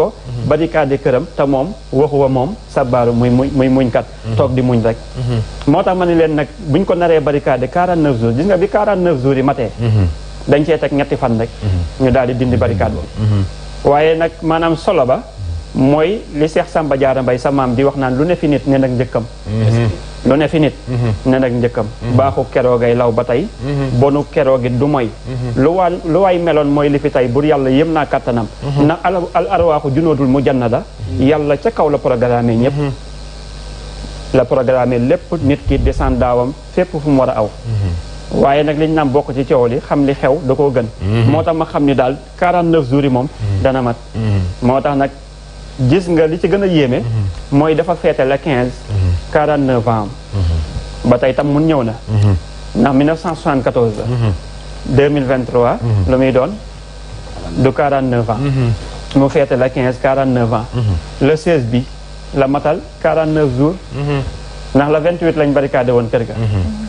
ko barricade këram te moom waxu wa moom sabbaaru muy muñ muy muñkat mhm. toog di muñ rek mhm. moo tax ma ne leen nag buñ ko naree barricade 49 jours gis nga bi 49 jours yi matee mhm. dañ cee teg ñetti fan rek ñu daal di dindi barricade boobu waaye nag maanaam solo ba mooy li Cheikh Samba Diarra Mbaye sa maam di wax naan lu ne fi nit ne nag njëkkam lu ne fi nit mhm. ne nag njëkkam mhm. baaxu keroogay law ba tey mhm. bonu keroogit du moy lu waa lu waay meloon mooy li tay tey bur yàlla yëm naa kàttanam na al arwaaxu junoodul mu jannada yàlla ca kaw la programme ñëpp la programme lépp nit ki descendaawam fépp fu mu war aw waaye nag liñ naan bokk ci coow li xam li xew da ko gën moo tax ma xam ni daal 49 jours yi moom dana mat moo tax nag gis nga li ci gën a yéeme. Mhm. mooy dafa feete la quinze. Mhm. quarante neuf ans. Mhm. ba tey tam mun ñëw na. ndax 1974 la. 2023. lu muy doon du 49 ans. mu feete la 15 49 ans. le 16 bi la matal 49 jours. ndax la 28 lañ barricade woon kër ga.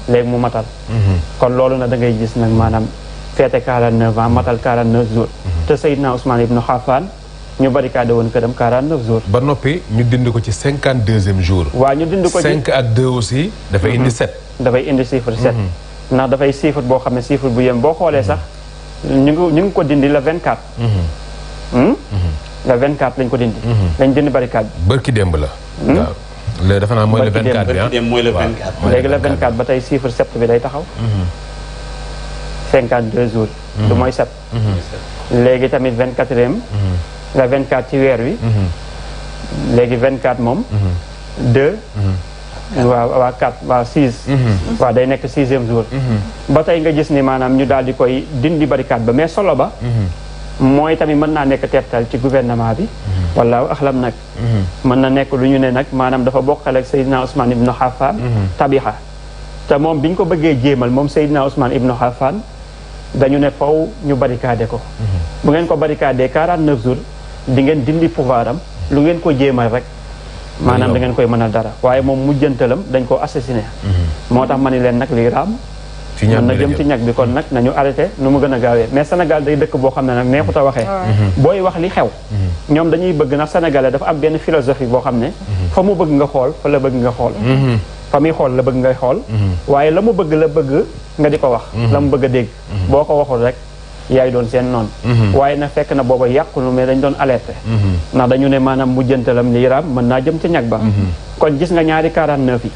léegi mu matal. kon loolu na da ngay nag maanaam feete 49 ans matal 49 jours. te Seydina Ousmane Ibn Xafaan. ñu barricadé woon këram 49 jours. ba noppi ñu dind ko ci 52e jour. waaw ñu dind ko ci 5 ak 2 aussi. Mhm. Mhm. boo xam ne chiffre bu boo xoolee ñu dindi le 24. Mhm. Hmm? le ko dindi. lañ dindi barricade bi. la. Hmm? waaw léegi dafa naa mooy le 24 bi ah bërki démb mooy le 24. léegi le 24 ba tey chiffre 7 bi day taxaw. 52 jours. du mooy 7. léegi tamit 24eem. la 24 ci weer wi. Mhm. léegi 24 moom. 2. Mhm. waaw mhm. waa 4 waa 6. waa day nekk sixième jour. ba tey nga gis ni maanaam ñu daal di koy dindi barikaat ba mais solo ba. mooy tamit mën naa nekk tertal ci gouvernement bi. wala axlam nag. mën na nekk lu ñu ne nag maanaam dafa bokkal ak Seydina Ousmane Ibn Xafaan. tabixa te moom bi ñu ko bëggee jéemal moom Seydina Ousmane Ibn Xafaan dañu ne faw ñu barikaade ko. bu ngeen ko barikaadee 49 dingeen dindi pouvoir am lu ngeen ko jéemal rek maanaam da ngeen koy mën a dara waaye moom mujjantalam dañ ko assassiné mhm. moo tax ma ni leen nag lii raam mën na jëm ci ñag bi kon nag nañu arrêté nu mu gën a gaawee mais Sénégal day dëkk boo xam ne nag neexut a waxee mhm. booy wax li xew mhm. ñoom dañuy bëgg nag sénégalais dafa am benn philosophie boo xam ne fa mu bëgg nga xool fa la bëgg nga xool fa muy xool la bëgg ngay xool waaye la mu bëgg la bëgg nga di ko wax la mu bëgg dégg boo ko waxul rek yaay doon seen noonu mhm. waaye na fekk na booba yàqunu mais dañ doon alerté mhm. ndax dañu ne maanaam mujjantalam liiraam mën naa jëm ca ñag ba mhm. kon gis nga ñaari 49 yi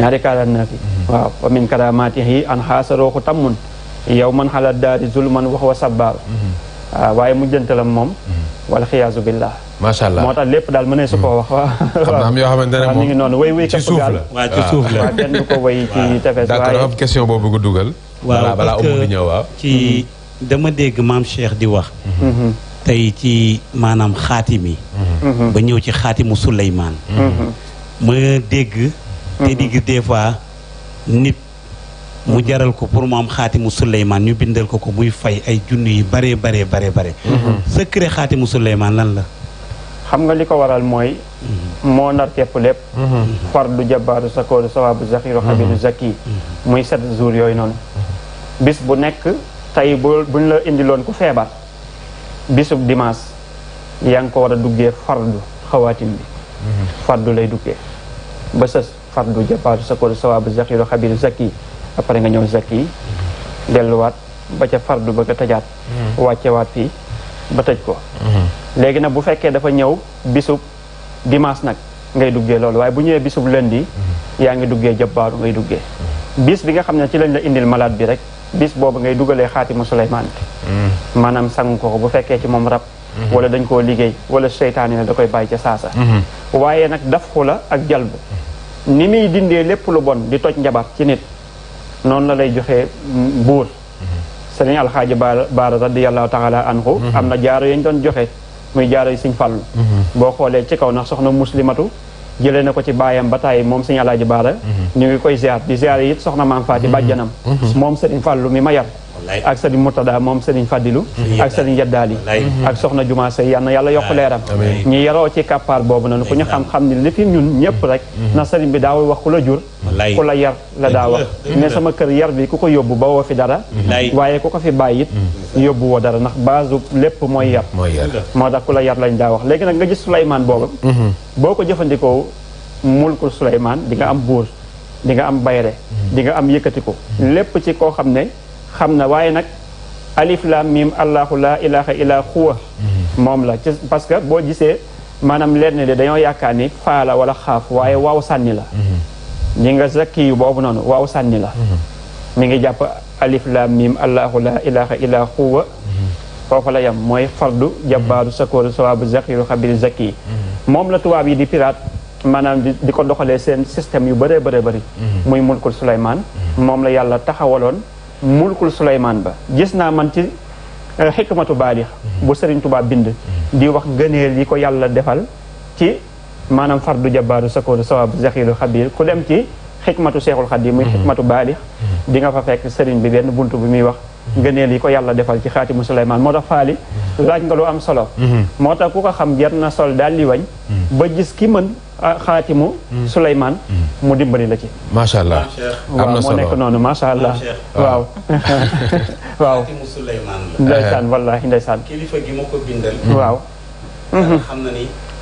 ñaari 49 yi waaw wa min karamatihi an xaasarooxu tammun yow man xalaat daari zulman wax wa sabbaal waaw ah, waaye mujjantalam moom wala xiyaasu billah macha allah moo tax lépp daal mënee su koo wax waaw xam yoo xamante ne moom mi ngi noonu way way ci suuf la waaw ci suuf la kenn du ko question boobu ko dugal waaw parce waaw ci hmm. dama dégg maam Cheikh di wax. Hmm. tey ci maanaam xaatim yi hmm. ba ñëw ci xaatimu Souleymane. ma dégg. te digg des nit. mu jaral ko pour mu am xaatimu Souleymane ñu bindal ko ko muy fay ay junni yi bare bare bare bare. secret xaatimu Souleymane lan la. xam nga li ko waral mooy. moo nar képp lépp. fardu jabaaru sakooru sawaabu zakiru xabiru zaki muy sept jours yooyu noonu. bis bu nek tay bu buñ la indiloon ku feebar bisub dimanche yang ko wara duggé fardu khawatim bi mhm. fardu lay duggé ba sës fardu jabaatu sa ko sawab zakiru khabir zaki après nga ñëw zaki mhm. wat ba ca fardu ba wacewati wacce wat fi ba tej ko mhm. bu dafa ñew bisub dimas nak ngay duggé loolu bunye bu ñewé bisub lundi yaangi duggé duggee ngay duggé bis bi nga xamné ci lañ la indil malade bi rek bis boobu ngay dugalee xaatimu Suleymaan bi mm-hmm. maanaam sangu ko bu fekkee ci moom rab mm-hmm. wala dañ koo liggéey wala seytaane ne da koy bàyyi ca saasa mm-hmm. waaye nag dafxu la ak jalbu ni muy dindee lépp lu bon di toj njabar ci nit noonu la lay joxee buur sëriñ alxaaji baara radiyallahu taala anhu am na jaaro yañ doon joxe muy jaaro yi siñ fàllu boo xoolee ci kaw na soxna muslimatu jëlee na ko ci baayam ba tàyyi moom sëñ Alaaji Baara mhm. ñu ngi koy ziar di ziar yi it soxna maam Faati mhm. bàjjanam mhm. moom sëriñ Fàllu mi ma yar ak sëriñ Murtada moom sëriñ Fadilu ak sëriñ Yaddaali ak mhm. soxna Juma Sey yal na yàlla yokk leeram ñu yaroo ci kàppaar boobu noonu ku ñu xam-xam ni li fi ñun ñëpp mhm. rek mhm. na sëriñ bi daawul wax ku la jur ku la yar la daa wax ne sama kër yar bi ku ko yóbbu ba woo fi dara waaye ku ko fi bàyyi it yóbbu woo dara ndax base lépp mooy yar moo tax ku la yar lañ daa wax léegi nag nga gis Souleymane boobu boo ko jëfandikoo mulkul Souleymane di nga am buur di nga am bayre di nga am yëkkatiku lépp ci koo xam ne xamna waye nak alif lam mim allah la ilaha illa huwa hmm. mom la parce que bo gisé manam leer ne de dañoo yaakaar ni la wala khaf waye hmm. waw sanni la ñi hmm. nga zakki yu non waw sanni la mi ngi japp alif lam mim allah la ilaha illa huwa fofu la yam moy fardu jabbaru sakooru sawaabu zakiru khabir zakki mom la tuwab yi di pirate manam di ko doxalee seen système yu bare bare bare muy mulkul sulaiman mom la yalla taxawalon mulkul Souleymane ba gis naa man ci xikmatu eh, baalix mhm. bu Serigne Touba bind mhm. di wax gëneel yi ko yàlla defal ci maanaam fardu jabaaru sakooru sawabu zaxilu xabiir ku dem ci xikmatu seexul xadim muy xikmatu mhm. baalix di nga fa fekk Serigne bi benn bunt bu muy wax gëneel yi ko yàlla defal ci xaatimu Souleymane moo tax faali laaj nga lu am solo moo tax ku ko xam jar na sol daal li wañ ba gis ki mën xaatimu mm. Souleymane mm. mu dimbali la ci. macha allah am na waaw moo nekk noonu macha allah. waaw waaw. xaatimu Souleymane la. ndeysaan wallaahi ndeysaan. kilifa gi ma ko bindal. Mm. Mm-hmm.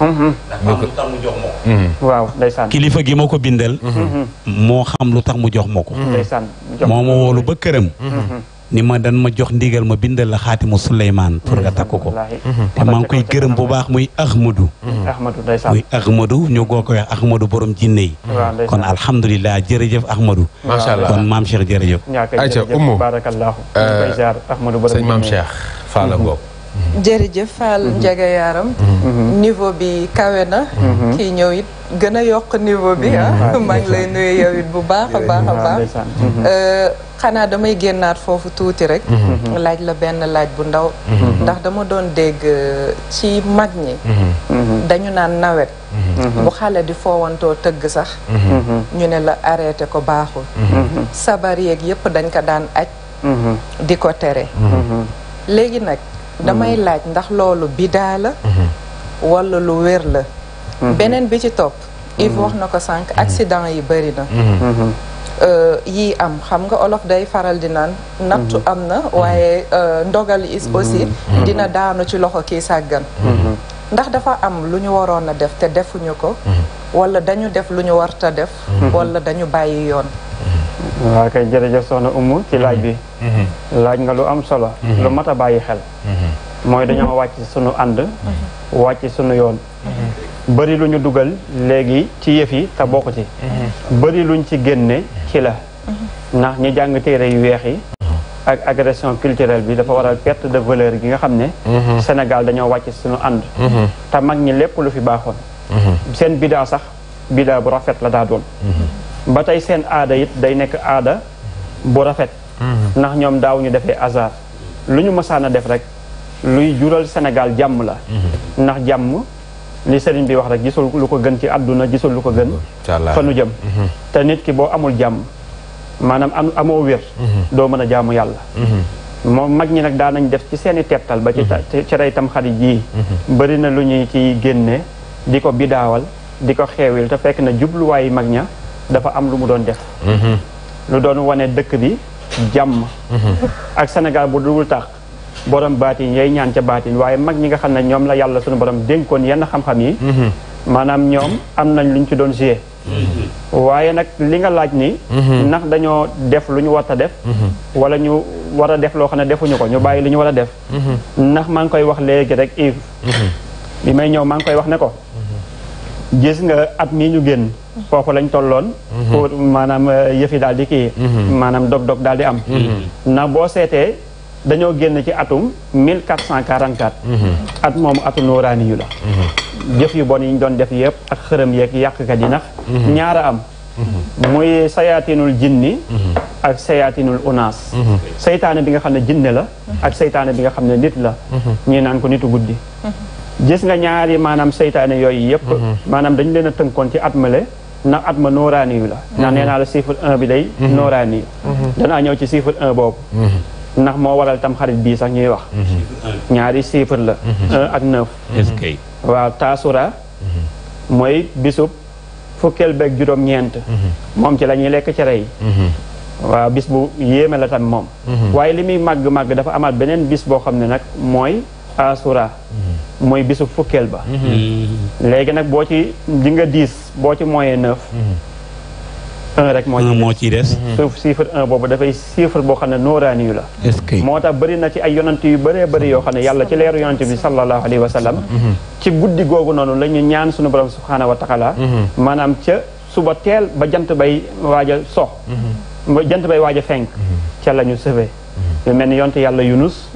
Mm-hmm. tax mu jox ma ko. Mm-hmm. moo xam lu tax mu jox ma ndeysaan moo ma wóolu ba këram. ni ma dan ma jox ndigal ma bindal la xaatimu Souleymane pour nga takk ko mhm. te maa ngi koy gërëm bu baax muy Ahmadou mhm. muy Ahmadou ñu goo ko wax Ahmadou borom jinne yi mhm. kon alhamdulilah jërëjëf Ahmadou macha allah kon maam Cheikh jërëjëf ayca umu barakallahu koy jaar Ahmadou borom sëñ maam jërëjëf Fall mhm. Ndiaga Yaram mhm. niveau bi kawe na mhm. kii ñëw it gën a yokk niveau bi ah ngi lay nuyu yow bu baax a baax a baax euh, xanaa damay génnaat foofu tuuti rek laaj la benn laaj bu ndaw ndax dama doon dégg euh, ci mag ñi dañu naan nawet bu xale di foowantoo tëgg sax ñu ne la arrêté ko baaxul sabar yeeg yépp dañ ko daan aj di ko tere léegi nag damay hmm. laaj ndax loolu bidaa la hmm. wala lu wér la hmm. beneen bi ci topp Yves wax na ko sànq accident yi bëri na euh, yii am xam nga olof day faral di naan nattu am na waaye euh, ndogal is aussi dina daanu ci loxo kii sàggan ndax dafa am lu ñu waroon a def te defuñu ko wala dañu def lu ñu warta def wala dañu bàyyi yoon waaw kay jërëjëf soxna Umu ci laaj bi. Mm-hmm. laaj nga lu am solo. Mm-hmm. lu mat a bàyyi xel. Mm-hmm. mooy dañoo wàcc sunu ànd. wàcc sunu yoon. bari luñu dugal léegi ci yëf yi te bokk ci. bëri luñ ci génne ci la. ndax ñi jàng téere yu weex yi. ak agression culturelle bi dafa waral perte de valeur gi nga xam ne. Sénégal dañoo wàcc sunu ànd. te mag ñi lépp lu fi baaxoon. seen bidaa sax bidaa bu rafet la daa doon. ba tey seen aada it day nekk aada bu rafet mhm. ndax ñoom daaw ñu defee hasard lu ñu mësaan a def rek luy jural Sénégal jàmm la mhm. ndax jàmm li sëriñ bi wax rek gisul lu ko gën ci àdduna gisul lu ko gën fa jëm mhm. te nit ki boo amul jàmm maanaam am amoo wér doo mën a jàmm yàlla moom mag ñi nag daan nañ def ci seeni tettal ba ci ci rey tam xarit yii bëri na lu ñuy ci génne di ko biddaawal di ko xeewil te fekk na jubluwaayu mag ña dafa am lu mu doon def mm-hmm. lu doon wane dëkk bi jàmm mm-hmm. ak Sénégal bu dugul tax borom baatin yay ñaan ca baatin waaye mag ñi nga xam ne ñoom la yàlla suñu borom dénkoon yenn xam-xam yi mm-hmm. maanaam ñoom am nañ luñ ci doon joué waaye li nga laaj ni ndax dañoo def lu ñu warta def wala ñu war a loo xam ne ko ñu bàyyi lu ñu war a def ndax maa ngi koy wax léegi rek Yves bi may ñëw maa ngi koy wax ne ko gis nga at mii ñu génn foofu lañ tollon mhm. pour maanaam euh, yëfi daal di kii mhm. maanaam dog-dog daal di am mhm. na bo sété dañoo génn ci atum 1444 at mom atu nooraani yu la jëf yu bon yi ñu doon def yépp ak xërëm yak ka di nax ñaara am moy sayatinul jinni ak sayatinul unas, saytaane bi nga xam ne jinne la ak saytaane bi nga xam nit la ñi naan ko nitu guddii gis nga ñaari manam saytaane yoy yépp manam dañu leena teunkon ci atmalé ndax at ma nooraani la ndax mhm. nee naa la chiffre 1 bi day mhm. nooraani yu mhm. danaa ñëw ci chiffre 1 boobu ndax moo waral tam xarit bii sax ñuy wax ñaari chiffre la 1 ak 9 waaw taasura mooy bisub fukkeel beeg juróom-ñeent moom ci la ñuy lekk cere yi waaw bis bu yéeme la tam moom waaye li muy màgg-màgg dafa amaat beneen bis boo xam ne nag mooy asura mooy bisu fukkeel ba léegi nag boo ci di nga dix boo ci moyen neuf un rek moo ci des suuf chiffre un boobu dafay chiffre boo xam ne nooraani yu la moo tax bëri na ci ay yonant yu baree bëri yoo xam ne yàlla ci leeru yonant bi sallallahu alayhi wa sallam ci guddi googu noonu la ñu ñaan suñu borom subhaanahu wa taala maanaam ca suba teel ba jant bay waaja a sox jant bay waaja fenk ca lañu ñu sëfe yu mel ni yàlla yunus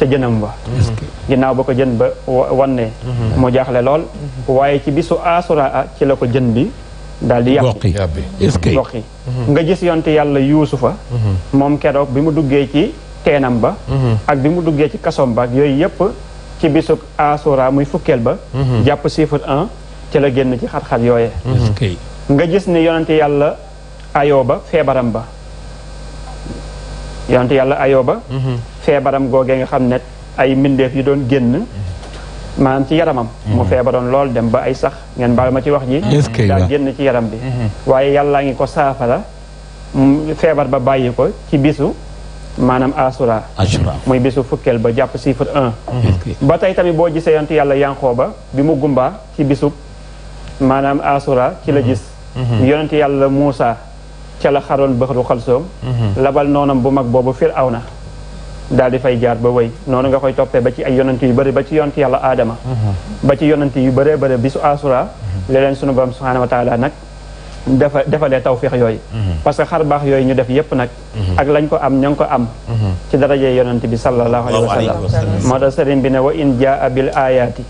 ca jënam ba ginnaaw ba ko jën ba wanne mu jaaxle lool waaye ci bisu aasuraa ci la ko jën bi daal di yàqi boqi nga gis yonte yàlla yuusufa moom keroog bi mu duggee ci teenam ba ak bi mu duggee ci kasom ba ak yooyu yëpp ci bisu aasuraa muy fukkeel ba jàpp chiffre un ci la génn ci xat-xat yooye nga gis ni yonente yàlla ayooba feebaram ba yonente yàlla ayooba febaram goge nga xamne ay mindeef yu doon genn maanaam ci yaramam mo mhm. febaron lol dem ba ay sax ngeen baal ma ci wax ji da genn ci yaram bi mhm. waye yalla ngi ko safara febar ba baye ko ci bisu manam asura moy bisu fukel ba japp chiffre 1 mhm. ba tay tamit bo gisee yontu yalla yankoba bi mu gumba ci bisu manam asura ci la gis Musa yalla musa ci la xaron bëxru xalsoom labal nonam bu mag bobu fir daal di fay jaar ba wéy noonu nga koy toppee ba ci ay yonant yu bëri ba ci yonant yàlla aadama mm-hmm. ba ci yonant yu bëree bëri bisu asura mm-hmm. leneen sunu borom subhaanahu wa taala nag dafa defalee tawfiix yooyu mm-hmm. parce que xar baax yooyu ñu def yépp nag ak lañ ko am ña ngi ko am ci darajee yonant bi sallallahu alayhi wa moo tax sëriñ bi wa in jaa bil ayaati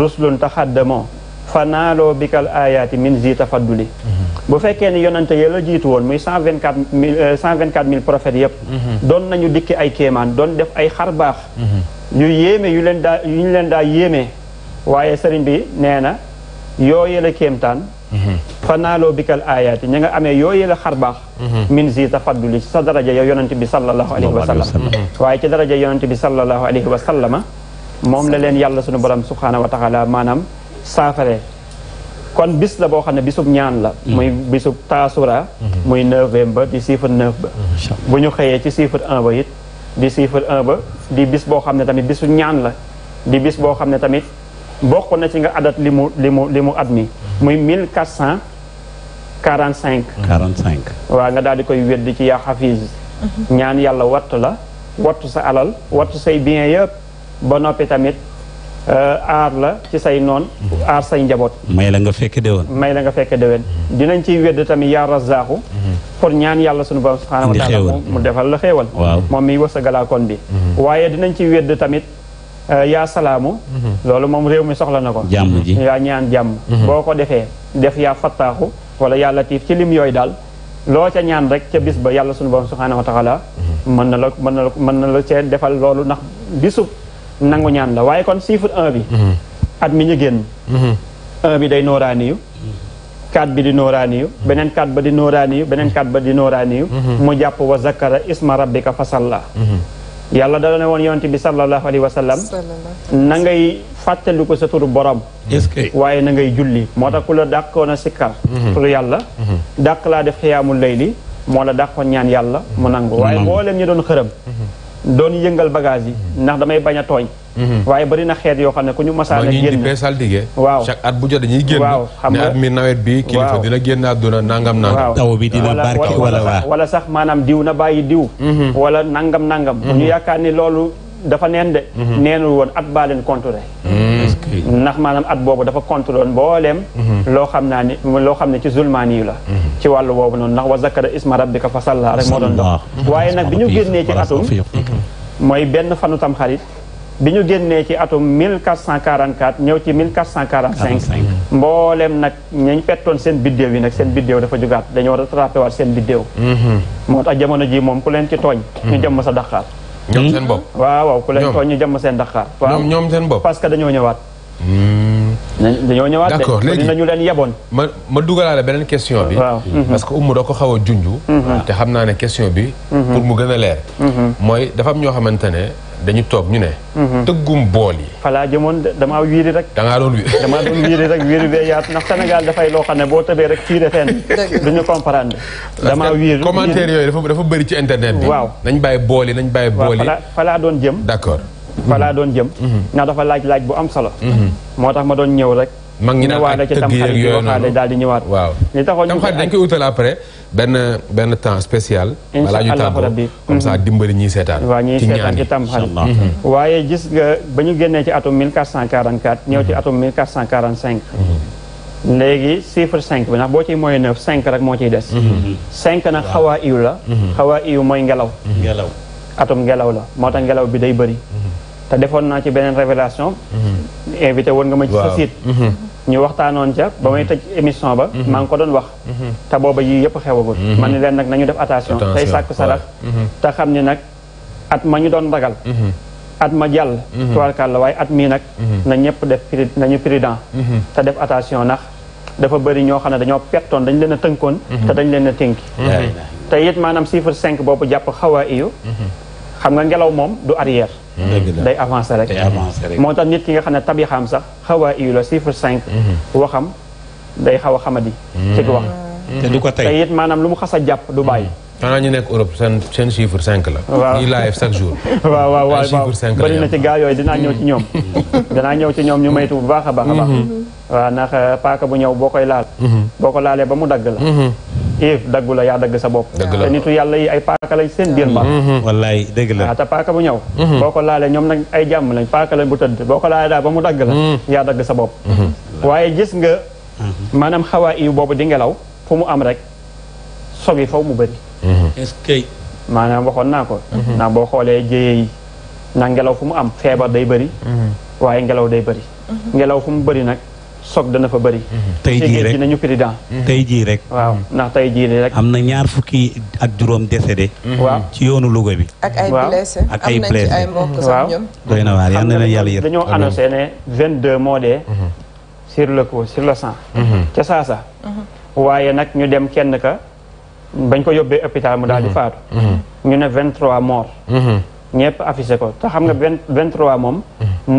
rusulun taxaddamoo fa naaloo bikal ayaati min zi tafadduli mhm. bu fekkee ni yonante yi la jiitu woon muy cent vingt quatre mille euh, cent vingt quatre mille prophètes yëpp mhm. doon nañu dikki ay kéemaan doon def ay xar mhm. yu yéeme yu leen daa yu waaye sëriñ bi nee na yooye la kéemtaan fa naaloo bikal ayaati ña nga amee yooye la xar baax min zi tafadduli sa daraja yow yonante bi sallallahu alayhi wa sallam waaye ci daraja yonante bi alayhi wa moom la leen yàlla sunu borom subhaanahu wa taala safare kon bis la bo xamne bisub ñaan la mm-hmm. muy bisub tasura mm-hmm. muy November, ba di chiffre 9 ba mm-hmm. bu ñu xëyee ci chiffre 1 ba yit di chiffre 1 ba di bis bo xamne tamit bisu ñaan la di bis bo xamne tamit bokku na ci nga adat limu limu limu admi, li 1445. 45. mi muy mille nga daal di koy weddi ci ya hafiz ñaan yalla wattu la wattu sa alal wattu say bien yëpp ba nopi tamit Euh, aar la ci say noon aar say njaboot may la nga fekk déwén may la nga fekk déwén dinañ ci wedd tamit yaa razaaxu pour ñaan yàlla sunu borom subhaanahu wa taala mu defal la xéewal moom miy wasa galaakoon bi mm-hmm. waaye dinañ ciy wedd tamit euh, yaa salaamu mm-hmm. moom réew mi soxla na ko jàmm ji yaa ñaan jàmm mm-hmm. boo ko defee def yaa fattaaxu wala yàlla latiif ci lim yooyu daal loo ca ñaan rek ca bis ba yàlla sunu borom subhaanahu wa taala mën na la mën na la mën na la cee defal loolu ndax bisub nangu ñaan la waaye kon chiffre 1 bi. Mhm. at mi ñu génn. 1 mhm. bi day nooraaniyu. 4 bi di nooraaniyu. Mhm. beneen 4 ba di nooraaniyu beneen 4 ba di nooraaniyu. mu jàpp wa isma rabbika fasalla. yàlla da ne woon yonent bi sallallahu alayhi wa sallam. fàttaliku sa turu borom. waaye na julli moo tax ku la dàqoon a sikkar. turu yàlla. dàq laa def xiyaamul layli moo la dàqoon ñaan yàlla mu nangu. waaye mboolem ñu doon xërëm. doon yëngal bagage yi ndax damay bañ a tooñ mhm. waaye bari na xeet yoo xam ne ku ñu masaana génn waaw chaque at bu jot dañuy génn waaw xam nga at mi nawet bi kilifa dina génn àdduna nangam nangam taw bi dina barke wala waa wala sax maanaam diw na bàyyi diw mhm. wala nangam nangam mhm. bu ñu yaakaar ni loolu dafa neen de neenul woon at baa leen ndax maanaam at boobu dafa contrôle mbooleem mhm. loo xam naa ni loo xam ne ci zulmaan yi la mhm. ci wàllu boobu noonu ndax wa zakara isma rabbika fa salla rek moo doon dox mhm. waaye nag bi ñu génnee ci atum mooy benn fanu tam xarit bi ñu génnee ci atum 1444 ñëw ci 1445 nag ñañ pettoon seen biddéew yi nag seen biddéew dafa jugaat dañoo rattrapé seen biddéew moo tax jamono ji moom ku leen ci tooñ ñu jëmm sa daxaar ñoom seen bopp waaw dañoo ñëwaat d'accord léegi dinañu leen yeboon ma ma dugalaale beneen question bi mm-hmm. parce que umu da ko xaw a junj mm-hmm. te xam naa ne question bi mm-hmm. pour mu gën a leer mooy dafa am ñoo xamante ne dañu toog ñu ne tëggum bool yi falaa jëmoon damaa wiiri rek dangaa doon wiiri damaa doon wiiri rek wiiri bee yaatu ndax Sénégal dafay loo xam ne boo tëbee rek tiire fenn duñu comprendre damaa wiiri commentaire yooyu dafa dafa bëri ci internet bi waaw nañ bàyyi bool yi nañ bàyyi bool falaa doon jëm d'accord fa laa doon jëm mhm. ndax dafa laaj laaj bu am solo mhm. moo tax ma doon ñëw rek mag ñi naan ak tëgg yeeg yooyu noonu daal di ñëwaat waaw li taxoon tam benn benn temps spécial balaa ñu tàggoo comme ça mhm. dimbali ñiy seetaan waa ñiy seetaan ci tam waaye gis nga ba ñu génnee ci atum 1444 ñëw ci atum 1445 léegi chiffre 5 bi ndax boo ciy mooy 9 5 rek moo ciy des 5 nag xawaa iw la xawaa iw mooy ngelaw ngelaw atum ngelaw la moo tax ngelaw bi day bëri te defoon naa ci beneen révélation mhm. invité woon nga ma ci sa site mhm. ñu waxtaanoon ca ba may mhm. tëj émission ba maa ngi ko doon wax te booba yii yëpp xewagul ma ni leen nag nañu def attention tey sàkku sarax te xam ni nag at ma ñu doon ragal at ma jàll tubaarkàlla waaye at mii nag na ñëpp def nañu prudent te def attention ndax dafa bëri ñoo xam ne dañoo pettoon dañ leen a tënkoon te dañ leen a tënki te it maanaam chiffre cinq boobu jàpp xawaa iyu xam nga ngelaw moom du arrière. day avancé rek. moo tax nit ki nga xam ne tabixaam sax xawaa iyu la chiffre cinq. Mhm. waxam day xaw a xamadi. Mhm. ci wax. te du ko te it maanaam lu mu xas a jàpp du bàyyi. Mhm. xanaa ñu nekk Europe seen seen chiffre cinq la. waaw ñuy live chaque jour. waaw waaw waaw bëri na ci gaa yooyu dinaa ñëw ci ñoom. dinaa ñëw ci ñoom ñu maytu bu baax a baax a baax. waaw ndax euh, paaka bu ñëw boo koy laal. boo ko laalee ba mu dagg la. Yves daggu la yaa dagg sa bopp te nitu yàlla yi ay paaka lañ seen biir ba mm-hmm. Mm-hmm. wallaay dëgg la te paaka bu ñëw mm-hmm. boo ko laalee ñoom nag ay jàmm lañ paaka lañ bu tëdd boo ko laalee daal ba mu dagg la yaa dagg sa bopp waaye gis nga maanaam xawaa iw boobu di mu am rek sobi faw mu bëri est boo xoolee jéyee yi ndax ngelaw fu mu am feebar day bëri waaye ngelaw day bëri ngelaw fu mu bëri nag soog dana fa bëri. Mhm. tey jii rek dinañu président. Mhm. tey jii rek. waaw mhm. ndax tey jii rek. am na ñaar fukki ak juróom décédé. waaw ci yoonu Louga bi. ak ay blessé ak ay blessé am na ci ay mbokk yàlla yër. dañoo annoncé ne 22 moo dee. sur le coup sur le sang. ca saasa. waaye nag ñu dem kenn ka bañ ko yóbbee hôpital mu daal di faatu. ñu ne 23 morts. ñëpp affiché ko te xam nga 23 moom.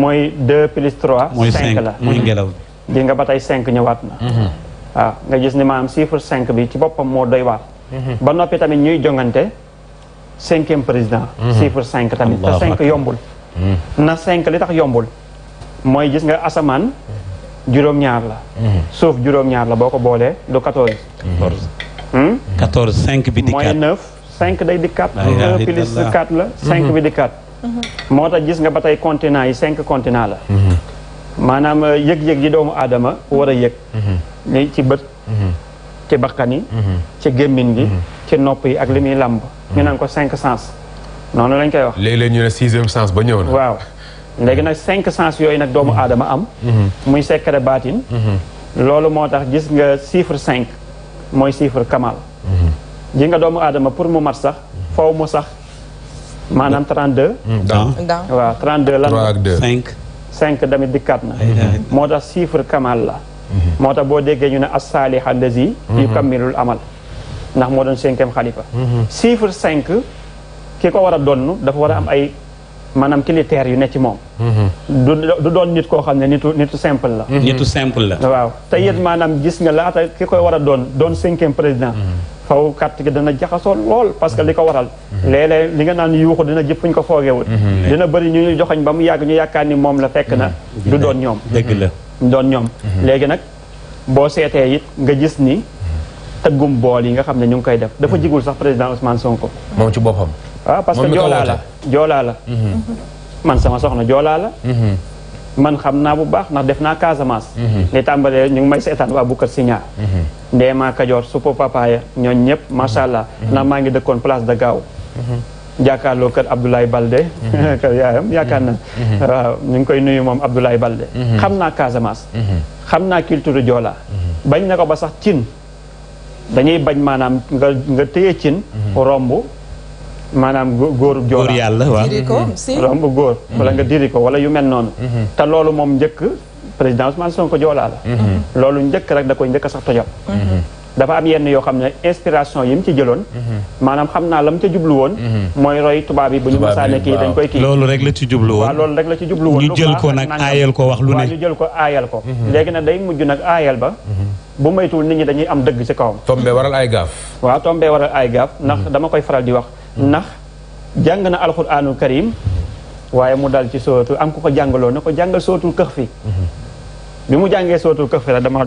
mooy 2 plus 3. 5 la mooy ngelaw. di nga batay 5 ñëwaat na mm-hmm. ah nga gis ni maanaam chiffre 5 bi ci bopam mo doy waat mm-hmm. ba noppi tamit ñuy jongante 5e président mm-hmm. 5 tamit ta 5 yombul na 5 li tax yombul moy gis nga asaman jurom ñaar la suuf jurom ñaar la boko bolé du 14 14 5 bi di mooy 9 5 day di 4 plus 4 la 5 bi di 4 motax gis nga batay continent yi 5 continent la maanaam euh, yëg-yëg yi doomu aadama war a yëg li mhm. ci bët mhm. ci bakkan yi mhm. ci gémmiñ gi ci nopp yi ak li muy làmb ñu naan ko cinq sens noonu lañ koy wax léeg-léeg ñu ne sixième sens ba ñëw na waaw léegi nag cinq sens yooyu nag doomu aadama am muy secret baatin loolu moo tax gis nga chiffre cinq mooy chiffre kamal ji nga doomu aadama pour mu mat sax faw mu sax maanaam 32 waaw trent lan 3 ak 2 5 cinq damit dikkaat na moo tax chiffre kamal la mhm. moo tax boo déggee ñu ne as-saalih allazi mhm. yukammilul amal ndax moo doon cinquième xalifa mhm. chiffre cinq ki ko war a donn dafa war a am ay maanaam critères yu ne ci moom du du doon nit koo xam ne nitu nitu simple la nitu simple la waaw te it maanaam gis nga laata ki koy war a doon doon cinquième président kaw carte gi dana jaxasoo lool parce que li ko waral léeg-léeg li nga naan yuuxu dina jëpp ñu ko foogeewul mhm. mhm. dina bëri ñu ñu joxoñ ba mu yàgg ñu yaakaar ni moom la fekk na lu mhm. doon ñoom dëgg la mm-hmm. doon ñoom léegi nag boo seetee it nga gis ni tëggum bool yi nga xam ne ñu ngi koy def dafa jigul sax président Ousmane ko moom ci boppam waaw ah, parce que joolaa la joolaa la man sama soxna joolaa la man xam naa bu baax ndax def naa Casamance. Mhm. li tàmbalee ñu ngi may seetaan waa Bukar Signa. Mhm. Ndeema Kajoor Supo Papaya ñooñ ñëpp macha mhm. allah. ndax maa ngi dëkkoon place de Gaaw. jàkkaarloo kër Abdoulaye Balde. kër yaayam yaakaar na. waaw ñu ngi koy nuyu moom Abdoulaye Balde. xam naa Casamance. xam naa culture Joola. bañ na ko ba sax cin dañuy bañ maanaam nga nga téye cin. romb. manam goor goor yalla wa waaw mhm. goor mhm. wala nga diri ko wala yu mel non mhm. ta lolu mom njëkk president Ousmane Sonko joolaa lolu loolu rek da koy njëkk sax tojal dafa am yenn yo xamne inspiration yim ci jëlone manam xamna lam ci mu ca jublu woon mooy roy tuba bi buñu ñu masaane dañ koy ki lolu rek la ci jublu won wa lolu rek la ci jublu won ñu jël ko nak ayel ko wax lu ne ñu jël ko ayel ko legi na day muju nak ayel ba bu moytuwul nit ñi dañuy am deug ci kawam tombee waral ay gaf wa tombee waral ay gaf nak dama koy faral di wax ndax jàng na alxuraanul karim waaye mu dal ci sootu am ku ko jàngaloo ne ko jàngal sootu këx fi bi mu jàngee sootu këx fi la dama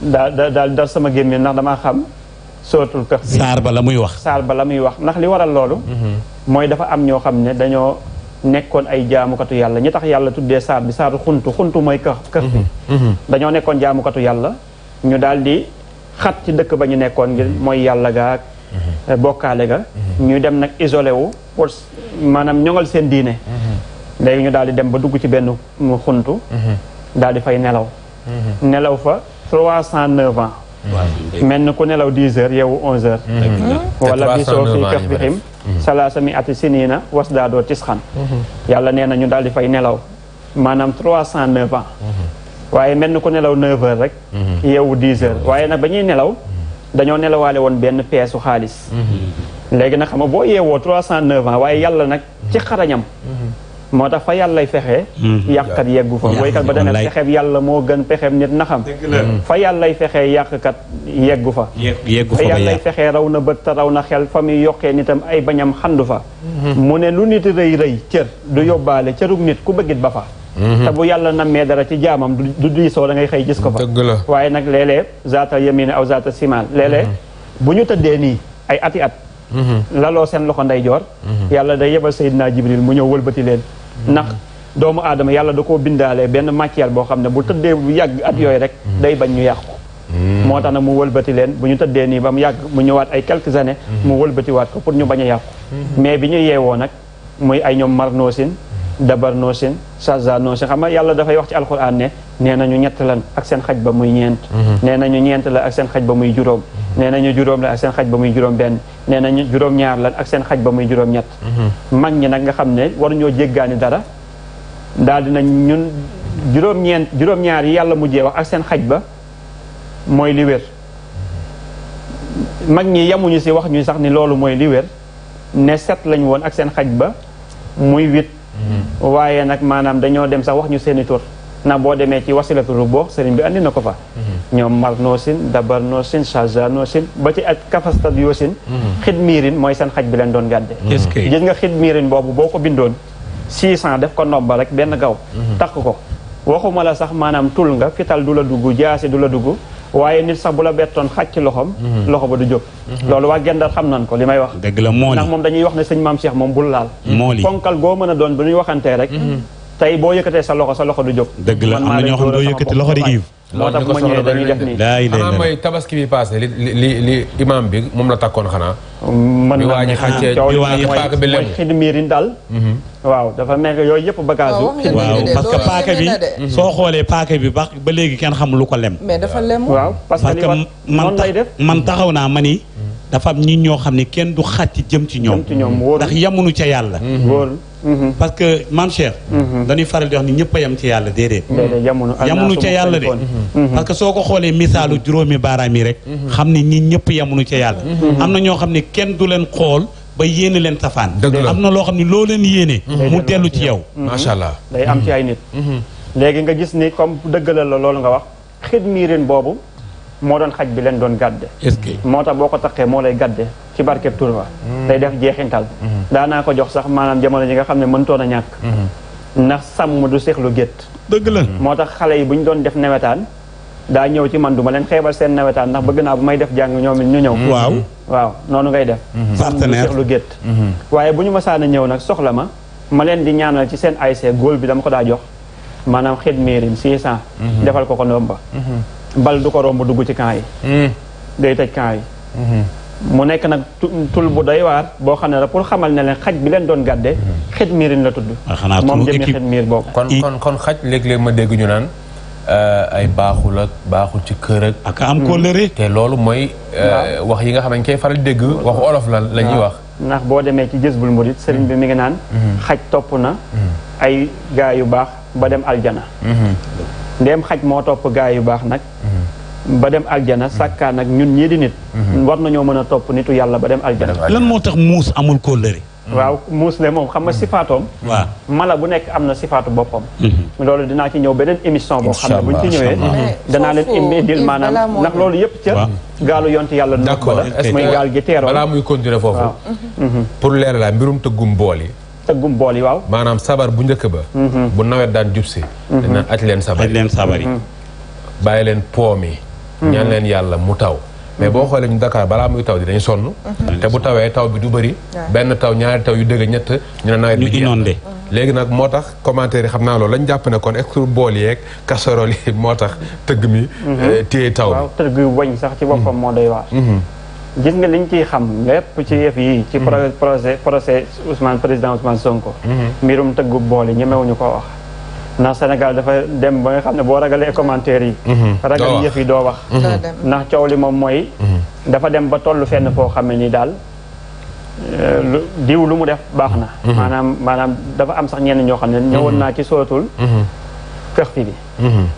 daal daal dal sama gémmiñ ndax dama xam sootul këx fi saar ba la muy wax saar ba la muy wax ndax li waral loolu mhm. mooy dafa am ñoo xam ne dañoo nekkoon ay jaamukatu yàlla ñi tax yàlla tuddee saar bi saaru xuntu xuntu mooy këx këx bi mhm. Mhm. dañoo nekkoon jaamukatu yàlla ñu daal di xat ci dëkk ba ñu nekkoon ngir mooy yàlla gaak Eh, bokkaale ga ñu dem nag isolé wu pour maanaam ñoŋal seen diine léegi ñu daal di dem ba dugg ci benn xuntu daal di fay nelaw nelaw fa trois cent neuf ans mel na ku nelaw dix heures yow onze heures hmm. wala bi soo fii kaf bi xim salaasa mi ati siniina was daa doo tisxan hmm. yàlla nee ñu daal di fay nelaw maanaam trois cent neuf ans hmm. waaye mel na ku nelaw neuf heures rek yow dix heures waaye nag ba ñuy nelaw dañoo nelawaale woon benn peesu xaalis mm-hmm. léegi nag xam nga boo yeewoo trois cent neuf ans waaye yàlla nag ci mm-hmm. xarañam mm-hmm. moo tax fa yàllay fexe yàqkat yeggu fa woykat ba dana pexeb yàlla moo gën pexeb nit naxam fa yàllay fexe yàqkat yeggu fa fa fexe raw na bët te raw na xel fa muy yokkee nitam ay bañam xandu fa mu ne lu nit rëy rëy cër du yóbbaale cërub nit ku bëggit ba fa Mhm. te bu yàlla nammee dara ci jaamam du diisoo da ngay xëy gis ko fa waaye nag léeg-léeg zaata yamine aw zaata simal léeg mhm. bu ñu tëddee nii ay ati at mhm. laloo seen loxo ndeyjoor yàlla day yebal naa Jibril mu ñëw wëlbati leen ndax doomu aadama yàlla da koo bindaalee benn matière boo xam ne bu tëddee bu yàgg at yooyu rek day bañ ñu yàqu moo tax nag mu wëlbati leen bu ñu tëddee nii ba mu yàgg mu ñëwaat ay quelques années mu wëlbatiwaat ko pour ñu bañ a yàqu mais bi ay ñoom marnoosin dabar noosin saza noosin xam nga yàlla dafay wax ci alquran ne nee nañu ñett lan ak seen xaj ba muy ñeent mhm. nee nañu ñeent la ak seen xaj ba muy juróom mhm. nee nañu juróom la seen xaj ba muy juróom nee nañu juróom ñaar lan ak seen xaj ba muy juróom ñett mhm. mag ñi nag nga xam ne waruñoo jéggaani dara daal dinañ ñun juróom ñeent juróom ñaar yi yàlla mujjee wax ak seen xaj ba mooy li wér mag ñi yemuñu si wax ñuy sax ni loolu mooy li wér ne set lañ woon ak seen xaj ba muy wit waaye nag maanaam dañoo dem sax wax ñu seeni tur na boo demee ci wasilatu rubo sëriñ bi andi na ko fa mm-hmm. ñoom marnoosin dabarnoosin chajanoosin ba ci ak kafastad yoosin miirin mm-hmm. mooy seen xaj bi leen doon gàdde mm-hmm. gis nga xidmiirin boobu boo ko bindoon six cent def ko nobba rek benn gaw takk ko waxuma la sax maanaam tul nga fital du la dugg jaasi du la dugg waaye nit sax bu la bet xaj ci loxoom mhm. loxo ba du jóg mhm. loolu waa gendar xam nañ ko li may wax dëgg la mool ndax moom dañuy wax ne sëñ maam Cheikh moom bul laal mhm. mool ponkal goo mën a doon ba ñuy waxantee rek tey boo yëkkatee sa loxo sa loxo du jóg dëgg la am na ñoo xam doo yëkkati loxo di Yves moo tax mu ñëwee dañuy def nii xanaa mooy tabaski bi paase li li li imam bi moom la takkoon xanaa. mën naa ne coow li mooy xidmiirin daal. Mhm. waaw dafa mel ne yooyu yëpp bagage. waaw parce que paaka bi mhm. soo xoolee paaka bi ba ba léegi kenn xam ko lem. mais dafa lem waaw parce que man man taxaw naa ma dafa am nit ñoo xam ne kenn du xàcc jëm ci ñoom. ndax yamunu ca yàlla. Mmh. Mmh. parce que maam Cheikh. Mmh. dañuy faral di wax ni ñëpp a ci yàlla déedéet. yamunu ca yàlla de. parce que soo ko xoolee misaalu juróomi baaraam yi rek. xam ne ñi ñëpp yamunu ca yàlla. am na ñoo xam ne kenn du leen xool. ba yéene leen safaan. am na loo xam ne loo leen yéene. mu dellu ci yow. macha allah day am ci ay nit. léegi nga gis ni comme dëggalal la loolu nga wax xit miirin boobu moo doon xaj bi leen doon gàdde moo tax boo ko taqee moo lay gàdde ci barkeb tur ba hmm. day def jeexintal hmm. daanaa ko jox sax maanaam jamono ji nga xam ne mëntoon a ñàkk hmm. ndax sàmm du seexlu gétt dëgg la moo tax xale yi bu ñu doon def nawetaan daa ñëw ci man du ma leen xeebal seen nawetaan ndax bëgg naa bu may def jàng ñoom ñu ñëw waaw waaw noonu ngay def sàmm du seexlu gétt waaye bu ñu masaan a ñëw nag soxla ma ma leen di ñaanal ci seen ASC góol bi dama ko daa jox maanaam xidmiirin six cent defal ko ko ndomba bal ko ko romb dugg ci camp yi. Hmm. day tëj camp yi. Hmm. mu nekk nag tul bu doy waar boo xam ne la pour xamal ne leen xaj bi leen doon gàdde hmm. xet miirin la tudd. Ah, xanaa moom jëmmi xet miir boobu. kon kon kon xaj léeg leen ma dégg ñu naan. Euh, ay baaxul baaxul ci kër ak. ak am kóllëre. te loolu mooy. Euh, wax yi nga xam ne koy faral dégg. waxu olof la la ñuy wax. ndax boo demee ci jës bul murit sëriñ bi mi ngi naan. xaj topp na. ay gaa yu baax ba dem aljana. ndeem xaj moo topp gaay yu baax nag ba dem aljana sàkkaa nag ñun ñii di nit mhm. war nañoo mën a topp nitu yàlla ba dem aljana lan moo tax muus amul kóllëre mhm. waaw muus de moom xam nga mhm. sifaatoom waaw mala bu nekk am na sifaatu boppam loolu dinaa ci ñëw beneen émission boo xam ne buñ ci ñëwee danaa leen indil maanaam ndax loolu yëpp ca gaalu yonti yàlla nu d'accord muy gaal gi teeroo balaa muy continuer foofu pour leer la mbirum tëggum bool yi tëggum bool yi waaw. maanaam sabar bu njëkk ba. Mhm. bu nawet daan jub si. Mhm. dañ naan aj leen sabar leen sabar yi. Mhm. bàyyi leen po mi ñaan leen yàlla mu taw. mais boo xoolee ñu ndakaar balaa muy taw di dañu sonn. te bu tawee taw bi du bëri. benn taw ñaari taw yu dëgg ñett ñu ne nawet bi. ñu léegi nag moo tax commentaire yi xam naa loolu lañ jàpp ne kon extra bool yeeg casserole yi moo tax tëgg mi. Euh, téye taw bi waaw tëgg wañ sax ci boppam moo doy waar. gis nga liñ ciy xam lépp ci yëf yi. ci mhm. procès procès Ousmane président Ousmane Sonko. Mhm. mbirum tëggu boole ñemewuñu ko wax. ndax Sénégal dafa dem ba nga xam ne boo ragalee commentaire yi. Mhm. ragal yëf yi doo wax. ndax coow li moom mooy. dafa dem ba tollu fenn foo xam ne ni daal. Euh, diw lu mu def baax na. maanaam maanaam dafa am sax ñenn ñoo xam ne ñëwoon naa ci sootul. këx fi bi.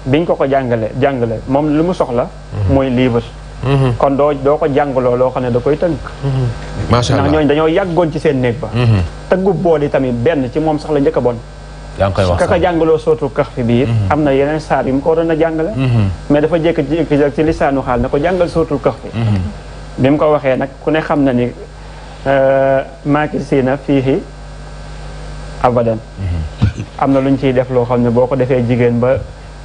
biñ ko ko jàngale jàngale moom lu mu soxla. mooy livre. Mm-hmm. kon doo doo ko jàngaloo loo xam ne da koy tënk. Mm-hmm. macha allah ndax ñooñu dañoo yàggoon ci seen néeg ba. Mm-hmm. tëggu bool yi tamit benn ci moom sax la njëkk a bon. yaa ngi koy kaka jàngaloo sootu kax fi biir. am na yeneen saar yu mu ko waroon a jàngale. mais dafa jékki-jékki ci lisaanu xaal na ko jàngal sootu kax fi. bi mu ko waxee nag ku ne xam na ni euh, maakisiina fiihi abadan. am na luñ ciy def loo xam ne boo ko defee jigéen ba.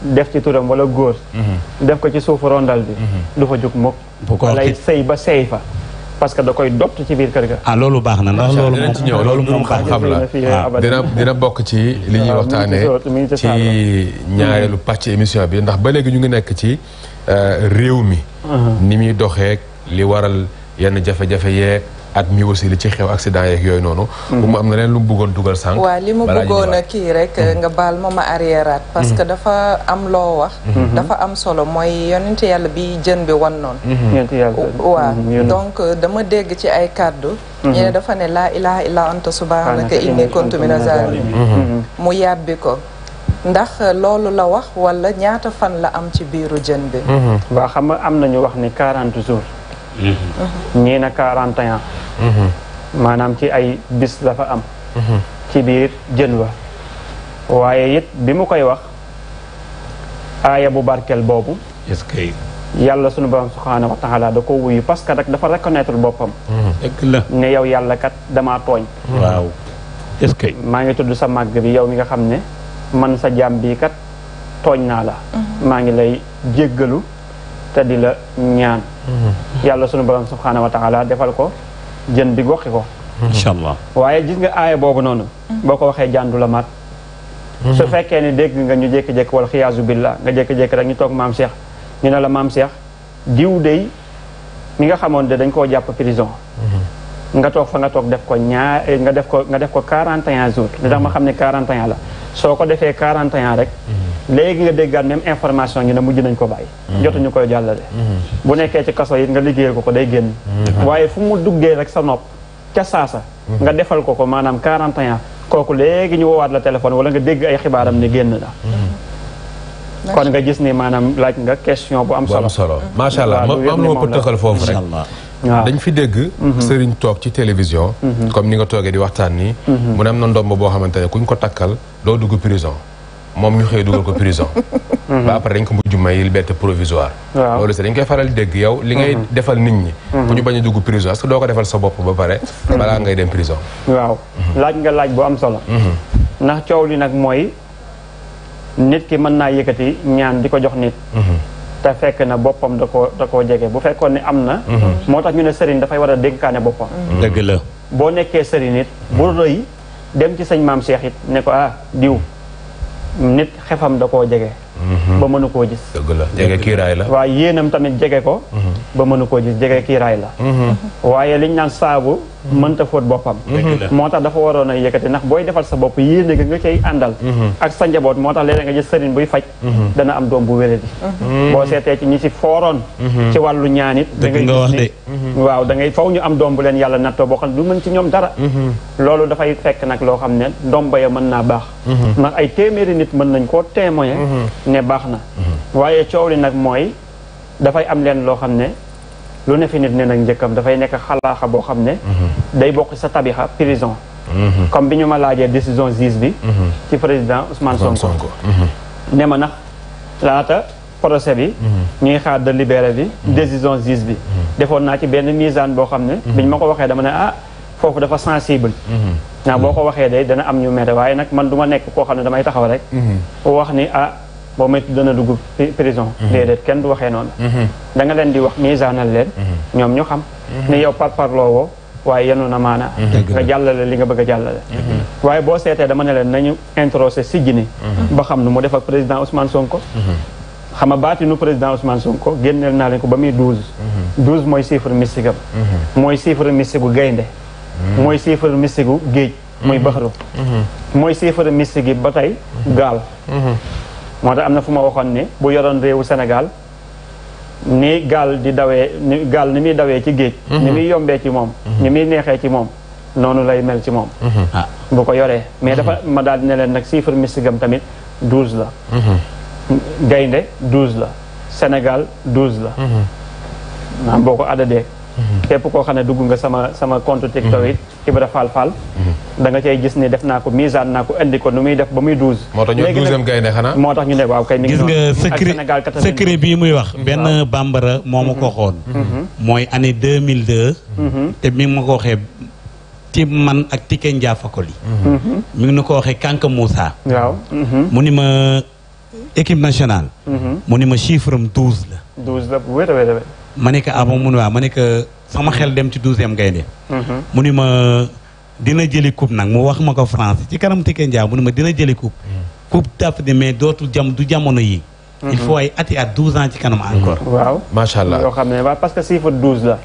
def ci turam wala góor mm-hmm. def ko ci suufu rondal bi mm-hmm. du fa jóg mukk walay sëy ba sëy fa parce que da koy dopt ci biir kër ga ah loolu baax na ndax loolu moom ñëw loolu moom xam-xam la ah. dina dina bokk ci li ñuy ah, waxtaanee ci ñaareelu pàcc émission bi ndax ba léegi ñu ngi nekk ci euh, réew mi uh-huh. ni muy doxeek li waral yenn jafe-jafe yeeg at mi aussi li ci xew accident yeeg yooyu noonu. bu mhm. mu am na leen lu mu bëggoon dugal sànq. waa li ma bëggoon a kii rek mhm. nga baal ma ma arriéraat. parce mhm. que dafa am loo wax. dafa am solo mooy yonent yàlla bi jën bi wan noonu. waaw donc dama dégg ci ay kàddu. ñu ne dafa ne laa ilaha illa anta subhanaka inni kuntu mina zalimin mu yàbbi ko. ndax loolu la wax wala ñaata fan la am ci biiru jën bi. waaw xam nga am nañu wax ni 40 jours. Mm-hmm. ñii na quarante et mm-hmm. maanaam ci ay bis dafa am mm-hmm. ci biir jën wa waaye it bi mu koy wax aaya bu barkel boobu est-ce que yàlla sunu ba subhaanahu wa taala da ko wuyu parce que rek dafa reconnaître boppam ne yow yàlla kat damaa tooñ maa ngi tudd sa màgg bi yow mi nga xam ne man sa jaam bii kat tooñ naa la maa ngi lay jéggalu te di la ñaan hmm. yalla sunu borom subhanahu wa taala defal ko jeen bi goxi ko inshallah waye gis nga aya bobu noonu boko waxe waxee la mat hmm. su fekke ni deg nga ñu jek jek wal khiyazu billah nga jek jek rek ñu tok mam Cheikh ñu na la mam Cheikh diw day mi nga xamone de dañ ko japp prison hmm. nga tok fa nga tok def ko ñaar nga def ko nga def ko 41 jours li tax ma xam 41 la soko defé 41 rek léegi nga déggaat même information ñu ne mujj nañ ko bàyyi mm-hmm. jotuñu koy jàllale mm-hmm. bu nekkee ci kaso yi nga liggéeyal ko ko day génn mm-hmm. waaye fu mu duggee rek sa nopp ca sa nga defal ko ko maanaam 41 kooku léegi ñu woowaat la téléphone wala nga dégg ay xibaaram ne génn na kon nga gis ni maanaam laaj nga question bu am solo macha allah moom la ma ko foofu rek waaw dañ fi dégg sëriñ toog ci télévision comme ni nga toogee di waxtaan nii mu ne am na ndomb boo xamante ne kuñ ko takkal doo dugg prison moom ñu xëy dugal ko prison. ba après dañ ko mujj may liberté provisoire. waaw loolu si dañ koy faral dégg yow. li ngay mhm. defal nit ñi. bu mhm. ñu bañ a dugg prison est que doo ko defal sa bopp ba pare. Mhm. balaa ngay dem prison. waaw laaj nga laaj bu am solo. ndax coow li nag mooy nit ki mën naa yëkkati ñaan di ko jox nit. te fekk na boppam da koo da koo jege bu fekkoon ne am na. moo tax ñu ne sëriñ dafay war a kaane boppam. dëgg la boo nekkee sëriñ it. bu rëy dem ci sëñ maam Cheikh it ne ko ah diw. nit xefam da koo jege. Mhm. ba mënu koo gis. dëgg la jege kiiraay la. waaye yéenam tamit jege ko. Mhm. ba mënu koo gis jege kiiraay la. Mhm. naan saabu. mënta fóot boppam moo tax dafa waroon a yëkkati ndax booy defal sa bopp yéene gi nga cay àndal mhm. ak sa njaboot moo tax léeg nga gis sëriñ buy faj mhm. dana am doom bu wéradi mhm. boo seetee ci ñi si fooroon ci wàllu ñaanit da ngay wax waaw da ngay faw ñu am doom bu leen yàlla nattoo boo xam ne du mën ci ñoom dara loolu dafay fekk nag loo xam ne ndomba ya mën naa baax ndax ay téeméeri nit mën nañ koo témoin ne baax na waaye coow li nag mooy dafay am leen loo xam ne lu ne fi nit ne nag njëkkam dafay nekk xalaaxa boo xam ne mhm. day bokk sa tabixa prison mhm. comme bi ñu ma laajee décision justice bi mhm. ci président Ousmane Sonko ne ma nax laata procès bi ñuy xaar de libéré bi décision justice bi defoon naa ci benn misaan boo xam ne biñ ma ko waxee dama ne ah foofu dafa sensible ndax boo ko waxee day dana am ñu mere waaye nag man du ma nekk koo xam ne damay taxaw rek wax ni ah boo moytu dana dugg prison mhm. déedéet kenn du waxee noonu mhm. da nga leen di wax misaanal leen mhm. ñoom ñu xam ne yow parparloo woo waaye yenu na maana nga jàllale li nga bëgg a jàllale waaye boo seetee dama ne leen nañu introsé si jini ba xam nu mu def ak président Ousmane Sonko xam nga baatinu président Ousmane Sonko génneel naa leen ko ba muy douze douze mooy chiffre mystique am mooy chiffre mystique gu gaynde mooy chiffre mystique gu géej muy baxaru mooy chiffre mystique yi ba tey gaal moo tax am na fu ma waxoon ni bu yoroon réewu senegal ni gaal di dawee ni gaal ni muy dawee ci géej mhm. ni muy yombee ci moom mhm. ni muy neexee ci moom noonu lay mel ci moom mhm. ah. bu ko yoree mais dafa ma daal dina leen nag chiffre mystigam tamit douze la gaynde douze la Sénégal douze la maanaam boo ko addadee képp koo xam ne dugg nga sama sama compte TikTok it Ibra Fall Fall mhm. da nga cay gis ne def naa ko misaan naa ko indi ko nu muy def ba muy douze moo tax ñu ne waaw mi ngi noonu gis nga secret secret bii muy wax mhm. benn bambara moo ma ko mhm. xoon mooy année deux mille deux te mi ngi ma ko waxee ci man ak Tike Ndiafakoli mi ngi na ko waxee Kank Moussa mu ni ma équipe nationale mu ni ma chiffre am douze la a a ma ne ko ah avant mun waa ma ne ko sama xel dem ci douzième gaynde mhm. mu ni ma dina jëli coupe nag mu wax ma ko France ci kanam Tické Ndiaye mu ni ma dina jëli coupe mhm. coupe d'Afrique mais dootul du jamono yi mhm. il faut ay ati at douze ans ci kanam encore waaw macha yoo xam ne waaw parce que chiffre douze la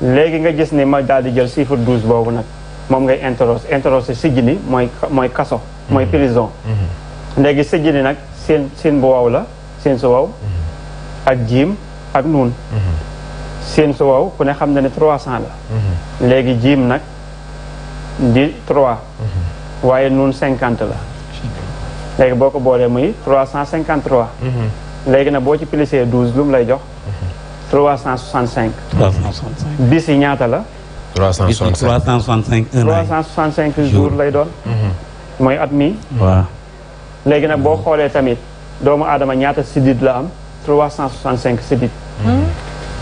léegi nga gis ni ma daal di jël chiffre douze boobu nag moom ngay interroge interroge sijjini mooy mooy kaso mooy prison léegi sijjini nag seen seen bu waw la seen su waw ak jiim ak nuun siin su wow ku ne xam na ne trois cent la mhm. léegi jiim nag di trois mhm. waaye nun cinquante la léegi boo ko boolee muy trois cent cinquante trois mhm. léegi nag boo ci plisee douze lu mu lay jox trois cent soixante cinq bis yi ñaata la trois cent soixante cinq trois cent cinq jours lay doon mooy at mi waaw léegi nag boo xoolee tamit doomu aadama ñaata sidit la am trois cent soixante cinq sidit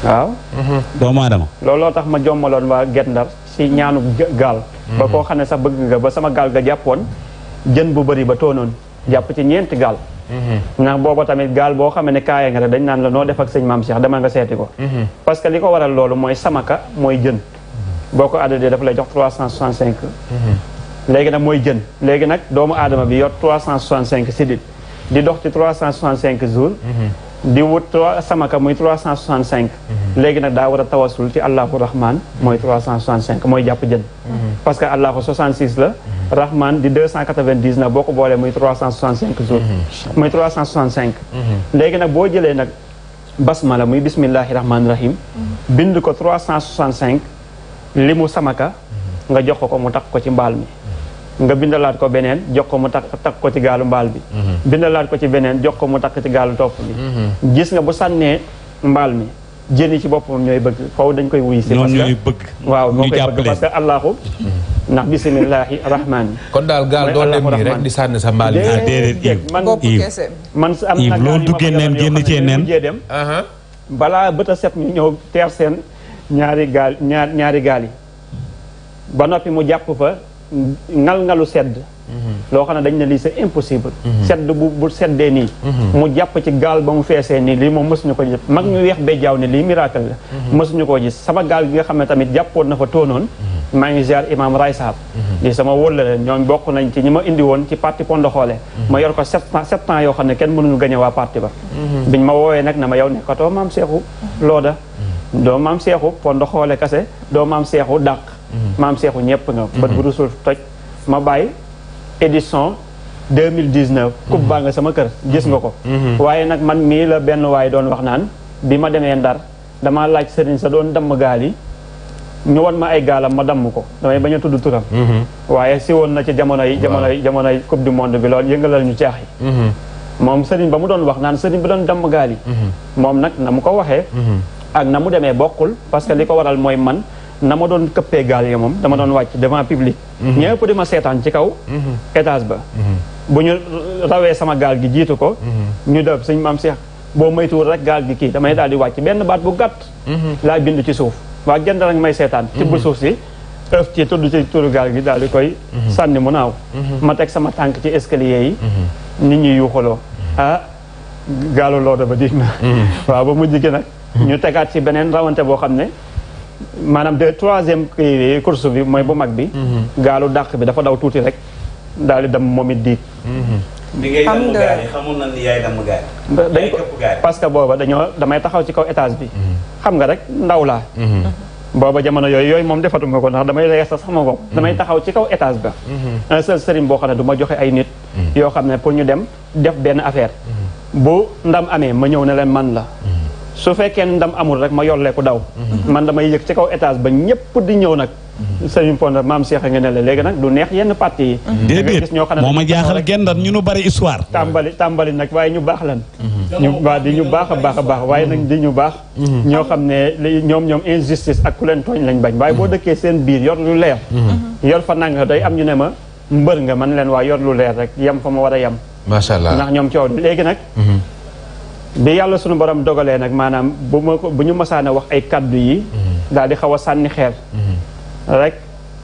waaw mhm. doomu adama looloo tax ma jommaloon wa gendar si ñaanu gaal ba mhm. koo xam ne sax bëgg nga ba sama gaal ga jàppoon jën bu bëri ba toonoon jàpp ci ñeenti gaal mhm. ndax booba tamit gaal boo xam ne kaaya nga rek dañ naan la noo def ak sëñ maam Cheikh dama nga seeti ko parce que li ko waral loolu mooy samaka mooy jën boo ko addadee dafa lay jox 365 léegi nag mooy jën léegi nag doomu aadama bi yor 365 sidit di dox ci 365 jours di wut samaka muy mhm. 365 léegi nag daa war a tawasul ci allahu rahman mooy 365 mooy jàpp jën parce que allahu 66 la mhm. rahman di 299 boo ko boolee muy 365 jours muy 365 léegi nag boo jëlee nag basmala muy bismillahi rahmani rahim bind ko 365 li mu samaka nga jox ko mu takk ko ci mi nga bindalaat ko beneen jox ko mu takk takk ko ci gaalu mbaal bi mm-hmm. bindalaat ko ci beneen jox ko mu takk ci gaalu topp bi mm-hmm. gis nga bu sànnee mbaal mi jën yi ci boppam ñooy bëgg faw dañ koy wuy si parce que ñooy bëgg waaw moo koy bëgg parce que allahu mm-hmm. ndax bisimilahi rahmaani kon daal gaal doo dem nii rek di sànni sa mbaal yi ah, déedéet Yves man sa am na loo duggee neen génn cee neen dem balaa bët a set ñu ñëw teer seen ñaari gaal ñaar ñaari gaal yi ba noppi mu jàpp fa ngal-ngalu sedd loo xam ne dañ ne lii c'est impossible sedd bu bu seddee nii mu jàpp ci gaal ba mu feesee nii lii moom mësuñu ko gis mag ñu weex ba jaaw ne lii miracle la mësuñu koo gis sama gaal gi nga xam ne tamit jàppoon na fa toonoon maa ngi ziar imam Ray Saab di sama wóllale ñoom bokk nañ ci ñi ma indi woon ci parti Pondoxoole ma yor ko sept ans yoo xam ne kenn mënuñu gañe waa parti ba biñ ma woowee nag na ma yow nekkatoo maam seexu looda doo Mm-hmm. maam seexu ñëpp nga mm-hmm. bët bu rusul toj ma bàyyi édition 2019 mm-hmm. coupe baa nga sama kër gis nga ko waaye nag man mii la benn waaye doon wax naan bi ma demee ndar damaa laaj sëriñ sa doon damm gaal yi ñu wan ma ay gaalam ma damm ko damay bañ tudd turam waaye si woon na ci jamono yi jamono yi jamono yi coupe du monde bi loolu yëngalal ñu ceex yi moom sëriñ ba mu doon wax naan sëriñ bi doon damm gaal yi moom nag na mu ko waxee ak na mu demee bokkul parce que li ko waral mooy man dama don doon gal gaal ya dama don wàcc devant public ñëpp di ma ci kaw étage ba bu ñu sama gal gi jitu ko ñu mhm. def suñ maam Cheikh boo maytuwul rek gal gi ki dama daal di wàcc benn baat bu gàtt mhm. laa bind ci suuf wa jënd rek may setan ci mhm. bu suuf si ëf ci tudd ci turu gal gi daal koy ni mu ma tek sama tangki ci escalier yi nit ñi yuuxaloo ah lo da ba diig na ba mujj gi nag ñu tegaat ci benen rawante bo maanaam de troisième eh, course bi mooy bu mag bi. Mhm. gaalu dàq bi dafa daw tuuti rek daal di dem moom it diig. bi mhm. ngay damm gaal yi xamoon que booba dañoo damay taxaw ci kaw étage bi. Mhm. xam nga rek ndaw laa. booba jamono yooyu yooyu moom defatuma ko ndax damay rees sax sama bopp. damay taxaw ci kaw étage ba. un seul sëriñ boo xam ne du ma joxe ay nit. yoo xam ne pour ñu dem def benn affaire. bu ndam amee ma ñëw ne leen man la. su fekkee ndam amul rek ma yolleeku daw mhm. man damay yëg ci kaw étage ba ñëpp di ñëw nag mhm. sëñ Ponda maam Cheikh nga ne la léegi nag lu neex yenn parti yi mhm. déedéet moo ma jaaxal gendan ñu nu bari histoire tàmbali tàmbali nag waaye ñu baax leen ñu waa di ñu baax a baax a baax waaye nag di ñu baax ñoo xam ne ñoom ñoom injustice ak ku leen tooñ lañ bañ waaye boo dëkkee seen biir yor lu leer yor fa nanga day am ñu ne ma mbër nga man leen waa yor lu leer rek yem fa ma war a yem macha allah ndax ñoom coow léegi nag bi yàlla sunu borom dogalee nag maanaam bu ma ko bu ñu masaan a wax ay kaddu yi. Mhm. daal di xaw a sànni xeer. Mhm. rek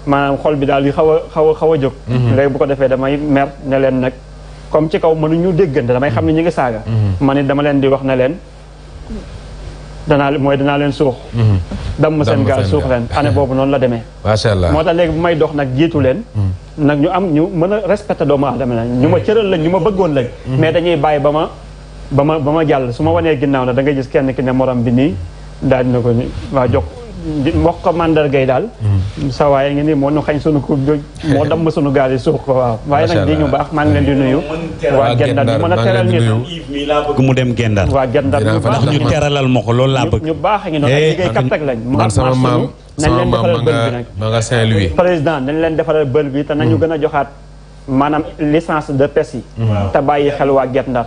maanaam xol bi daal di xaw a xaw xaw a jóg. Mhm. léegi bu ko defee damay mer ne leen nag comme ci kaw ñu déggante damay xam ne ñu ngi saaga. ma it dama leen di wax ne leen danaa mooy danaa leen suux. damm seen gaal suux leen année boobu noonu la demee. macha allah moo tax léegi bu may dox nag jiitu leen. nag ñu am ñu mën a respecté doomu aadama lañ ñu ma cëral lañ ñu ma Bama Bama jall suma wone ginnaw na da nga gis kenn ki ne moram bi ni dal na ko ni wa jox wax ko gay dal hmm. sa waaye ngi ni mo nu xagn sunu ko dam ma sunu gaal su ko wa waaye nak di ñu bax maa ngi leen di nuyu wa gendar mo na teral nit laa mu dem gendar wa gendar ñu baax ñu teralal mako lol la bëgg ñu baax ngi eh, ay liggéey kat tak lañ man sama mam sama mam ma nga Saint Louis president nañ leen defal beul bi ta nañu hmm. gëna joxat maanaam licence de pêche yi. te bàyyi xel waa Guet Ndar.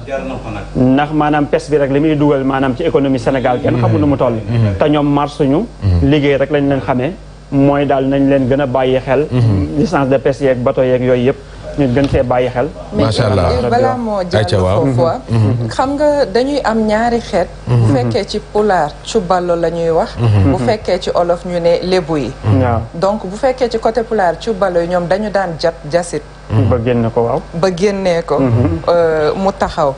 ndax maanaam pêche bi rek li muy dugal maanaam ci économie Sénégal kenn xamu nu mu toll. Mm-hmm. Mm-hmm. te ñoom marsuñu mm-hmm. liggéey rek lañu leen xamee mooy daal nañ leen gën a bàyyi xel. licence de pêche yeeg bato yeeg yooyu yëpp. ñu gën see bàyyi xel. macha allah balaa moo jàll foofu mm-hmm. Mm-hmm. xam nga dañuy am ñaari xeet. Mm-hmm. bu fekkee ci pulaar ci ballo la ñuy wax. bu fekkee ci olof ñu ne lébu yi. donc bu fekkee ci côté pulaar ci ballo yi ñoom dañu daan jat jasit. ba génne ko waaw. ba génnee ko. Euh, mu taxaw.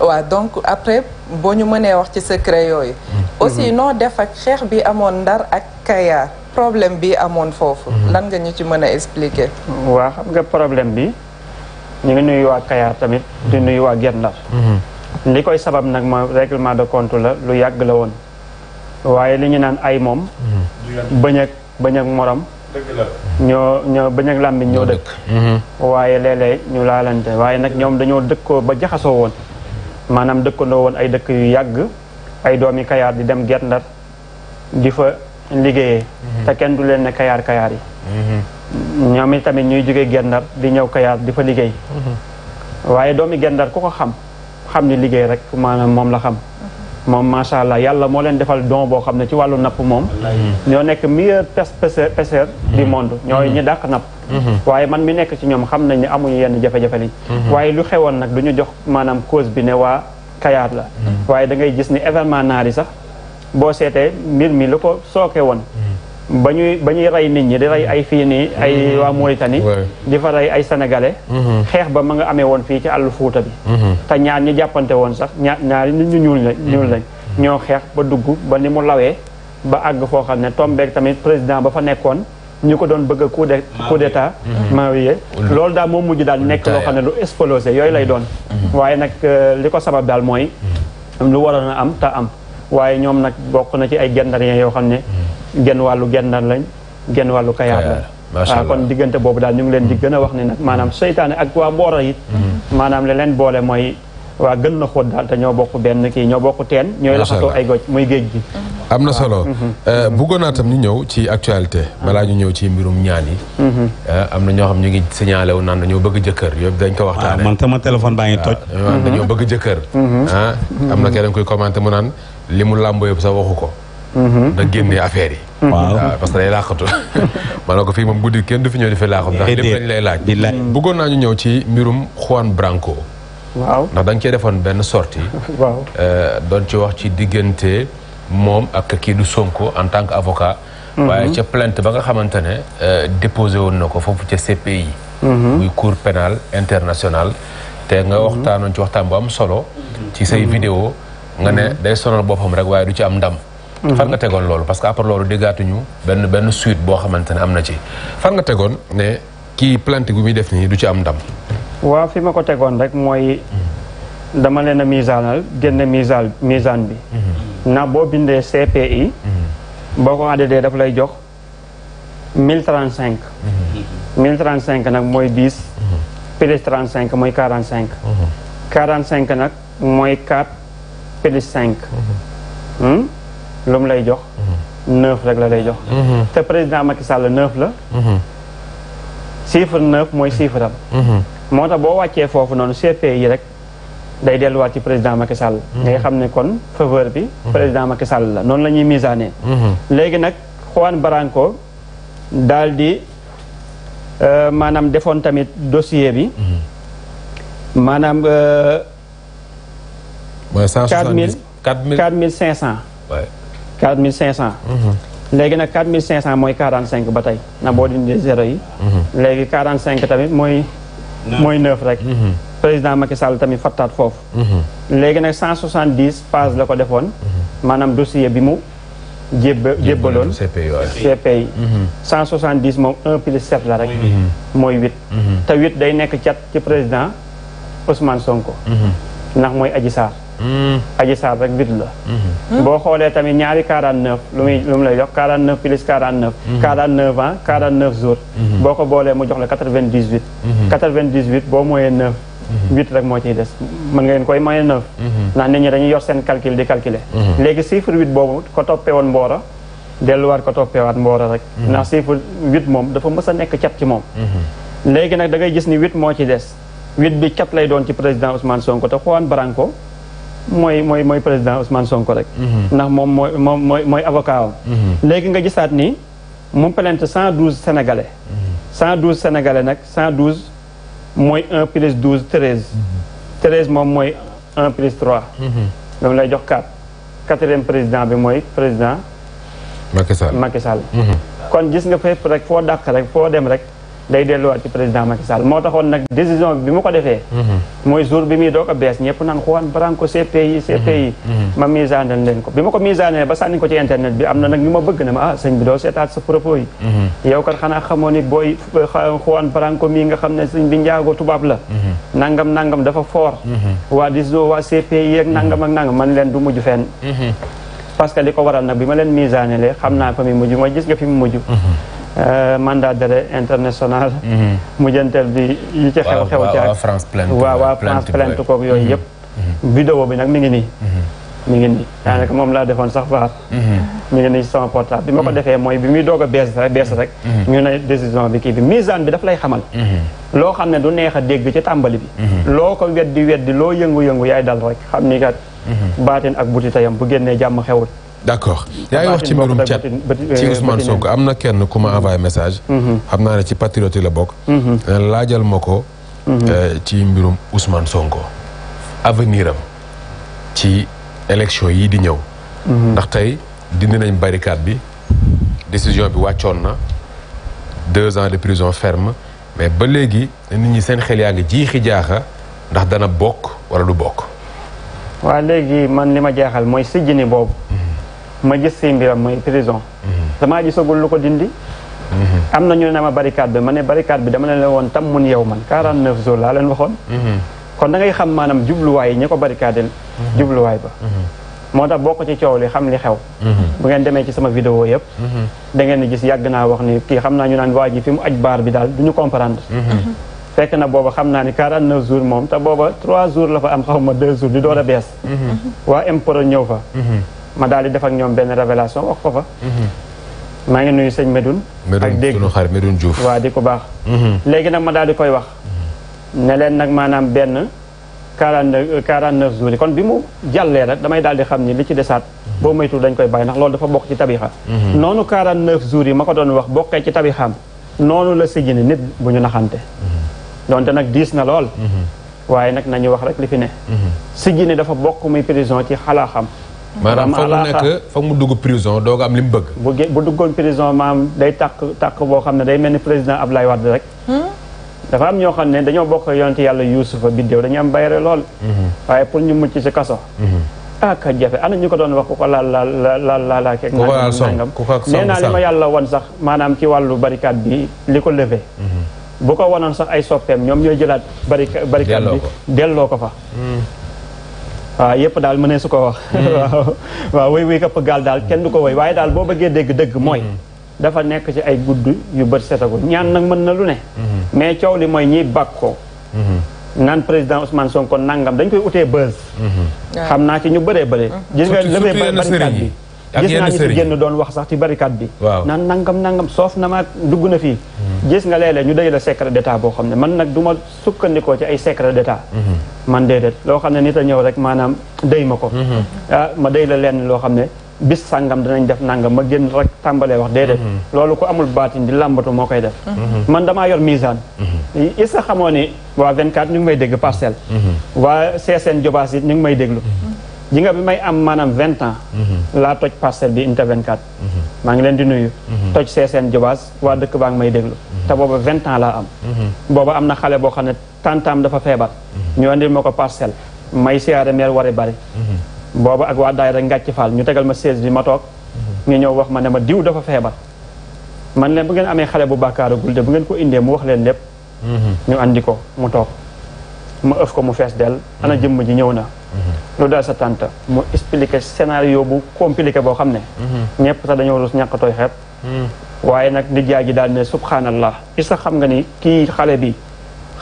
waa donc après boo ñu mënee wax ci secret yooyu. aussi noo def ak xeex bi amoon ndar ak kayaar. problème bi amoon foofu. Mhm. lan nga ñu ci mën a expliqué waa xam nga problème bi ñu ngi nuyu waa Kayar tamit di mhm. nuyu waa Guet Ndar. Mhm. li koy sabab nag mooy règlement de compte la lu yàgg la woon waaye li ñu naan ay moom. bañ ak bañ morom. ñoo ñoo bañ ak làmmiñ ñoo dëkk. waaye léeg ñu laalante waaye nag ñoom dañoo dëkkoo ba jaxasoo woon maanaam dëkkandoo woon ay dëkk yu yàgg ay doomi Kayar di dem Guet Ndar di fa. liggéeyee mhm. te kenn du leen ne kayaar kayaar yi mhm. ñoom i tamit ñuy jógee gendar di ñëw kayaar di fa liggéey mhm. waaye doomi gendar ku ko xam xam ni liggéey rek maanaam moom la xam moom macha allah yàlla moo leen defal don boo xam ne ci wàllu napp moom ñoo nekk meilleur pêcheur du monde ñooy ñi dàq napp waaye man mi nekk ci ñoom xam nañ ne amuñu yenn jafe-jafe li waaye lu xewoon nag du ñu jox maanaam cause bi ne waa kayaar la waaye da gis ni événement naar yi sax boo seetee mbir mi lu ko sooke woon mm. ba ñuy ba rey nit ñi di rey ay fii nii ay mm-hmm. waa Mauritanie di fa rey ay sénégalais mm-hmm. xeex ba ma nga amee woon fii ci àll Fuuta bi mm-hmm. te ñaar ñi jàppante woon sax ñaar ñaari nit ñu ñuul lañ ñuul ñoo xeex ba dugg ba ni mu lawee ba àgg foo xam ne tombeek tamit président ba fa nekkoon ñu ko doon bëgg a coup de coup loolu daal moo mujj daal nekk loo xam ne lu explosé yooyu lay doon waaye nag euh, li ko sabab daal mooy lu waroon a am te am waaye ñoom nag bokk na ci ay gendarien yoo xam ne mm-hmm. genn wàllu gendar lañ genn wàllu kayaar waa waaw ah, kon diggante boobu daal ñu ngi leen di mm-hmm. gën a wax ne nag maanaam seytaane ak waa mboora it mm-hmm. maanaam la leen boole mooy waa gën na xóot daal te ñoo bokk benn kii ñoo bokk teen ñooy laxasoo ay goj muy géej gi am na solo ah, eh, bëggoon naa tam ñu ñëw ci actualité ah. balaa ñu ñëw ci mbirum ñaan yi eh, am na ñoo xam ñu ngi signalé wu naan dañoo bëgg jëkkër yëpp dañ ko waxtaane man sama téléphone baa ngi toj dañoo bëgg jëkkër ah am na keneen kuy commenté mu naan li mu làmb yëpp sax waxu ko. Mhm. da génne affaire yi. Mhm. waaw ah, parce que day laaxatu. ma ne ko fii moom guddi kenn du fi ñëw di fi laaxatu ndax lépp dañ lay laaj. bëggoon naa ñu ñëw ci mbirum Juan Branco. waaw ndax da nga cee defoon benn sortie. waaw eh, doon ci wax ci diggante moom ak kii du Sonko en tant que avocat. Mhm. waaye ca plainte ba nga xamante ne eh, déposé woon na ko foofu ca CPI. muy cour pénale internationale. te nga waxtaanoon ci waxtaan bu am solo. ci say vidéo. nga ne mhm. day sonal boppam rek waaye du ci am ndam mhm. fan nga tegoon loolu parce que après loolu déggaatuñu benn benn suite boo xamante ne am na ci fan nga tegoon ne kii plante bi muy def nii du ci am ndam waaw fi ma ko tegoon rek mooy mhm. dama leen a misaanal génne misaan misaan bi na boo bindee CPI boo ko addee daf lay jox mille trente cinq mille trente cinq nag mooy dix plus trente cinq mooy quarante cinq quarante cinq nag mooy quatre plus cinq hmm? lu mu lay jox neuf rek la lay jox hmm. te président Macky Sall neuf la hmm. chiffre neuf mooy chiffre am moo tax boo wàccee foofu noonu CPI rek day delluwaat ci président Macky Sall ngay xam ne kon faveur bi président Macky Sall la noonu la ñuy léegi nag Juan Branco daal di euh, maanaam defoon tamit dossier bi maanaam euh, mooy 170 4000 4500. waay 4500. léegi nag cent mooy cinq ba tey na boo dindi zéro yi. Mm-hmm. léegi cinq tamit mooy. mooy 9 rek. Mm-hmm. président Macky Sall tamit fattaat foofu. Mm-hmm. léegi nag cent 170 page la ko defoon. maanaam dossier bi mu. jébba jébbaloon CPI 170 moom 1 plus 7 la rek. mooy 8. te 8 day nekk cat ci président Ousmane Sonko. ndax mooy Adji Sarr. Adji Sarr rek bit la mm-hmm. boo xoolee tamit ñaari 49 lu muy lu mu lay jox 49 plus 49 49 mm-hmm. ans 49 jours mm-hmm. boo ko boolee mu jox la 98 98 boo mooyee 9 huit rek moo ciy des mën ngeen koy moyen neuf dañuy yor seen calcul di calculer léegi chiffre huit boobu ko toppee woon mboora delluwaat ko toppeewaat mboora rek ndax chiffre huit moom dafa mës a nekk cat ci moom léegi nag da gis ni huit moo ci des huit bi cat lay doon ci président Ousmane Sonko te Juan Branco mooy mooy mooy président Ousmane Sonko rek. Mhm. ndax moom mooy moom mooy mooy avocat am. Mhm. léegi nga gisaat ni mu plainte cent douze sénégalais. Mhm. cent douze sénégalais nag cent douze mooy un plus douze treize. treize moom mooy un plus trois. loolu lay jox quatre. quatrième président bi mooy président. Macky Sall Macky Sall. kon gis nga fépp rek foo dàq rek foo dem rek. day delluwaat ci président Macky Sall moo taxoon nag décision bi mu ko defee mm-hmm. mooy jour bi muy doog a bees ñëpp naan Juan Branco CPI CPI mm-hmm. mm-hmm. ma misaanal leen ko bi ma ba sànni ko ci internet ne ma ah sëñ bi doo seetaat sa propos yi yow kat xanaa xamoo ni booy eh, Juan Branco mii nga xam ne sëñ bi njaago tubaab la nangam nangam dafa fort waa décision waa CPI ak nangam ak nangam man leen du mujj fenn parce que li ko waral nag bi ma leen misaanele xam naa fa mu mujj mooy gis nga fi mu mujj Euh, mandat d'arrêt international. Mhm. mujjanteel bi yi ci xew xew. ca waaw waa France plainte koog yooyu mhm. yëpp. Mhm. vidéo bi nag mi ngi nii. mu ngi nii daanaka moom laa defoon sax faar mi ngi nii sama portable bi ma ko defee mooy bi muy doog a bees rek bees rek ñu décision bi kii bi mise en bi daf lay xamal loo xam ne du neex a dégg ci tàmbali bi loo ko weddi weddi loo yëngu-yëngu yaay dal rek xam ni kat baatin ak buti tayam bu génnee jàmm xewul D'accord. Il y a wax ci mbirum Chat, Ousmane Sonko y kenn message. Mhm. xam ci patriote la mhm. eh, mhm. eh, ci mbirum Ousmane Sonko. avenir barricade décision deux ans de prison ferme mais ba léegi nit ñi seen xel jiixi ndax dana bok, wala du ma gis si mbiram muy prison. Mhm. damaa gisagul lu ko dindi. Mhm. am na ñu ne ma barricade bi ma ne barricade bi dama ne la woon tam mun yow man 49 jours laa leen waxoon. Mhm. kon da ngay xam maanaam jubluwaay yi ñi ba. moo tax bokk ci coow li xam li xew. bu ngeen ci sama vidéo yëpp. da ngeen di gis yàgg naa wax ni kii xam naa ñu naan waa ji fi bi daal du ñu comprendre. naa ni 49 jours moom te booba 3 jours la fa am xaw ma 2 jours di door a bees. waa imporo ñëw fa. ma daal di def ak ñoom benn révélation wax ko fa. Mhm. maa ngi nuyu sëñ Medoune. ak dégg sunu xar Medoune Diouf waa di ko baax. Mhm. léegi nag ma daal di koy wax. Mhm. ne leen nag maanaam benn quarante neuf euh, quarante neuf jours yi kon bi mu jàllee rek damay daal di xam ni li ci desaat. boo moytu dañ koy bàyyi ndax lool dafa bokk ci tabixa. noonu quarante neuf jours yi ko doon wax bokkee ci tabixaam noonu la sijjini nit bu ñu naxante. donte nag diis na lool. waaye nag nañu wax rek li fi ne. sijjini dafa bokk muy prison ci xalaa xam. maanaam fa mu nekk fa mu doo am li mu bëgg. bu bu duggoon prison maam day tàkk tàkk boo xam ne day mel ni président Ablaye Wade rek. Hmm? dafa am ñoo xam ne dañoo bokk yonent yàlla Yuusufa biddéew dañu am bayre lool. Hmm. waaye pour ñu mucc ci kaso. Hmm. ah ka jafe ana ñu ko doon wax ku ko laal laal laal laal laal keeg. nangam nee naa li ma yàlla won sax maanaam ci wàllu barikaat bi li ko levé. bu ko wanoon sax ay soppeem ñoom ñooy jëlaat barikaat bi delloo ko fa. Ah, mm. waaw yëpp daal mën su ko wax waaw waaw woy wuy këpp gaal daal kenn du ko woy waaye daal boo bëggee dégg dëgg mooy mm. dafa nekk ci ay gudd yu bët setagul ñaan nag mën na lu ne mm-hmm. mais coow li mooy ñiy bàkk ko mm-hmm. nan président Ousmane ko nangam dañ koy utee buzz mm-hmm. ah. xam naa ci ñu bëree bëri ah. gis nga lëfee bari kat bi gis naa ñu si génn doon wax sax ci barricade bi naan nangam nangam soof na ma dugg na fii hmm. gis nga léeg-léeg ñu day la secret d'état boo xam ne man nag du sukkandikoo ci ay secret d'état hmm. man déedéet loo xam ne nit a ñëw rek maanaam day ma ko hmm. ah ma day la lenn loo xam ne bis sàngam danañ def nangam ma génn rek tàmbalee wax déedéet loolu ko amul baatin di làmbatu moo koy def man damaa yor misaan is sa xamoo ni waa 24 ñu ngi may dégg parcelle waa CSN Jobaas it ñu ngi may déglu ji bi may am maanaam vingt ans mhm. laa toj parcelle bi unité 24 mhm. maa ngi leen di nuyu mhm. toj CSN Jobaas waa dëkk baa ngi may déglu te booba vingt ans laa am booba am na xale boo xam ne tantaam dafa feebar ñu andil ma ko parcelle may siyaare meer wari bari booba ak waa rek ngàcc faal ñu tegal ma siège bi ma toog ñu ñëw wax ma ne ma diw dafa feebar man leen bu ngeen amee xale bu bàkkaaragul de bu ngeen ko indee mu wax leen lépp ñu andi ko mu toog ma ëf ko mu fees del ana jëmm ji ñëw na lu daal sa tante mu expliqué scénario bu compliqué boo xam ne mhm. ñëpp sax dañoo rus ñàkkatooy xeeb mhm. waaye nag di jaay ji daal ne subhanallah i sax xam nga ni kii xale bi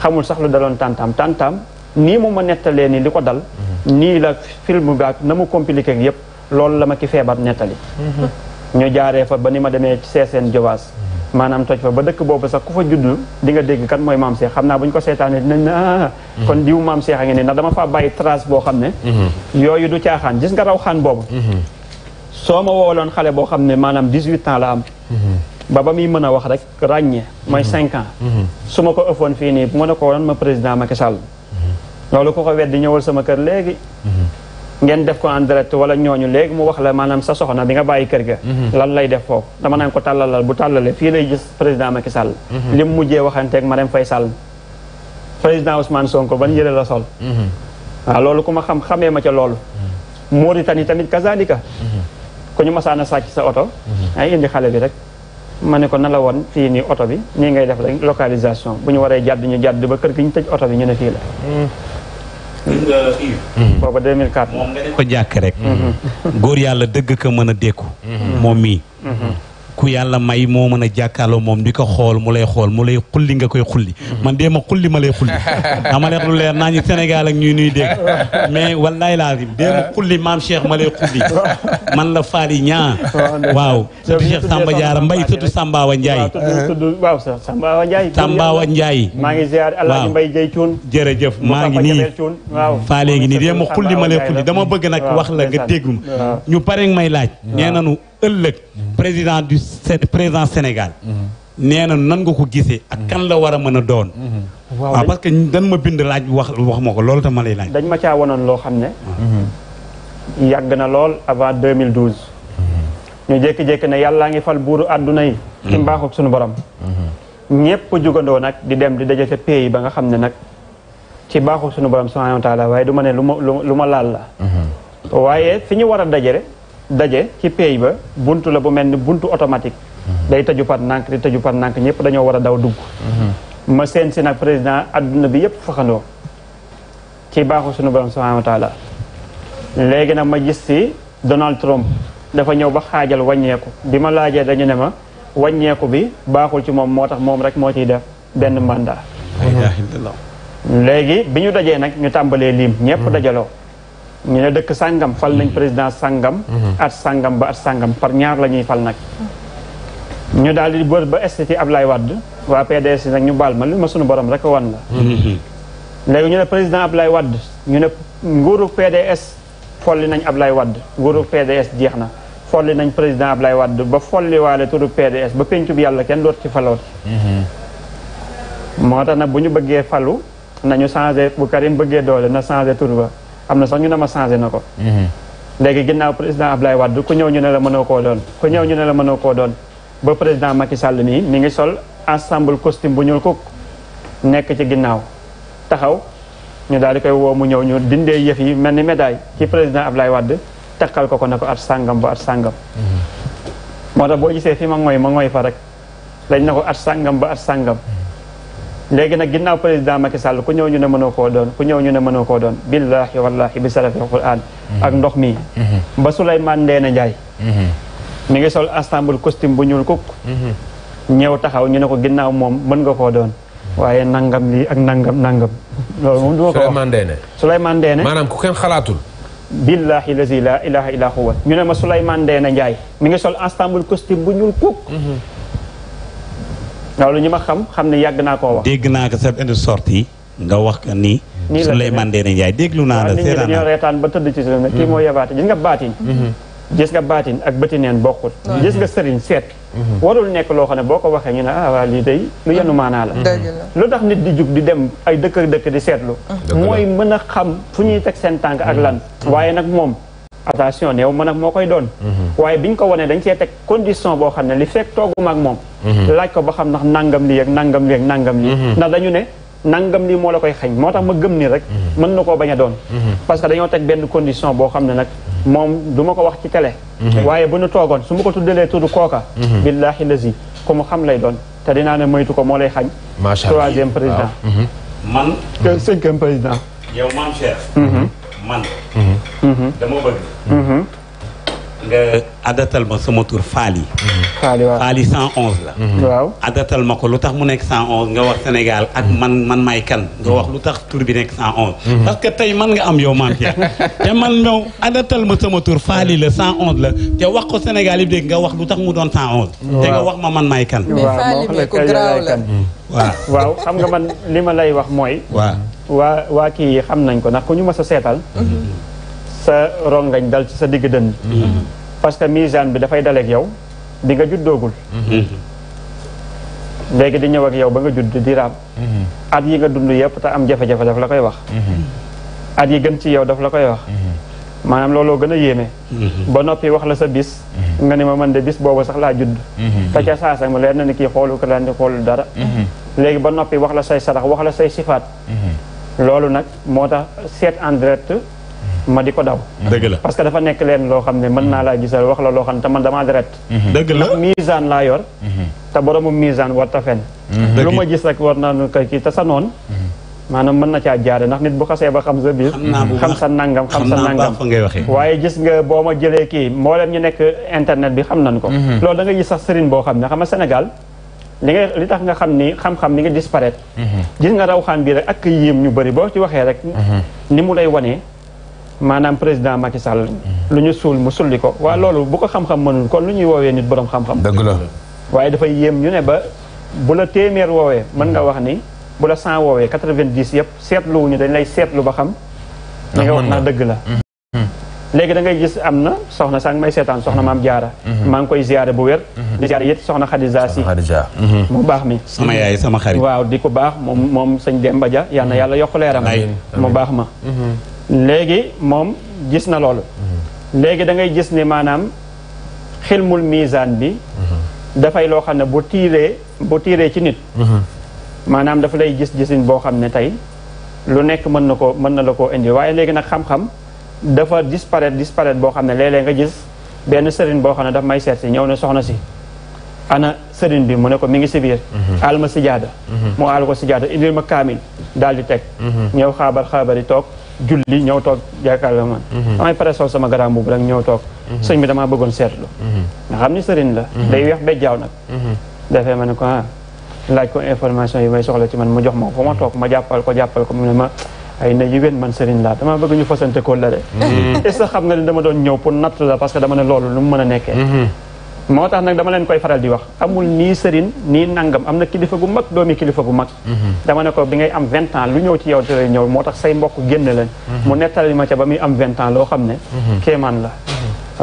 xamul sax lu daloon tàntaam tàntaam nii mu a nettalee ni li ko dal mhm. nii la film bi ak na mu compliqué ak yëpp la ma ki feebar nettali ñu jaaree fa ba ni ma demee seeseen jobaas maanaam toj fa ba dëkk boobu sax ku fa juddu di nga dégg kan mooy maam Cheikh xam naa bu ñu ko seetaanee dinañ na ah, mm-hmm. kon diw maam Cheikh a ngi ne ndax dama faa bàyyi trace boo xam ne mm-hmm. yooyu du caaxaan gis nga raw xaan boobu mm-hmm. soo ma wooloon xale boo xam ne maanaam dix-huit ans la am ba ba muy mën a wax rek ràññee mooy cinq ans su ma ko ëffoon fii nii bu ma ne ko woon ma président Macky Sall loolu ku ko weddi ñëwal sama kër léegi ngeen def ko en direct wala ñooñu léegi mu wax la maanaam sa soxna bi nga bàyyi kër ga mhm. lan lay def foofu dama naan ko tàllalal bu tàllale fii lay gis président Macky Sall mhm. li mu mujjee waxanteeg Marème Faye Sall président Ousmane Sonko ban yëre la sol mhm. waaw loolu ku ma xam xamee ma ca loolu Mauritanie tamit kazalika ku ñu masaan a sàcc sa oto ay indi xale bi rek ma ne ko na la woon fii nii oto bi nii ngay def rek localisation bu ñu waree jàdd ñu jà ba kër gi ñu tëj oto bi ñu Mmh. booba 2004. moom nga def ko jàkk rek. Mmh. góor yàlla dëgg ka mën a dékku. Mmh. moom mii. ku yàlla may moo mën a jàkkaarloo moom di ko xool mu lay xool mu lay xulli nga koy xulli man dee ma xulli ma lay xulli naa ñu ak ñuy nuy dégg mais wallaay laazim ma xulli maam ma lay xulli man la faali ñaa waaw sëtu Cheikh Samba Diarra Mbaye sëtu Sambaawa Ndiaye waaw Sambaawa Ndiaye Sambaawa maa ngi ziar Alaaji Mbaye Jëy Cuun jërëjëf maa ngi nii dee ma xulli ma lay xulli dama bëgg nag wax la nga dégg ñu pare may laaj nee nanu ëllëg président du président Sénégal nee na nan nga ko gisee ak kan la war a mën a doon waaw parce que dañ ma bind laaj wax wax ma ko loolu tam ma lay laaj dañ ma caa wanoon loo xam ne yàgg na lool avant 2012 ñu jékki-jékki ne yàllaa ngi fal buuru àdduna yi ci mbaaxub suñu borom ñépp jugandoo nag di dem di daje ca pays ba nga xam ne nag ci mbaaxub suñu borom subhanahu waaye du ma ne lu ma lu ma laal la mhm. waaye fi ñu war a dajere daje ci pay ba buntu la bu melni buntu automatique mhm. day taju fat nank di taju fat nank ñëpp dañu wara daw dugg mhm. ma sen si nag président aduna bi ci baxu sunu borom subhanahu wa taala na ma gis ci Donald Trump dafa ñew ba xajal wàññeeku bima ma dañu ne ma wàññeeku bi baxul ci mom motax mom rek mo ciy def ben mandat léegi biñu dajé nak ñu tambalé lim mm jalo. ñu ne dëkk sàngam fal nañ président sàngam mhm. at sàngam ba at sàngam par ñaar la ñuy fal nag ñu daal di bër ba esti ci Ablaye Wade waa PDS nag ñu baal ma li ma suñu borom rek wan la mhm. léegi ñu ne président Ablaye Wade ñu ne nguuru PDS folli nañ Ablaye wadd nguuru PDS jeex na folli nañ président lay Wade ba folli waale turu PDS ba péncub yàlla kenn doot ci falooti mhm. moo tax nag bu ñu bëggee falu nañu changé bu Karim bëggee doole na changé tur am na sax ñu ne ma changé na ko mhm. léegi ginnaaw président Ablaye Wade ku ñëw ñu ne la koo doon ku ñëw ñu ne la mënoo koo doon ba président Macky sàll nii mi ngi sol ensemble costume bu ñuul kukk nekk ci ginnaaw taxaw ñu daal di koy woo mu ñëw ñu dindee yëf yi mel ni médaille ci président Ablaye wadd takkal ko ko na ko at sàngam ba at sàngam mhm. moo tax boo gisee fi ma ngoy ma ngoy fa rek dañ na ko at sàngam ba at sàngam léegi nag ginnaaw président Macky Sall ku ñëw ñu ne mënoo koo doon ku ñëw ñu ne mënoo koo doon billahi wallahi bi salafi quran mhm. ak ndox mi. Mhm. ba Souleymane Ndeena Ndiaye mhm. mi ngi sol Istanbul costume bu ñuul kukk ñëw taxaw ñu ne ko ginnaaw moom mën nga koo doon waaye nangam lii ak nangam nangam loolu moom du ma ko wax Souleymane Ndeene Souleymane Ndeene maanaam ku kenn xalaatul billahi lazi la ilaha illa huwa ñu ne ma Souleymane Ndeena Ndiaye mi ngi sol Istanbul costume bu ñuul waaw lu ñu ma xam xam ne yàgg naa koo wax. dégg naa ko sa benn sortie nga wax ka ni. nii la Souleymane Ndéné Ndiaye déglu naa la. seetaan naa dañoo reetaan ba tëdd ci suñu ne kii mm-hmm. moo yabaate gis nga baatin. Mm-hmm. gis nga baatin ak mm-hmm. warul nekk loo xam ne boo ko waxee ñu ne ah waa lii day lu yenu maanaa la. lu tax nit di jug di dem ay dëkk dëkk di seetlu. mooy mën a xam fu ñuy teg seen tànk ak lan. waaye nag moom. attention néew man ak moo koy doon mhm. waaye biñ ko wanee dañ cee teg condition boo xam ne li fekk tooguma ak moom mhm. laaj ko ba xam ndax nangam lii ak nangam lii ak nangam lii mhm. ndax dañu ne nangam lii moo la koy xañ moo tax ma gëm ni rek mën na koo bañ a doon parce que dañoo teg benn condition boo xam ne nag moom du ma ko wax ci télé waaye bu nu toogoon su ma ko tuddalee tudd kooka billaahi lazi ku mu xam lay doon te dinaa ne moytu ko moo lay xañ troisième président man cinquième président yow man cher man Mhm. dama bëgg. Mhm. nga adatal ma sama tuur Faly. Faly waaw Faly 111 la. Mhm. adatal ma ko lu tax mu nekk 111 nga wax Sénégal ak man man may kan nga wax lu tax tur bi nekk 111. parce que tey man nga am yow Mame Pierre te man ñëw adatal ma sama tur Faly la 111 la te wax ko Sénégal yi dégg nga wax lu tax mu doon 111. te nga wax ma man may kan. waaw xam nga man li ma lay wax mooy. waaw waa waa kii xam nañ ko ndax ku ñu mës a seetal. sa rongañ dal ci sa digg deun mm-hmm. parce que misaan bi fay dalek yow di nga juddoogul mm-hmm. legui di ñew ak yow ba nga judd di rap mm-hmm. at yi nga dund yépp ta am jafé jafé daf la koy wax at yi gën ci yow daf la koy wax manam lolo gëna yéme ba nopi wax la sa bis nga ni ma man de bis bobu sax la judd te ca saasa mu leer na ni ko lan di xol dara legui ba nopi wax la say sarax wax la say sifat lolu nak motax set en direct ma di ko daw. dëgg la parce que dafa nekk leen loo xam ne mën naa laa gisal wax la loo xam ne te man damaa deret. dëgg la misaan laa yor. Mhm. te boroomu misaan war ta fen mhm. lu ma gis rek war naa nu ko kii te sa noon mhm. maanaam mën na caa jaare ndax nit bu xasee ba xam sa biir. xam sa nangam xam sa nangam waaye gis nga boo ma jëlee kii moo leen ñu nekk internet bi xam nañ ko. loolu da nga gis sax sëriñ boo xam ne xama nga Sénégal li nga li tax nga xam ni xam-xam ni nga disparaître. gis nga raw xaan bii rek ak yiim ñu bëri boo ci waxee rek. ni mu lay wanee maanaam président Macky Sall. lu ñu suul mu sulli ko waa loolu bu ko xam-xam mënul kon lu ñuy woowee nit borom xam-xam. dëgg la waaye dafa yéem ñu ne ba bu la téeméer woowee mën nga wax ni bu la cent woowee quatre-vingt-dix yëpp seetluwuñu dañ lay seetlu ba xam. li nga wax na dëgg la. Mm-hmm. léegi da ngay gis am na soxna sang may seetaan soxna maam jaara mm-hmm. maa ngi koy ziare bu wér mm-hmm. di ziare yét soxna xadija si mu baax mi sama yaay sama xarit waaw di ko baax moom moom sëñ Demba Dia yal na yàlla yokk leeram mu léegi moom gis na loolu léegi da ngay gis ni maanaam xilmul misaan bi dafay loo xam ne bu tiiree bu tiiree ci nit maanaam dafa lay gis gisin boo xam ne tey lu nekk mën na ko mën na la koo indi waaye léegi nag xam-xam dafa disparaître disparaître boo xam ne léeg-léeg nga gis benn sëriñ boo xam ne daf may seet si ñëw ne soxna si ana sëriñ bi mu ne ko mi ngi si biir mhm. aal ma sijaada mhm. mu aal ko sijaada indil ma kaamil daal di teg mhm. ñëw xaabar xaabar toog julli ñëw toog jàkkaarloo man mhm. damay pare sol sama garaam boobu rek ñëw toog mhm. sëñ bi damaa bëggoon seetlu mhm. nga xam ni sëriñ la day weex bejjaaw nag defee ma ne ko ah laaj ko information yi may soxla ci man mu jox ma ko fa ma toog ma jàppal ko jàppal ko mu ne ma ay na yiwén man sëriñ laa dama bëgg ñu fasante ko la de est-ce que xam nga ne dama doon ñëw pour natt la parce que dama ne loolu lu mu mën a nekkee moo tax nag dama leen koy faral di wax amul nii sëriñ nii nangam am na kilifa gu mag doomi kilifa gu mag mhm. dama ne ko bi ngay am vingt ans lu ñëw ci yow dalay ñëw moo tax say mbokk génn leen mhm. mu nettali ma ca ba muy am vingt ans loo xam ne mhm. kéemaan la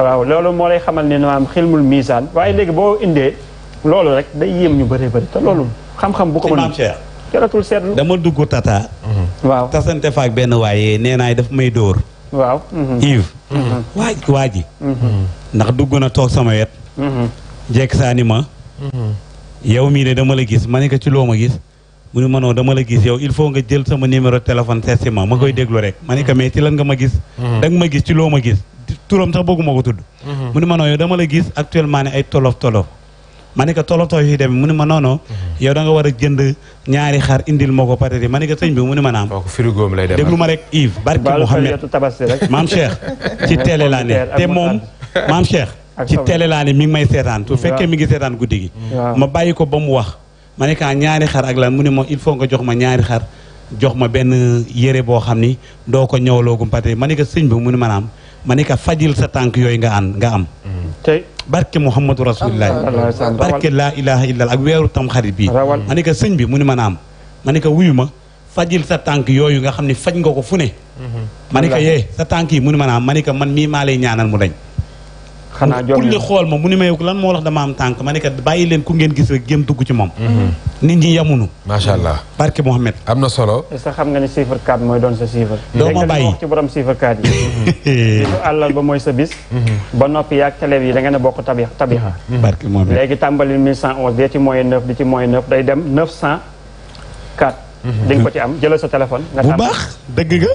waaw loolu moo lay xamal ne maanaam xilmul misaan waaye léegi boo indee loolu rek day yéem ñu bëree bëri te loolu xam-xam bu ko mën jaratul seetlu dama dugg tata waaw tasante faak benn waaye nee naay dafa may dóor waaw Yves waa ji ndax dugg na toog sama wet jekk saa ma yow mii de dama la gis ma ne ko ci loo ma gis mu ne ma non dama la gis yow il faut nga jël sama numéro téléphone seetsi ma ma koy déglu rek ma ne ko mais ci lan nga ma gis da ma gis ci loo ma gis turam sax bëgguma ko tudd mu ne ma non yow dama la gis actuellement ne ay tolof tolof ma ne ko tolof tolof yi demee mu ne ma non da nga war a jënd ñaari xar indil ma ko patati ma ne ko sëñ bi mu ne ma naam déglu ma rek Yves barki Mouhamed maam Cheikh ci télé laa ne te moom maam Cheikh ci télé laa mi ngi may seetaan su fekkee mi ngi seetaan guddi gi ma bàyyi ko ba mu wax ma ne ñaari xar ak lan mu ne ma il faut nga jox ma ñaari xar jox ma benn yére boo xam ni doo ko ñëwaloogum pate ma ne ko sëñ bi mu ne maanaam ma ne ko fajil sa tànk yooyu nga an nga am tey barke Muhammadu Rasulullah barke laa ilaha illallah ak weeru tam xarit bii ma ne sëñ bi mu ne maanaam ma ne ko wuyu ma fajil sa tànk yooyu nga xam ne faj nga ko fu ne mm-hmm. ma ne ko yee sa tànk yi mu ne maanaam ma ne ko man mii maa lay ñaanal mu dañ xanaa jom li xool ma mu ni may lan moo wax dama am tànk ma ne kat dugg ci moom. Mhm. nit ñi yamunu. macha allah barke am na solo. sa xam nga ni chiffre 4 mooy doon sa chiffre. doo borom chiffre 4 yi. Mhm. bisu mooy sa bis. Mhm. ba noppi yaag télé yi da ngeen a bokk tabixa tabixa. barke Mohamed léegi tàmbali 1111 dee ci moyen 9 di ci moyen 9 day dem 904. di nga ci am jëlal sa téléphone. nga bu baax dëgg nga.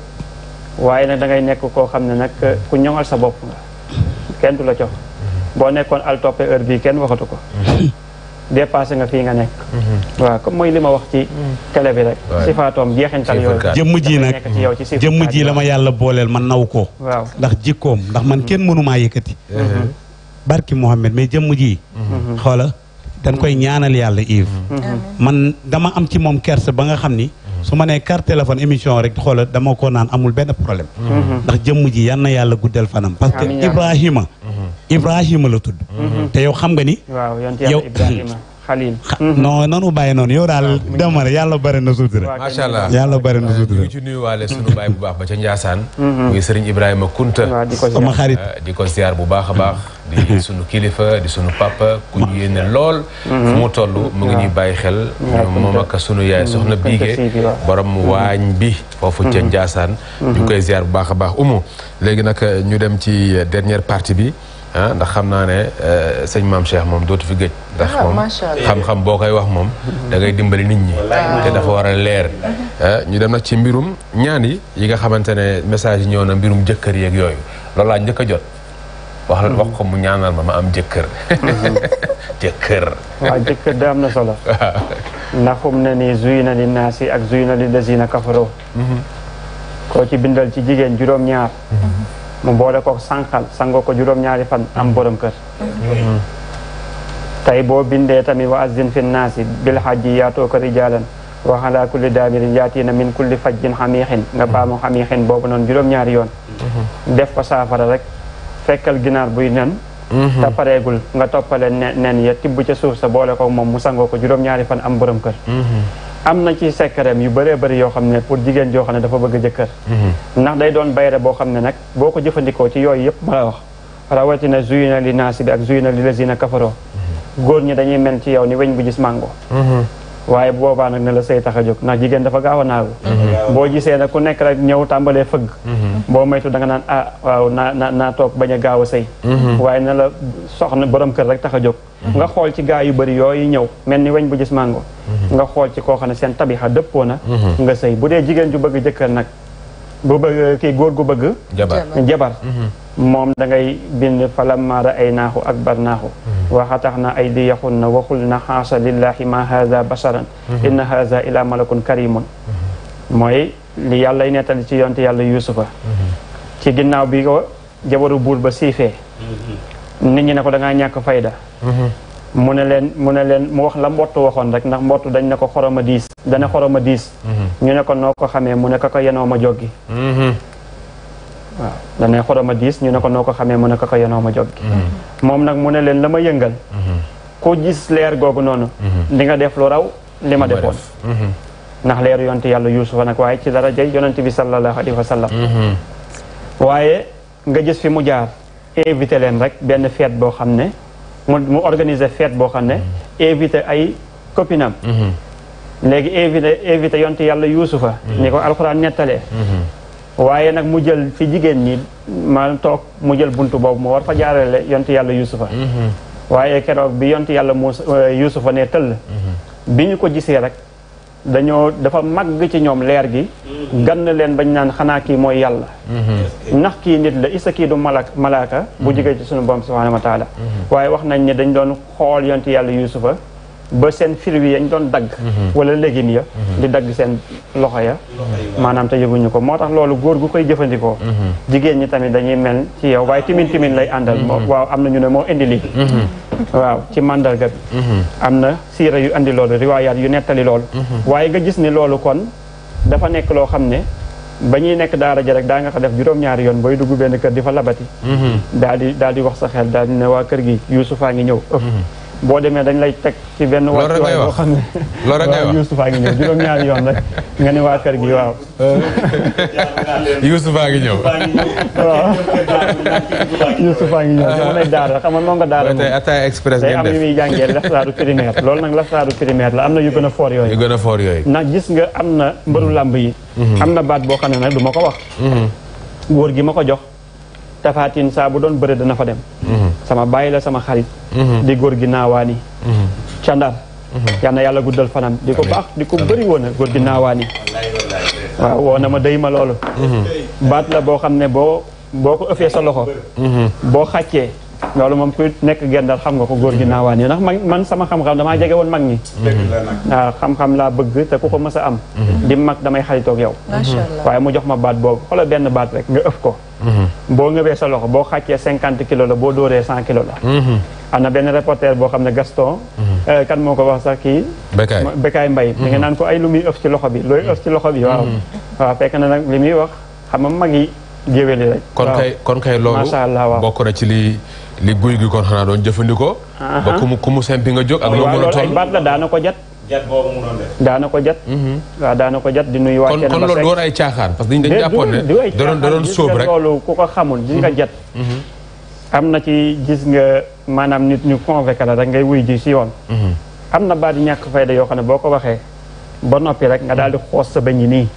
waaye nag da ngay nekk koo xam ne nag eh, ku ñoŋal sa bopp nga kenn du la cox boo nekkoon al toppe heure bii kenn waxatu ko dépassé nga fii nga nekk mhm. waaw comme mooy li ma wax ci mhm. télé bi rek sifaatoom jeexintal yooyu jëmm ji nag jëmm ji la ma yàlla booleel man naw ko ndax jikkoom ndax man kenn mënumaa yëkkati mhm. barki Mohammed mais jëmm ji xoola dañ koy ñaanal yàlla Yves man dama am ci moom kerse ba nga xam ni su ma nee carte téléphone émission rek xoola dama ko naan amul benn problème mhm. ndax jëmm ji yan na yàlla guddal fanam parce que Ibrahima mhm. Ibrahima la tudd mhm. te yow xam nga ni yow xaliim non nanu bàyyi noonu yow daal dama yàlla bari na sutura macha allah yàlla bari na euh, sutura ñu ci nuyuwaale sunu baay bu baax ba ca Njaasaan mhm. muy Serigne Ibrahima Kunta sama xarit euh, di ko ziar bu baax a baax mhm. di sunu kilifa di sunu papa ku ñu yéene lool mhm. fu mu toll mu ngi ñuy bàyyi xel moom ak sunu yaay soxna biige borom waañ bi foofu ca Njaasaan ñu koy ziar bu baax a baax umu léegi nag euh, ñu dem ci dernière partie bi Ah, ndax xam naa ne euh, sëñ maam Cheikh moom dootu fi gëj. ndax ah, moom xam-xam boo koy wax moom. da dimbali nit ñi. te dafa war a leer. Ah, ñu dem nag ci mbirum ñaan yi yi nga xamante ne message yi ñëw na mbirum jëkkër yeeg yooyu loolu laa njëkk a jot. wax la mhm. wax ko mu ñaanal ma ma am jëkkër. Mhm. jëkkër. waaw jëkkër da am na solo. ndax fu mu ne nii zuy ak zuy na li lazina kafaroo. Mhm. koo ci bindal ci jigéen juróom-ñaar. mu boole ko sànqal sangoo ko juróom-ñaari fan am borom kër tey boo bindee tamit wa azzin fi naasi bil hajji yaatoo ko rijaalan wa ala kulli daamirin yaatiina min kulli fajjin xamiixin nga baamu xamiixin boobu noon juróom-ñaari yoon def ko saafara rek fekkal ginaar buy nen te pareegul nga toppale nen ya tibb ca suuf sa boole ko moom mu sangoo ko juróom-ñaari fan am borom kër am na ci sekkareem yu bëree bari yoo xam ne pour jigéen joo xam ne dafa bëgg a jëkkër mm-hmm. ndax day doon bayre boo xam ne nag boo ko jëfandikoo ci yooyu yëpp ma wax rawatina zuyina li naasi bi ak zuyina li lazina kafaro mm-hmm. góor ñi dañuy men ci yow ni weñ bu gis màngo mm-hmm. waaye boobaa nag na la say tax a jóg ndax jigéen dafa gaaw a naagu boo gisee nag ku nekk rek ñëw tàmbalee fëgg mhm. boo moytu danga naan ah naa naa naa toog bañ a gaaw a sëy mhm. waaye na la soxna borom kër rek tax a jóg mhm. nga xool ci gaa yu bëri yooyu ñëw mel ni weñ bu gis màngo nga xool ci koo xam ne seen tabixa dëppoo na nga sëy bu dee jigéen ju bëgg jëkkër nag bu bëgg ki góor gu bëgg jabar moom da ngay bind falam maara ay naaxu ak bar naaxu na waxataxna aydiyahunna waxulna xaasa lillahi ma haza basaran mhm. inna haza ila malakun karimun mhm. mooy li yàlla nettali ci yonte yàlla yusufa mhm. ci ginnaaw bi ko jabaru buur ba siifee nit ñi ne ko danga ñàkk fayda mu ne leen mu ne leen mu wax la mbottu waxoon rek ndax mbottu dañ ne ko xoroma diis dana xoroma diis ñu ne ko noo ko xamee mu ne ko ko yenoo ma joggi waaw dana xorom a diis ñu ne ko noo ko xamee mu ne ko ko yenoo ma joggi mhm. moom nag mu ne leen la ma yëngal mhm. ku gis leer googu noonu di mhm. nga def lu raw li ma defoon ndax leeru yonte yàlla yuusufa nag waaye ci dara jay yonent bi sallallahu alayhi wa sallam waaye nga gis fi mu jaar invité leen rek benn fête boo xam ne mu mu organiser fête boo xam ne invité ay copinam léegi invité invité yonte yàlla yuusufa ni ko alxuraan nettalee waaye nag mu jël fi jigéen ñi maanaam toog mu jël bunt boobu mu war fa jaarale yontu yàlla yusufa mm-hmm. waaye keroog bi yontu yàlla Muusa euh, yusufa ne tëll mm-hmm. bi ñu ko gisee rek dañoo dafa mag ci ñoom leer gi mm-hmm. gann leen bañ naan xanaa kii mooy yàlla ndax kii nit la isa kii du malak malaaka bu jigéen ci suñu borom subhanahu wa taala waaye wax nañ ne dañ doon xool yontu yàlla yusufa ba sen firwi yañ doon dag mhm. wala ya mhm. di dag sen loxo ya manam te yëguñu ko motax lolu loolu gu koy jëfëndiko mhm. jigeen ñi tamit dañuy mel ci yow way timin timin lay andal waaw amna ñu ne mo indi li waaw ci mandal ga amna sira yu andi lolu riwayat yu netali lolu waye nga gis ni lolu kon dafa nek lo xamne bañuy nek daara ja rek da nga ko def juroom ñaari yoon boy duggu ben kër di fa labati daal di daal di wax sa xel daal di ne wa kër gi yusufa ngi ñew bo demee dañ lay tek ci benn waay boo xam ne loolu rek ngay wax a ngi ñëw juroom ñaari yoon rek nga ni wa kër gi waaw a ngi ñëw waaw a ngi dama lay daara xam nga moo nga daara tay Atay Express ngeen def am yu muy la saaru primaire lool nak la saaru primaire la amna yu gëna for yoy yu gëna for yoy yooyu gis nga amna na lamb yi amna baat bo xam nak duma ko wax góor gi ma ko jox tafaatin saa bu doon bëre dana fa dem mhm. sama bàyyi la sama xarit mhm. di góor gi naawaani mhm. ca ndar yal na yàlla guddal fanam di ko baax di ko bëri woon a góor gi naawaani waaw woo ma day loolu baat la boo xam ne boo boo ko ëffee sa loxo boo xàccee loolu moom ku nekk gendal xam nga ko góor gi naawaan yi ndax man sama xam-xam damaa jege woon mag ñi waaw xam-xam laa bëgg te ku ko mës a am mhm. di mag damay xaritoog yow mhm. waaye mu jox ma baat boobu xoolal benn baat rek nga ëf ko mhm. boo ngëbee sa loxo boo xàccee cinquante kilos la boo dóoree cent kilos la am na benn reporter boo xam ne Gaston euh, kan moo ko wax sax kii Bekaay Mbay da nga naan ko ay lu muy ci loxo bi looy ci loxo bi waaw fekk na nag li muy wax xam nga mag yi géwéli rek kon kay kon kay ci li li guy gi kon xanaa doon jëfandikoo. ba ku mu ku jóg a toll waaw loolu ay baat la daana ko jat. jat boobu mu doon mhm. ko jat. di nuyu waa Thiénaba Seck kon kon loolu doon ay caaxaan parce da da doon sóob rek loolu ku ko xamul di mhm. mhm. am na ci gis nga maanaam nit ñu convaincu la rek ngay wuy ji si yoon. am na baat ñàkk fayda yoo xam ne boo ko waxee. ba noppi rek nga daal di xoos sa bañ yi nii.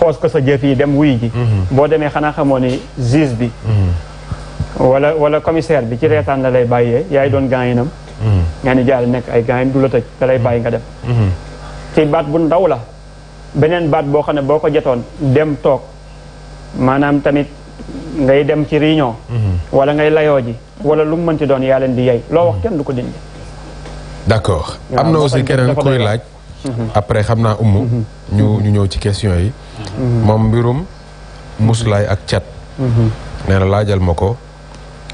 xoos ko sa jëf yi dem wuy ji. boo demee xanaa xamoo ni bi. wala wala commissaire bi ci hmm. reetaan la lay bàyyee hmm. yaay doon gaañinam hmm. nga ni jaal nekk ay gaañin du la tëj da lay bàyyi nga dem ci baat bu ndaw la beneen baat boo xam ne boo ko jotoon dem toog maanaam tamit ngay dem ci réunion wala ngay layoo ji wala lu mu mënti doon yaa leen di yey loo wax kenn du ko dindi d'accord am na aussi keneen koy laaj après xam naa umu ñu ñu ñëw ci question yi moom mbirum muslaay ak cat nee laajal ma ko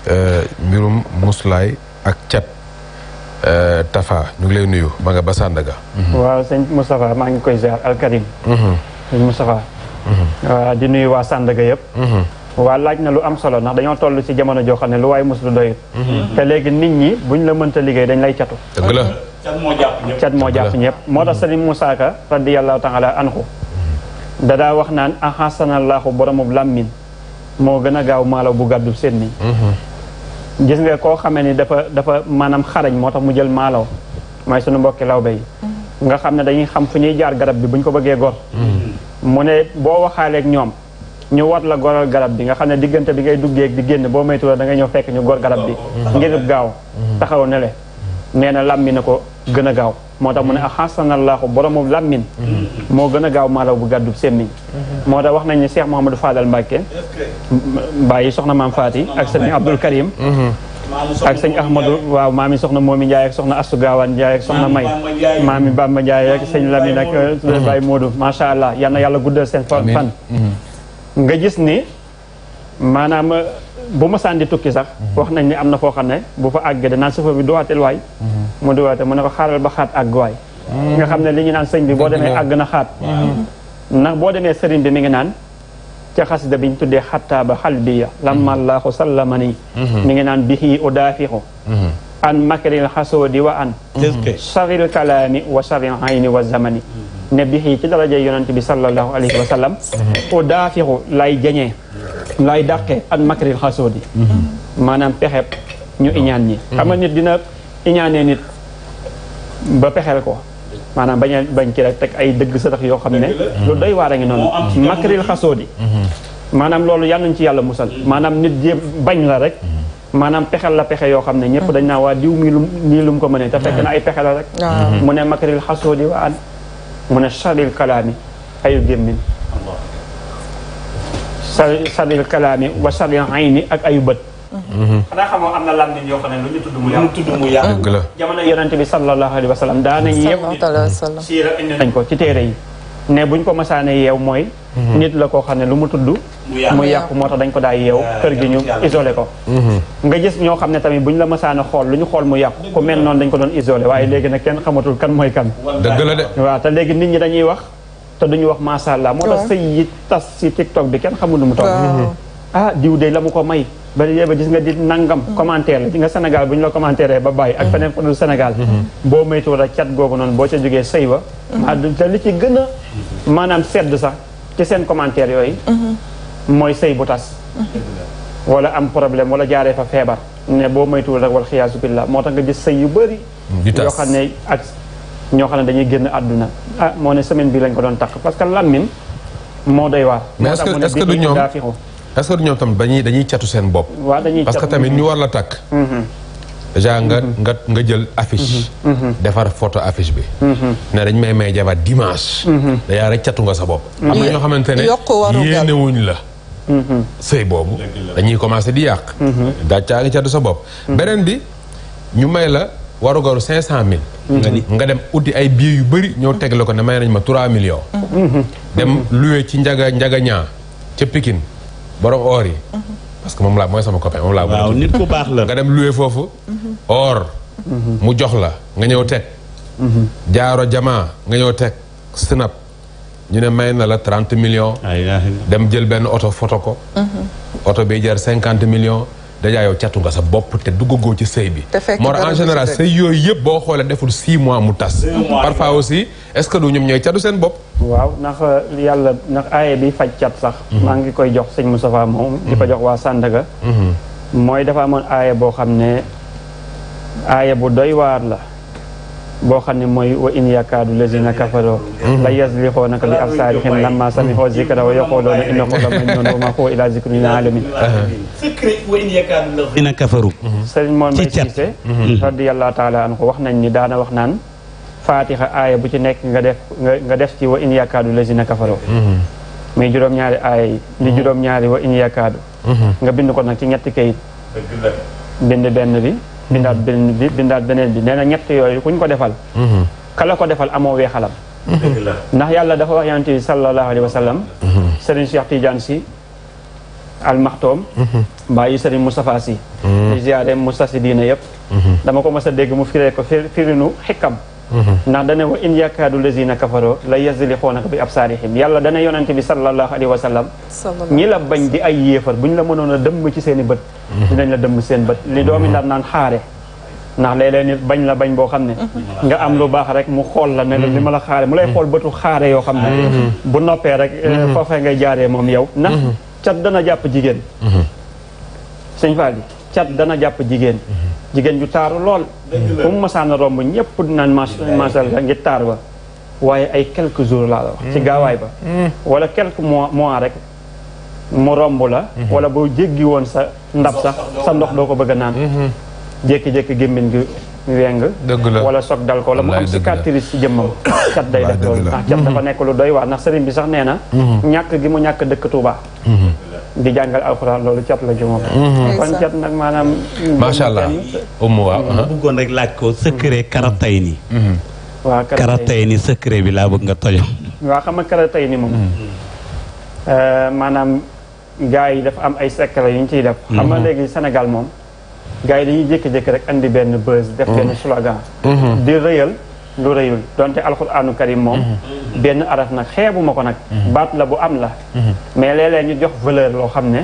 Euh, mbirum muslaay ak cat euh, Tafa ñu ngi lay nuyu ba nga ba Sandaga. Mm-hmm. waaw sëñ Moustapha maa ngi koy ziar alkarim. Mm-hmm. sëñ Moustapha. Mm-hmm. waaw di nuyu waa Sandaga yëpp. waa laaj na lu am solo ndax dañoo toll ci jamono joo xam ne lu waay mus lu te léegi nit ñi buñ la mënta liggéey dañ lay catu. dëgg la cat moo jàpp ñëpp. cat moo jàpp ñëpp moo tax sëriñ Moussa Ka radiyallahu taala anhu da daa wax naan ahasanallahu boromub làmmin moo gën a gaaw maalaw bu gàddu seen nii. gis nga koo xamee ni dafa dafa maanaam xarañ moo tax mu jël maalo mooy suñu mbokki lawbe yi nga xam ne dañuy xam fu ñuy jaar garab bi bu ñu ko bëggee gor mu ne boo waxaaleek ñoom ñu war la goral garab bi nga xam ne diggante bi ngay duggee di génn boo maytula da nga ñëw fekk ñu gor garab bi ngir gaaw taxaw ne le nee na làmmi na ko gën a gaaw moo tax mu ne a xasanallaahu boroomu làmmin mm-hmm. moo gën gaaw maalaw bu gàddu semmiñ moo tax wax nañ ne Cheikh Mouhamadou Fadal Mbacke bàyyi soxna maam Faati ak sëñ Abdoul Karim ak sëñ Ahmadou waaw maami soxna Momi Ndiaye ak soxna Astou Gawane Ndiaye ak soxna May maami Bamba Ndiaye ak sëñ Lamine ak euh, Baye Modou macha allah yal na yàlla guddal seen fan nga gis ni maanaam euh, bu ma sànni tukki sax wax nañ ni am na foo xam ne bu fa àggee danaan chauffeur bi duwaatel waay mu duwaate mu ne ko xaaral ba xaat àgg waay mm. nga xam ne li ñu naan sëñ bi boo demee àgg na xaat nag boo demee sëriñ bi mi ngi naan ca xas bi ñu tuddee xattaaba xalbiya lammallaahu mhm. sallamani mhm. mi ngi naan bihi udaafiqu mhm. an makril xasoodi wa an charil kalaami wa charil ayni wa zamani ne bihi ci daraja yonent bi sallallahu alayhi wa sallam udaafiqu lay jañee lay dàqee an makril xasoodi maanaam pexeb ñu iñaan ñi xam nga nit dina iñaanee nit ba pexeel ko maanaam bañ a bañ ci rek teg ay dëgg sërëx yoo xam ne lu doy waar a ngi noonu makril xasoodi mhm. maanaam loolu yal nañ ci yàlla musal mhm. maanaam nit jéem bañ la rek mhm. maanaam pexel la pexe yoo xam ne ñëpp dañ naa waa diw mi lum lum ko mënee te fekk ay pexe la rek mu ne makril xasoodi wa an mu ne saril kalaami ayu gémmin saril kalaami wa saril ayni ak ayu bët xanaa xamoo am na làmmiñ yoo xam ne lu ñu tudd mu yàqu. lu ñu tudd mu yàqu. dëgg la jamono yonent bi sallallahu alayhi wa sallam daanañ yeew nit siira indi nañ ko ci téere yi ne buñ ko masaanee yeew mooy mhm. nit la koo xam ne lu mu tudd mu yàqu moo tax dañ ko daay yeew kër gi ñu isolé ko mhm. nga gis ñoo xam ne tamit buñ la masaane xool lu ñu xool mu yàqu ku mel noonu dañ ko doon isolé waaye léegi nag kenn xamatul kan mooy kan dëgg la de waaw te léegi nit ñi dañuy wax te du duñu wax macha allah moo tax sëy yi tas si tiktok bi kenn xamul nu mu toll ah diw de la mu ko may ba yéeba gis nga di nangam commentaire la nga Sénégal bu ñu la commentaire ba bàyyi ak feneen feneen Sénégal mm-hmm. boo moytuwul a cat googu noonu boo ca jógee sëy ba mm-hmm. ah te li ci gën a maanaam sedd sax ci seen commentaire yooyu mm-hmm. mooy sëy bu tas wala am problème wala jaaree fa feebar ne boo moytuwul rek wal xiyaasu billah moo tax nga gis sëy yu bëri yoo xam ne ak ñoo xam ne dañuy génn àdduna ah moo ne semaine bi lañ ko doon takk parce que lammin moo doy waar mais est-ce est-ce que ñoom tamit dañuy dañuy seen bopp. waaw parce que tamit ñu war la takk. Mm-hmm. déjà mm-hmm. nga nga jël affiche. Mm-hmm. defar photo affice bi. ne dañ may may jabar dimanche. dayaa rek catu nga sa bopp. am na ñoo xamante ne yéenewuñ la. sëy boobu. dañuy commencé di yàq. daa ngi catu sa bopp. beneen bi ñu may la warugaru cinq cent mille. nga dem uti ay billets yu bëri ñëw tegle ko ne may nañ ma trois millions. dem loué ci njaga njaga ñaa ca Pikine. borom or yi. parce que moom laa mooy sama copain moom laa. waaw nit ku baax la nga dem loué foofu. or. mu jox la nga ñëw teg. jaaro jamaa nga ñëw teg snap ñu ne may na la trente millions. dem jël benn oto foto ko. oto bi jar cinquante millions. dèjà yow catu nga sa bopp te duggagoo ci sëy bi. te fekk moo en général sëy yooyu yëpp boo xoolee deful six mois mu tas. parfois aussi est ce que du ñoom ñooy catu seen bopp. waaw ndax euh, yàlla ndax aaye bi faj cat sax mhm. maa ngi koy jox sëñ Moustapha moom mhm. di ko jox waa Sandaga mhm. mooy dafa amoon aaye boo xam ne aaye bu doy waar la boo xam ne mooy wa in yakaadu lazina kafaroo la yaslixoonaka bi absaarihim lamma may siise radiyallahu taala anhu wax nañ ni daana wax naan faatixa aaya bu ci nekk nga def nga def ci wa in yakaadu lazina kafaroo mm-hmm. muy juróom-ñaari aaya yi di mm-hmm. juróom-ñaari wa in yakaadu mm-hmm. nga bind ko nag ci ñetti kayit bind benn bi bindaat benn bi bindaat beneen bi nee na ñett yooyu kuñ ko defal kala ko defal amoo weexalam ndax yàlla dafa wax yonent bi sallallahu alayhi wa sallam Serigne Cheikh Tidiane si almaxtoom mbàyyi Serigne si di ziare mustasidiina yëpp dama ko mës a dégg mu firee ko firinu xikam ndax dane wa in yakaadu lazina kafaroo la yazlixoonaka bi absaarihim yàlla dana yonente bi sallallahu alayhi wa sallam ñi la bañ di ay yéefar buñ la mënoon a dëmm ci seeni i bët mhm. dinañ la dëmm seen bët li doomi ndar naan xaare ndax léeg-léeg nit bañ la bañ boo xam ne mhm. nga am lu baax rek mu xool la ne la mhm. li ma la xaare mu lay xool bëtu xaare yoo xam ne bu noppee rek eh, foofee nga jaaree moom yow ndax cat dana jàpp jigéen sëñ Fall cat dana japp jigen, jigen ju lol, lool masana mu rombu ñepp ñëpp masal nga ngi ba waaye ay quelques jours la wax ci mm. gaway ba mm. wala quelques mois mois rek mu rombu la mm-hmm. wala bo jeggi won sa ndab sax sa ndox doko ko bëgg jeki naan mm-hmm. jekki jekki gemmin gi weng wala sok dal ko la mu am cicatrice ci jëmmam cat day def lol ah, cat dafa mm-hmm. nek lu doy wa nak serigne bi sax neena na gi mu ñak dekk touba di jàngal alxuraan loolu cat la ci moom. Mhm. kon cat nag maanaam. macha allah umu waaw. bëggoon rek laaj ko secret mhm. karatay ni. Mhm. waaw karatay ni secret bi laa bëgg nga tojoo. waa xam nga karatay ni moom. Euh, maanaam gars yi dafa am ay secret yu ñu ciy def. xam nga léegi Sénégal moom. gars yi dañuy jékki-jékki rek andi benn buzz. def benn slogan. di rëyal. lu rëyul donte alxuraanu karim moom mhm. benn araf nag xeebu ma ko nag mhm. baat la bu am la mhm. mais léeg-léeg ñu jox valeur loo xam ne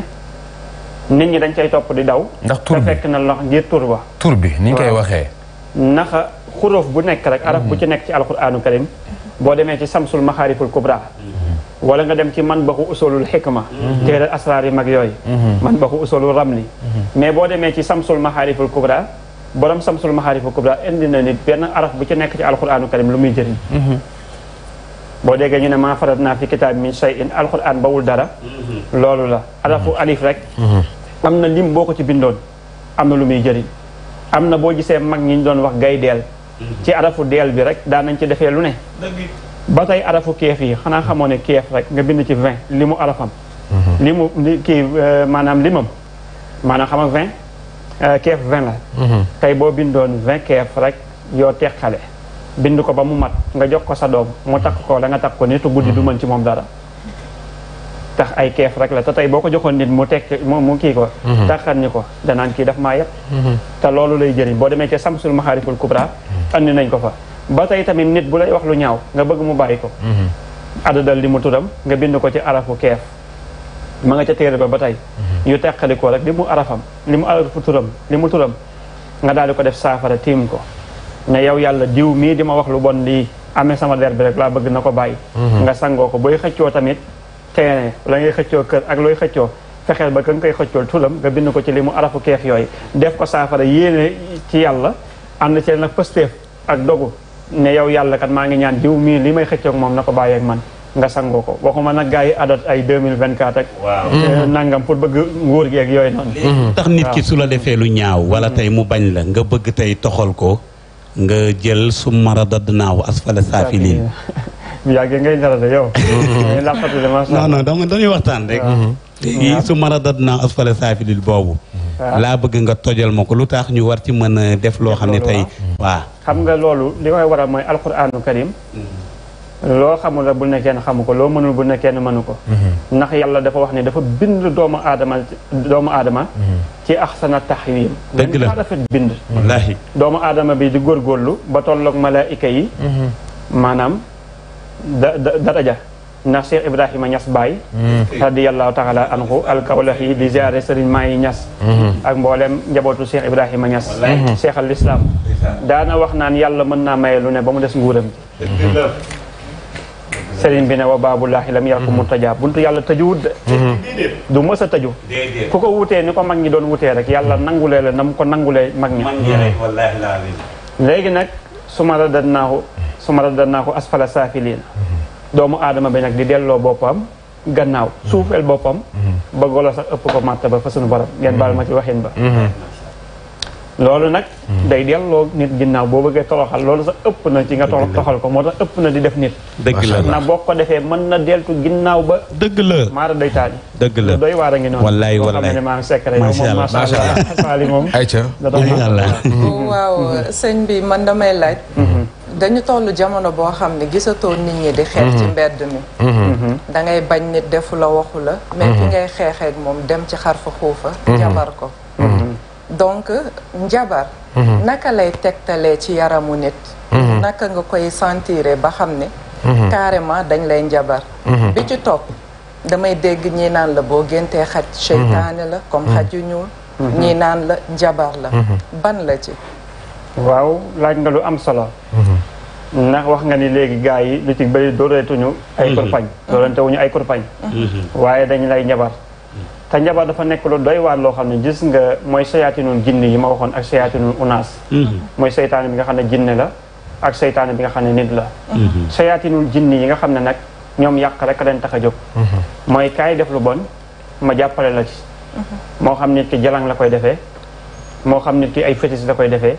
nit ñi dañ cay topp di daw ndax tur bi fekk na lox ngir tur ba tur ni ñu koy waxee naxa xuróof bu nekk rek araf bu ci nekk ci alxuraanu karim boo demee ci samsul maxaariful kubra wala nga dem ci man baxu usulul xikma téeral asraar yi mag yooyu man baxu usulul ramli mais boo demee ci samsul maxaariful kubra borom samsul maxaarifa kubra indi na nit benn araf bu ci nekk ci alquranu karim lu muy jëriñ mhm. boo déggee ñu ne maa farat naa fi kitaab min shay in alquran bawul dara mhm. loolu la arafu mhm. alif rek am na lim boo ko ci bindoon am na lu muy jëriñ am na boo gisee mag ñi ñu doon wax gay deel ci arafu deel bi rek daan nañ ci defee lu ne ba tey arafu keef yi xanaa xamoo ne keef rek nga bind ci vingt li mu arafam li mu kii euh, maanaam limam maanaam xam nga Euh, keef 20 la mhm. tey boo bindoon 20 keef rek yoo teqale bind ko ba mu mat nga jox ko sa doom mu takk ko la nga takk ko nitu guddi du mhm. mën ci moom dara tax ay keef rek la te tey boo ko joxoon nit mu tekk mu kii ko mhm. taxan ñi ko danaan kii daf maa yëpp te loolu lay jëriñ boo demee ca samsul maxaariful kubra andi nañ ko fa ba tey tamit nit bu lay wax lu ñaaw nga bëgg mu bàyyi ko adadal li mu turam nga bind ko ci arafu keef ma nga ca téere ba ba tey mhm. yu teqalikoo rek li mu arafam li mu arafu turam li mu turam nga daal di ko def saafara tiim ko ne yow yàlla diw mii di ma wax lu bon lii am amee sama der bi rek laa bëgg na ko bàyyi mhm. nga sangoo ko booy xëccoo tamit teene la ngay xëccoo kër ak looy xëccoo fexeel ba ka nga koy xëccool turam nga bind ko ci li mu arafu keef yooyu def ko saafara yéene ci yàlla ànd ci nag pësteef ak dogu ne yow yàlla kat maa ngi ñaan diw mii li may xëccoog moom na ko bàyyeeg man nga sangoko waxuma mana gay yi adat ay 2024 ak nangam pour bëgg nguur gi ak yoy non tax nit ki su la defee lu ñaaw wala tay mu bañ la nga bëgg tay toxol ko nga jël su mara daddnaaw safilin saafiliin yàgg ngay narate yow ma mhm. eh, macha non non dama dañuy waxtan rek mhm. yi su mara daddnaaw asfala saafiliin boobu ah. laa bëgg nga tojal mako lu tax ñu war ci mëna def lo xamni tay wa xam nga lolu li koy wara moy alquraanu karim mhm lo xamul la bu ne kenn xamuko lo mënul bu ne kenn mënu mhm. ndax dafa wax ni dafa bind doomu adama doomu adama mhm. ci ahsana tahwim deug la dafa bind wallahi doomu adama bi di gorlu ba tollok malaika yi manam mhm. da daraja ndax Cheikh Ibrahima Niass Baye radiyallahu taala anhu kawlahi di ziare sëriñ may nyas ak mbollem njabotu Cheikh Ibrahima nyas Cheikh al Islam daana wax naan yalla mën na may lu ne ba mu dess nguuram sëriñ bi ne wa baabulaahi lam yarku mhm. murtajaa buntu yàlla tëjuwut de mhm. du mës a tëju ku ko wutee ni ko mag ñi doon wutee rek yàlla mhm. nangulee la nam ko nangulee mag ñi léegi nag suma raddadnaahu suma raddadnaahu asfala saafiliina doomu aadama bi nag di delloo boppam gannaaw suufel boppam ba golo sax ëpp ko màtta ba fa suñu borom ngeen baal ma ci waxin ba loolu nag day delloo nit ginnaaw boo bëggee toroxal loolu sa ëpp na ci nga torox toxal ko moo tax ëpp na di def nit dëgg la na boo ko defee mën na deltu ginnaaw ba dëgg la maara day taali dëgg la doy waar a ngi noonu wallaay wallaay ne maam secret yow moom macha allah faali moom ayca oh, waaw sëñ bi man damay laaj mhm. dañu toll jamono boo xam ne gisatoo nit ñi di xeex ci mhm. mbedd mi mhm. da ngay bañ nit defu la waxu la mais ki ngay xeexeek moom dem ci xarfa xuufa jabar ko donc njabar mhm. naka lay tegtalee ci yaramu nit mhm. naka nga koy sentiré ba xam ne mhm. carrément dañ lay njabar bi ci topp damay dégg ñi naan la boo géntee xaj seytaane la comme xaj yu ñuul ñi naan la njabar la ban la ci waaw laaj nga lu am solo ndax wax nga ni léegi gaa yi lu ci bëri dooleetuñu ay kurpañ dooleetewuñu ay kurpañ waaye dañ lay njabar te njabar dafa nekk lu doy waar loo xam ne gis nga mooy sayaatinul jinne yi ma waxoon ak sayaatinul unaas mhm. mooy saytaane bi nga xam ne jinne la ak saytaane bi nga xam ne nit la mhm. sayaatinul jinne yi nga xam ne nag ñoom yàq rek leen tax a jóg mhm. mooy kaay def lu bon ma jàppale la ci moo xam nit ki jalang la koy defee moo xam nit ki ay fétis la koy defee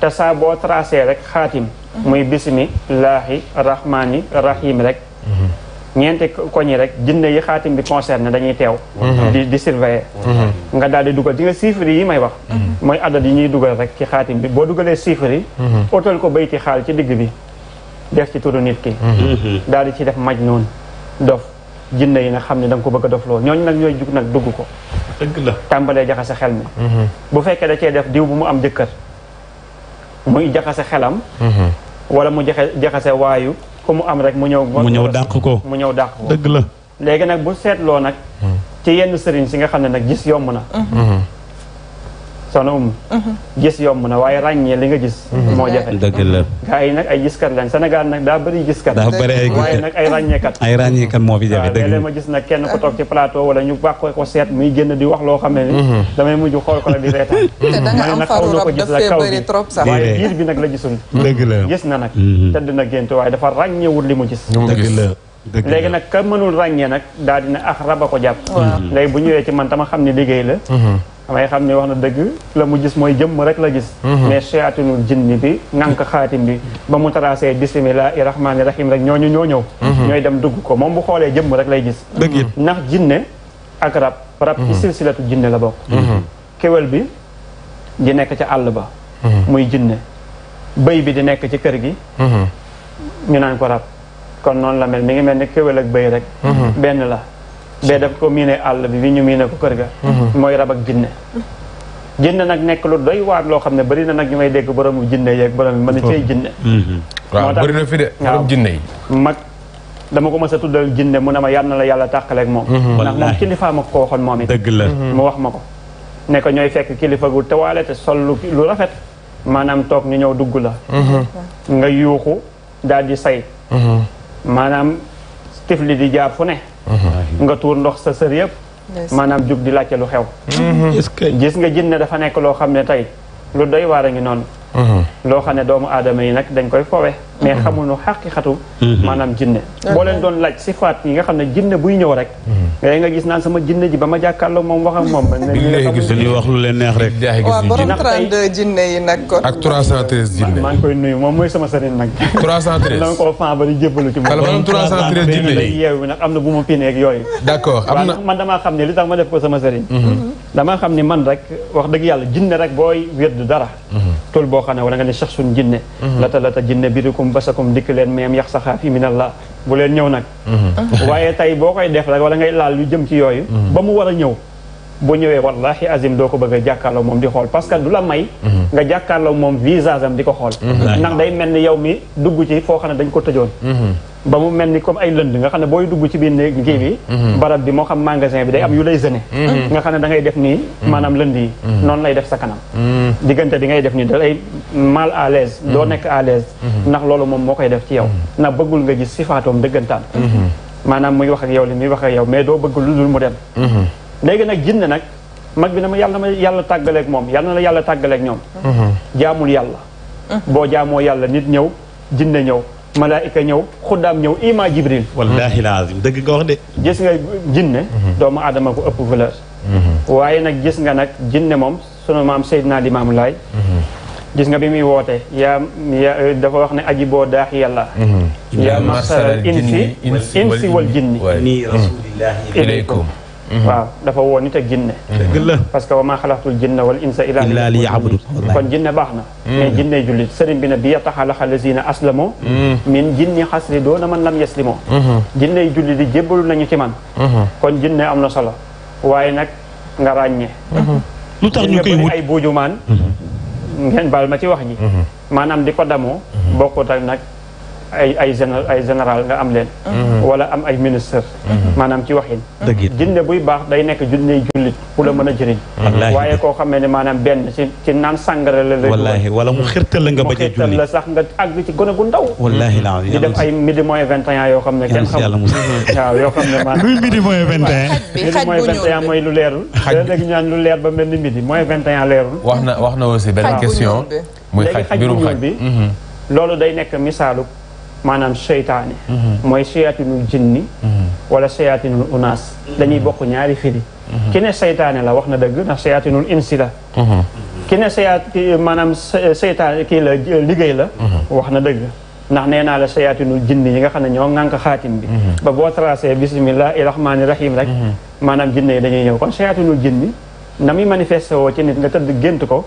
te saa boo tracé rek xaatim muy bisimi laahi rahmaani rahim rek ñeenti koñi rek jinne yi xaatim bi concerné dañuy teew mhm. di di surveiller mhm. nga daal di dugal di nga chiffres yi may wax mhm. mooy adat yi ñuy dugal rek ci xaatim bi boo dugalee chiffres yi otal ko bayti xaal ci digg bi def ci turu nit ki daal di ci def maj noonu dof jinne yi nga xam ne da nga ko bëgg a dof loolu ñooñu nag ñooy jug nag dugg ko tàmbalee jaxase xel mi bu fekkee da cee def diw bu mu am jëkkër muy jaxase xelam wala mu jaxase waayu ku mu am rek mu ñëw. mu ñëw dàq ko mu ñëw dàq dëgg la léegi nag bu seetloo nag. Hmm. ci yenn sëriñ si nga xam ne nag gis yomb na. Hmm. tanum mhm. gis yomb na waaye ràññee li nga gis mhm. moo jafe dëgg la gaa yi ay giskat lañ Sénégal nag daa bëri giskat daa bëri ay waaye nag ay ràññeekat ay ràññeekat moo fi jafe dëgg la ma gis nag kenn ku ci plateau wala ñu bàq ko seet muy génn di wax loo xam ne ni ma mhm. ne nag xaw na ko gis la kaw bi waaye biir bi nag la gisul dëgg la gis na nag tëdd na gént waaye dafa ràññewul li mu gis dëgg la léegi nag ka mënul ràññee nag daal dina ax raba ko jàpp léegi bu ñëwee ci man tama xam ne liggéey la damay xam ne wax na dëgg la mu gis mooy jëmm rek la gis mhm. mais cheyaatinul jinni bi ngànk xaatim bi ba mu tracé bisimilahi rahmaani rahim rek ñoo ñu ñoo ñëw mhm. ñooy dem dugg ko moom bu xoolee jëmm rek lay gis mhm. ndax jinne ak rab rab ci silsilatu jinne la bokk kéwél bi di nekk ca àll ba muy jinne bëy bi di nekk ci kër gi ñu naan ko rab kon noonu la mel mi ngi mel ni kéwél ak bëy rek benn la be daf ko miné Allah bi bi miné ko kër ga moy mhm. rab ak jinné jinné nak nek lu doy waat lo xamné bari na nak ñu may dégg borom jinné yeeg borom mën na cee hmm waaw bari na fi dé borom jinné yi dama ko mësa tuddal jinné mu ne ma la yalla mhm. la ak mom nak mom kilifa mako ko la mu wax mako ko ñoy fekk kilifa gu te sol lu rafet manam tok ñu ñew dugg la nga yuuxu daal di say manam tifli di jaar fu ne Uh-huh. nga tuur ndox sa sër yëpp maanaam jug di laajte lu xew uh-huh. gis nga jinne dafa nekk loo xam ne tey lu doy waar a ngi noonu uh-huh. loo xam ne doomu aadama yi nag dañ koy fowe mais mhm. xamuñu haqiqatu manam mhm. jinne ah, bo len don laaj sifat yi nga xamne jinne buy ñew rek mhm. ngay nga gis naan sama jinne ji bama jakkalo mom wax ak gis dañuy wax lu len neex rek waaw borom 32 jinne yi nak ko ak 313 jinne man koy nuyu mom moy sama serigne nak 313 dama ko fan ba di jébbalu ci mom 313 jinne yi yew nak amna buma pine ak yoy d'accord amna man dama xamne li tax ma def ko sama serigne dama xamne man rek wax deug yalla jinne rek boy weddu dara tool bo xam wala nga ne sax suñ jinne lata lata jinne biru. aleykum basakum dikk leen meem yax saxaafi minallah bu leen ñëw nag mhm. waaye tey boo koy def rek wala ngay laal lu jëm ci yooyu mhm. ba mu war a ñëw bu ñëwee wallahi azim doo ko bëgg a jàkkaarloo moom di xool parce que du la may mhm. nga jàkkaarloo moom visage am di ko xool ndax day mel ni yaw mi dugg ci foo xam ne dañ ko tëjoon ba mu mel ni comme ay lënd nga xam ne booy dugg ci biir néeg kii bi mhm. barab bi moo xam magasin bi day am yu lay zëne mhm. nga xam ne dangay def nii mhm. maanaam lënd yi noonu lay def sa kanam diggante bi ngay def nii da mal à l'aise doo nekk à ndax loolu moom moo koy def ci yow ndax bëggul nga gis sifaatoom dëggantaan maanaam muy wax ak yow li muy wax ak yow mais doo bëgg lu dul mu dem léegi nag jinne nag mag bi na ma yàlla na ma yàlla tàggaleeg moom yàlla na la yàlla tàggaleeg ñoom jaamul yàlla boo jaamoo yàlla nit ñëw jinne ñëw malaayika ñëw xuddaam ñëw ima jibril wallaahi dëgg nga wax de jinne mhm. doomu aadama ko ëpp valeur mhm. waaye nag gis nga nag jinne moom sunu maam Seydina Limaamu Laay mhm. gis nga bi muy woote ya dafa wax ne aji boo daax yàlla yaa masaral insi insi wal jinni ilaykum Mhm. waaw dafa woo nit ak jinne mhm. parce que wa maa xalaqtul jinna wal insa illa liya'budun kon jinne baax na mhm. mais jinne jullit sëriñ bi ne bi yataxalaqa lazina aslamo min jinni xasri doona man lam yaslimo jinne jullit di jébbalu nañu ci man kon jinne am na solo waaye nag nga ràññee lu tax ñu koy wut ay buujumaan ngeen baal ma ci wax ñi maanaam di ko damoo bokkut ak nag ay ay ay général nga am leen mhm. ay ministre mhm. maanaam ci waxin jinne buy baax day nekk junney jullit ku la mën a jëriñ waaye koo xamee ne maanaam benn ci ci naan sàngara la la wallaahi mu mm. xirtal la nga bañ a julli la sax nga àgg ci gone gu ndaw la di mooy lu leerul léeg ñu naan lu leer ba mel ni midi moins vingt wax na wax na aussi benn question xaj bi mhm. loolu day nekk misaalu manam shaytané moy shayatinu jinni wala shayatinu unas dañuy bokk ñaari firi ki ne seytaane la deug na shayatinu insila insi la ki ne seyaati manam seytaane kii la liggéey la waxna na ndax nee la sayatinul jinni yi nga xam ño ngank khatim bi ba bo tracé rahim rek manam jinne dañuy ñëw kon sayatinul jinni nami manifesto, manifesté wo ci nit nga tedd gënt ko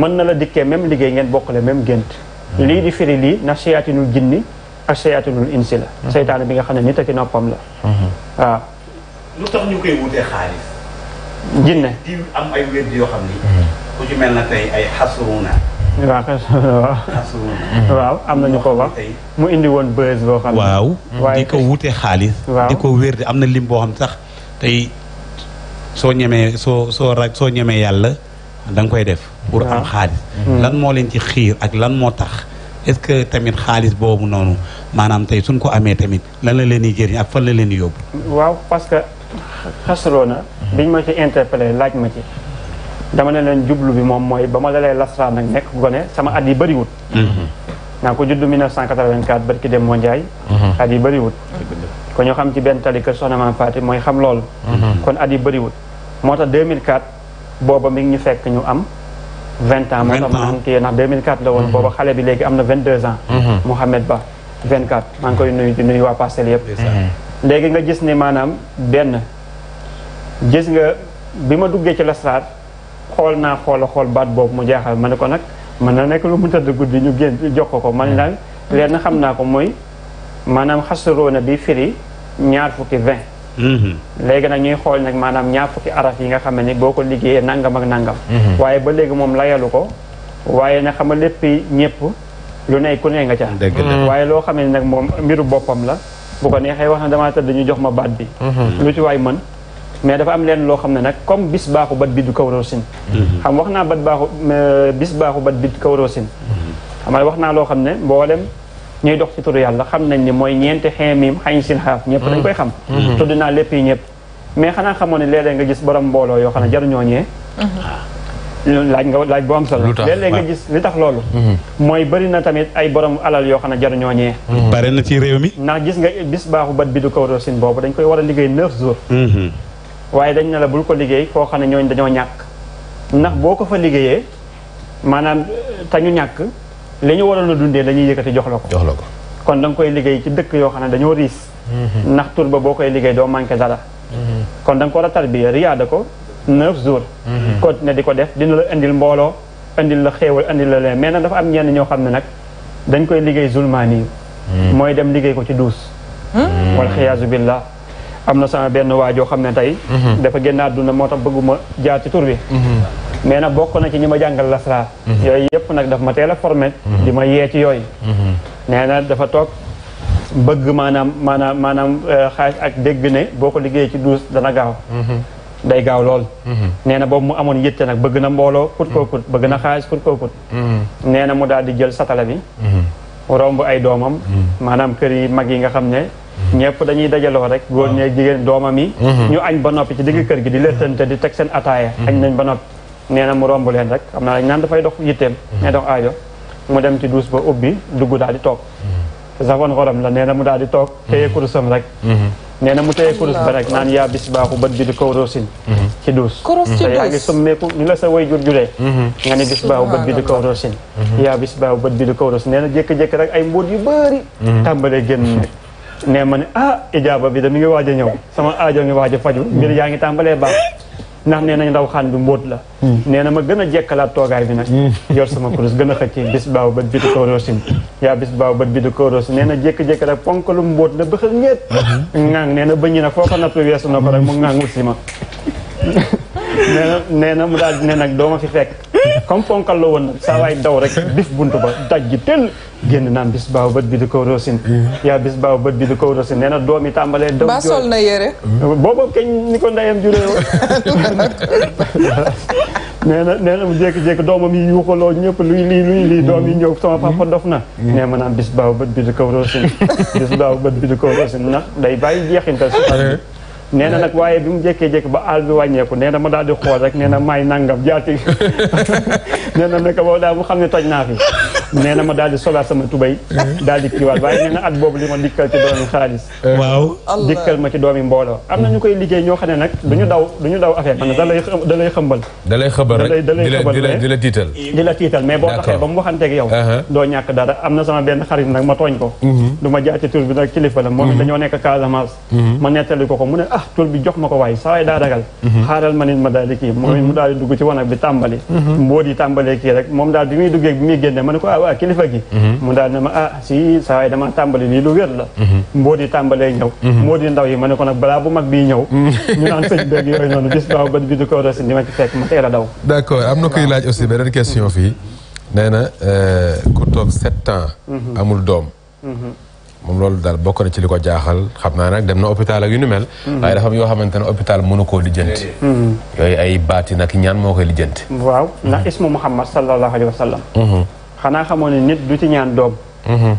man na la dikké même ngeen bokkale même gënt lii di firi lii ndax seyaatinul jinni ak seyaatinul insi mhm. seytaane bi nga xam ne nit ak noppam la waaw mhm. ah. lu tax ñu koy wutee xaalis jinne di am ay wér yoo xam ni mhm. ku ci mel na tey ay xasuuna waaw ko wax mu indi woon bës boo xam ne waaw di ko wutee xaalis di ko wér di am na lim boo xam sax tey soo ñemee soo soo rag soo ñemee yàlla danga koy def pour am xaalis hmm. lan moo leen ci xiir ak lan moo tax est que tamit xaalis boobu noonu maanaam tey suñ ko amee tamit lan la leen di jëriñ ak fan la leen di yóbbu waaw parce que xasaloona biñ ma ci interpellé laaj ma ci dama ne leen jublu bi moom mooy ba ma la lay lasraa nag nekk gone sama at yi bëriwut hmm. naa ko judd 1984 barki dem moo njaay hmm. at yi bëriwut ko ñoo xam ci benn tali kër soxna maam Faati mooy xam loolu kon at yi bëriwut moo tax 2004 booba mi ñu fekk ñu vingt ans moo tax ma am kii ndax 2004 la woon mm-hmm. booba xale bi léegi am na vingt deux ans mm-hmm. Mouhamed Ba vingt quatre maa ngi koy nuyu di nuyu waa Parcelles yëpp mm-hmm. léegi nga gis ni maanaam benn gis nga bi ma duggee ci lasraar xool naa xoola xool baat boobu mu jaaxal ma ne ko nag man na nekk lu mu tëdd guddi ñu génn jox ko ko man daal leen na xam naa ko mooy maanaam xasaroona bi firi ñaar fukki vingt Mm-hmm. léegi nag ñuy xool nag maanaam ñaar fukki araf yi nga xam ne boo ko liggéeyee nangam ak nangam mm-hmm. waaye ba léegi moom la layalu ko waaye nag xam nga lépp ñëpp lu ne ku ne nga ca mm-hmm. waaye loo xam ne nag moom mbiru boppam la bu ko neexee wax na damaa tëdd ñu jox ma baat bi lu ci waay mën mais dafa am leen loo xam ne nag comme bis baaxu bat bi du kaw rosin xam wax naa bat baaxu bis baaxu bat bi du kaw rosin xam nga wax naa loo xam ne mboolem ñuy dox ci turu yàlla xam nañ ni mooy ñeenti xee miim xañ sin xaaf ñëpp dañ mm. koy xam mm-hmm. tudd naa lépp yi ñëpp mais xanaa xamoon ne léeg-léeg nga gis borom mbooloo yoo xam ne jaruñoo ñee mm-hmm. laaj nga laaj bu am solo léeg-léeg nga gis li tax loolu mm-hmm. mooy bëri na tamit ay borom alal yoo xam ne jaruñoo ñee bare na ci réew mi ndax gis nga bis baaxu bat bi du kawroo sin boobu dañ koy war a liggéey neuf jours waaye dañ ne la bul ko liggéey koo xam ne ñooñ dañoo ñàkk ndax boo ko fa liggéeyee maanaam te ñàkk li ñu waroon a dundee dañuy yëkkati jox ko. jox ko kon da nga koy liggéey ci dëkk yoo xam ne dañoo riis. Mm-hmm. ndax tur ba boo koy liggéey doo manqué dara. Mm-hmm. kon da nga ko war a tarbiya riyaada ko neuf jours. continuer mm-hmm. di ko def dina la indil mbooloo indil la xéewal indil la leen mais nag dafa am ñenn ñoo xam ne nag dañ koy liggéey zulmaani mooy dem liggéey ko ci duus. wal xiyaasu billah am na sama benn waajoo xam ne tey. dafa génn àdduna moo tax bëgguma jaar ci tur bi. mais nag na ci ñima jangal jàngal lasraar mhm. yooyu yëpp nag daf ma teel a formé mhm. di ma yee ci yoy mhm. nee dafa tok bëgg manam manam manam euh, xaj ak dégg ne boko ko ci duus dana gaaw day gaaw lool nee bo mu amone yitté nak bëgg na mbolo kut kut bëgg na xaj kut ko kut na mu daal di jël satala bi rombu ay domam manam kër yi mag yi nga xamné ñepp dañuy dajalo rek goor ñe ah. jigen domam yi ñu añ ba nopi ci digg kër gi di lettante di tek sen ataya añ nañ ba nopi neena mu romb len rek amna naa naan fay dox yitem mm. ne dox ayo mu dem ci douce ba ubbi duggu dal di tok mm. safon xorom la neena mu dal di tok mm. teye kurusam rek mm-hmm. neena mu teye kurus ba rek nan ya bis baaxu bi di kaw rosin mm-hmm. ci duus te yaa ngi ko ni la sa way jur jure mm-hmm. nga ni bis baaxu bi di kaw rosin ya bis baaxu bi di kaw rosin neena jek jek rek ay mbot yu beuri tambale génn ne man ah bi da mi ngi waaj a sama aajo ngi waaj faju mbir yaa ngi tàmbalee ndax nee nañ raw xaan bi mbóot la hmm. nee na ma gën a jekkalaat toogaay bi nag hmm. yor sama kurus gën a xëcc bis baaw bët bi di ko rosin yaa bis baaw bët bi di ko rosin nee na jékki-jékki rek ponk lu mbóot la bëxal ñeet ŋaang nee na bëñi nag foo ko nattu weesu na ko rek mu ŋaang wut si ma nee na mu daal di ne nag doo ma fi fekk kom fonkal lo won sa way daw rek bif buntu ba dajji tel genn nan bis baaw bët bi di ko rosin ya bis baaw bët bi di ko rosin neena domi tambale yi daw ba sol na ya, yére boobu kañ ni ko ndeyam juree woon neena mu jékki-jékki doomam yi yuuxaloo ñëpp luy li luy li domi ñew sama papa hmm. dof na hmm. neema nan bis baaw bët bi di ko rosin bis baaw bët bi di ko rosin nak day bay jeexintal nee na nag waaye bi mu jékkee-jékki ba àll bi wàññeeku nee na ma daal xool rek nee na maay nangam jaati nee na boobu daal mu xam ne toj naa fi nee na ma daal di solaat sama tubay daal di kiiwaat waaye nee na at boobu li ma dikkal ci doomi xaalis waaw dikkal ma ci doomi mbooloo am na ñu koy liggéey ñoo xam ne nag duñu daw duñu daw affaire da lay da lay xëmbal da lay da lay xëmbal di la tiital di la tiital mais boo taxee ba mu waxanteeg yow uh-huh. doo ñàkk dara am na sama benn xarit nag ma tooñ ko mm-hmm. du ma jaati tur bi nag kilifa la moom mm-hmm. dañoo nekk Casamance mm-hmm. ma nettali ko ko ah tool bi jox ma ko waay saa waay daa ragal mhm. xaaral ma nit ma daal di kii moom mu mhm. daal di dugg ci wanag bi tàmbali mhm. mbóot yi kii rek moom daal bi muy duggee bi muy génne ma ko ah kilifa gi mu daal ne ma ah si saa waay tàmbali lii lu wér la mbóot yi tàmbalee ñëw mbóot yi ndaw yi ma ne ko nag balaa bu mag bii ñëw ñu naan sëñ ba bi du ko rosi di ma ci fekk ma teel a daw d'accord am na koy laaj aussi beneen question fii nee na euh, ku toog sept amul doom moom loolu daal bokk na ci li ko jaaxal xam naa nag dem na hôpital ak yu nu mel. Mm. waaye dafa am yoo xamante ne hôpital mënu koo lijjanti. Mm. yooyu ay baati nag ñaan moo koy lijjanti. waaw mm-hmm. ndax ismu muhammad sallallahu alayhi wa sallam. Mm-hmm. xanaa xamoo ne nit du ci ñaan doom. Mm-hmm.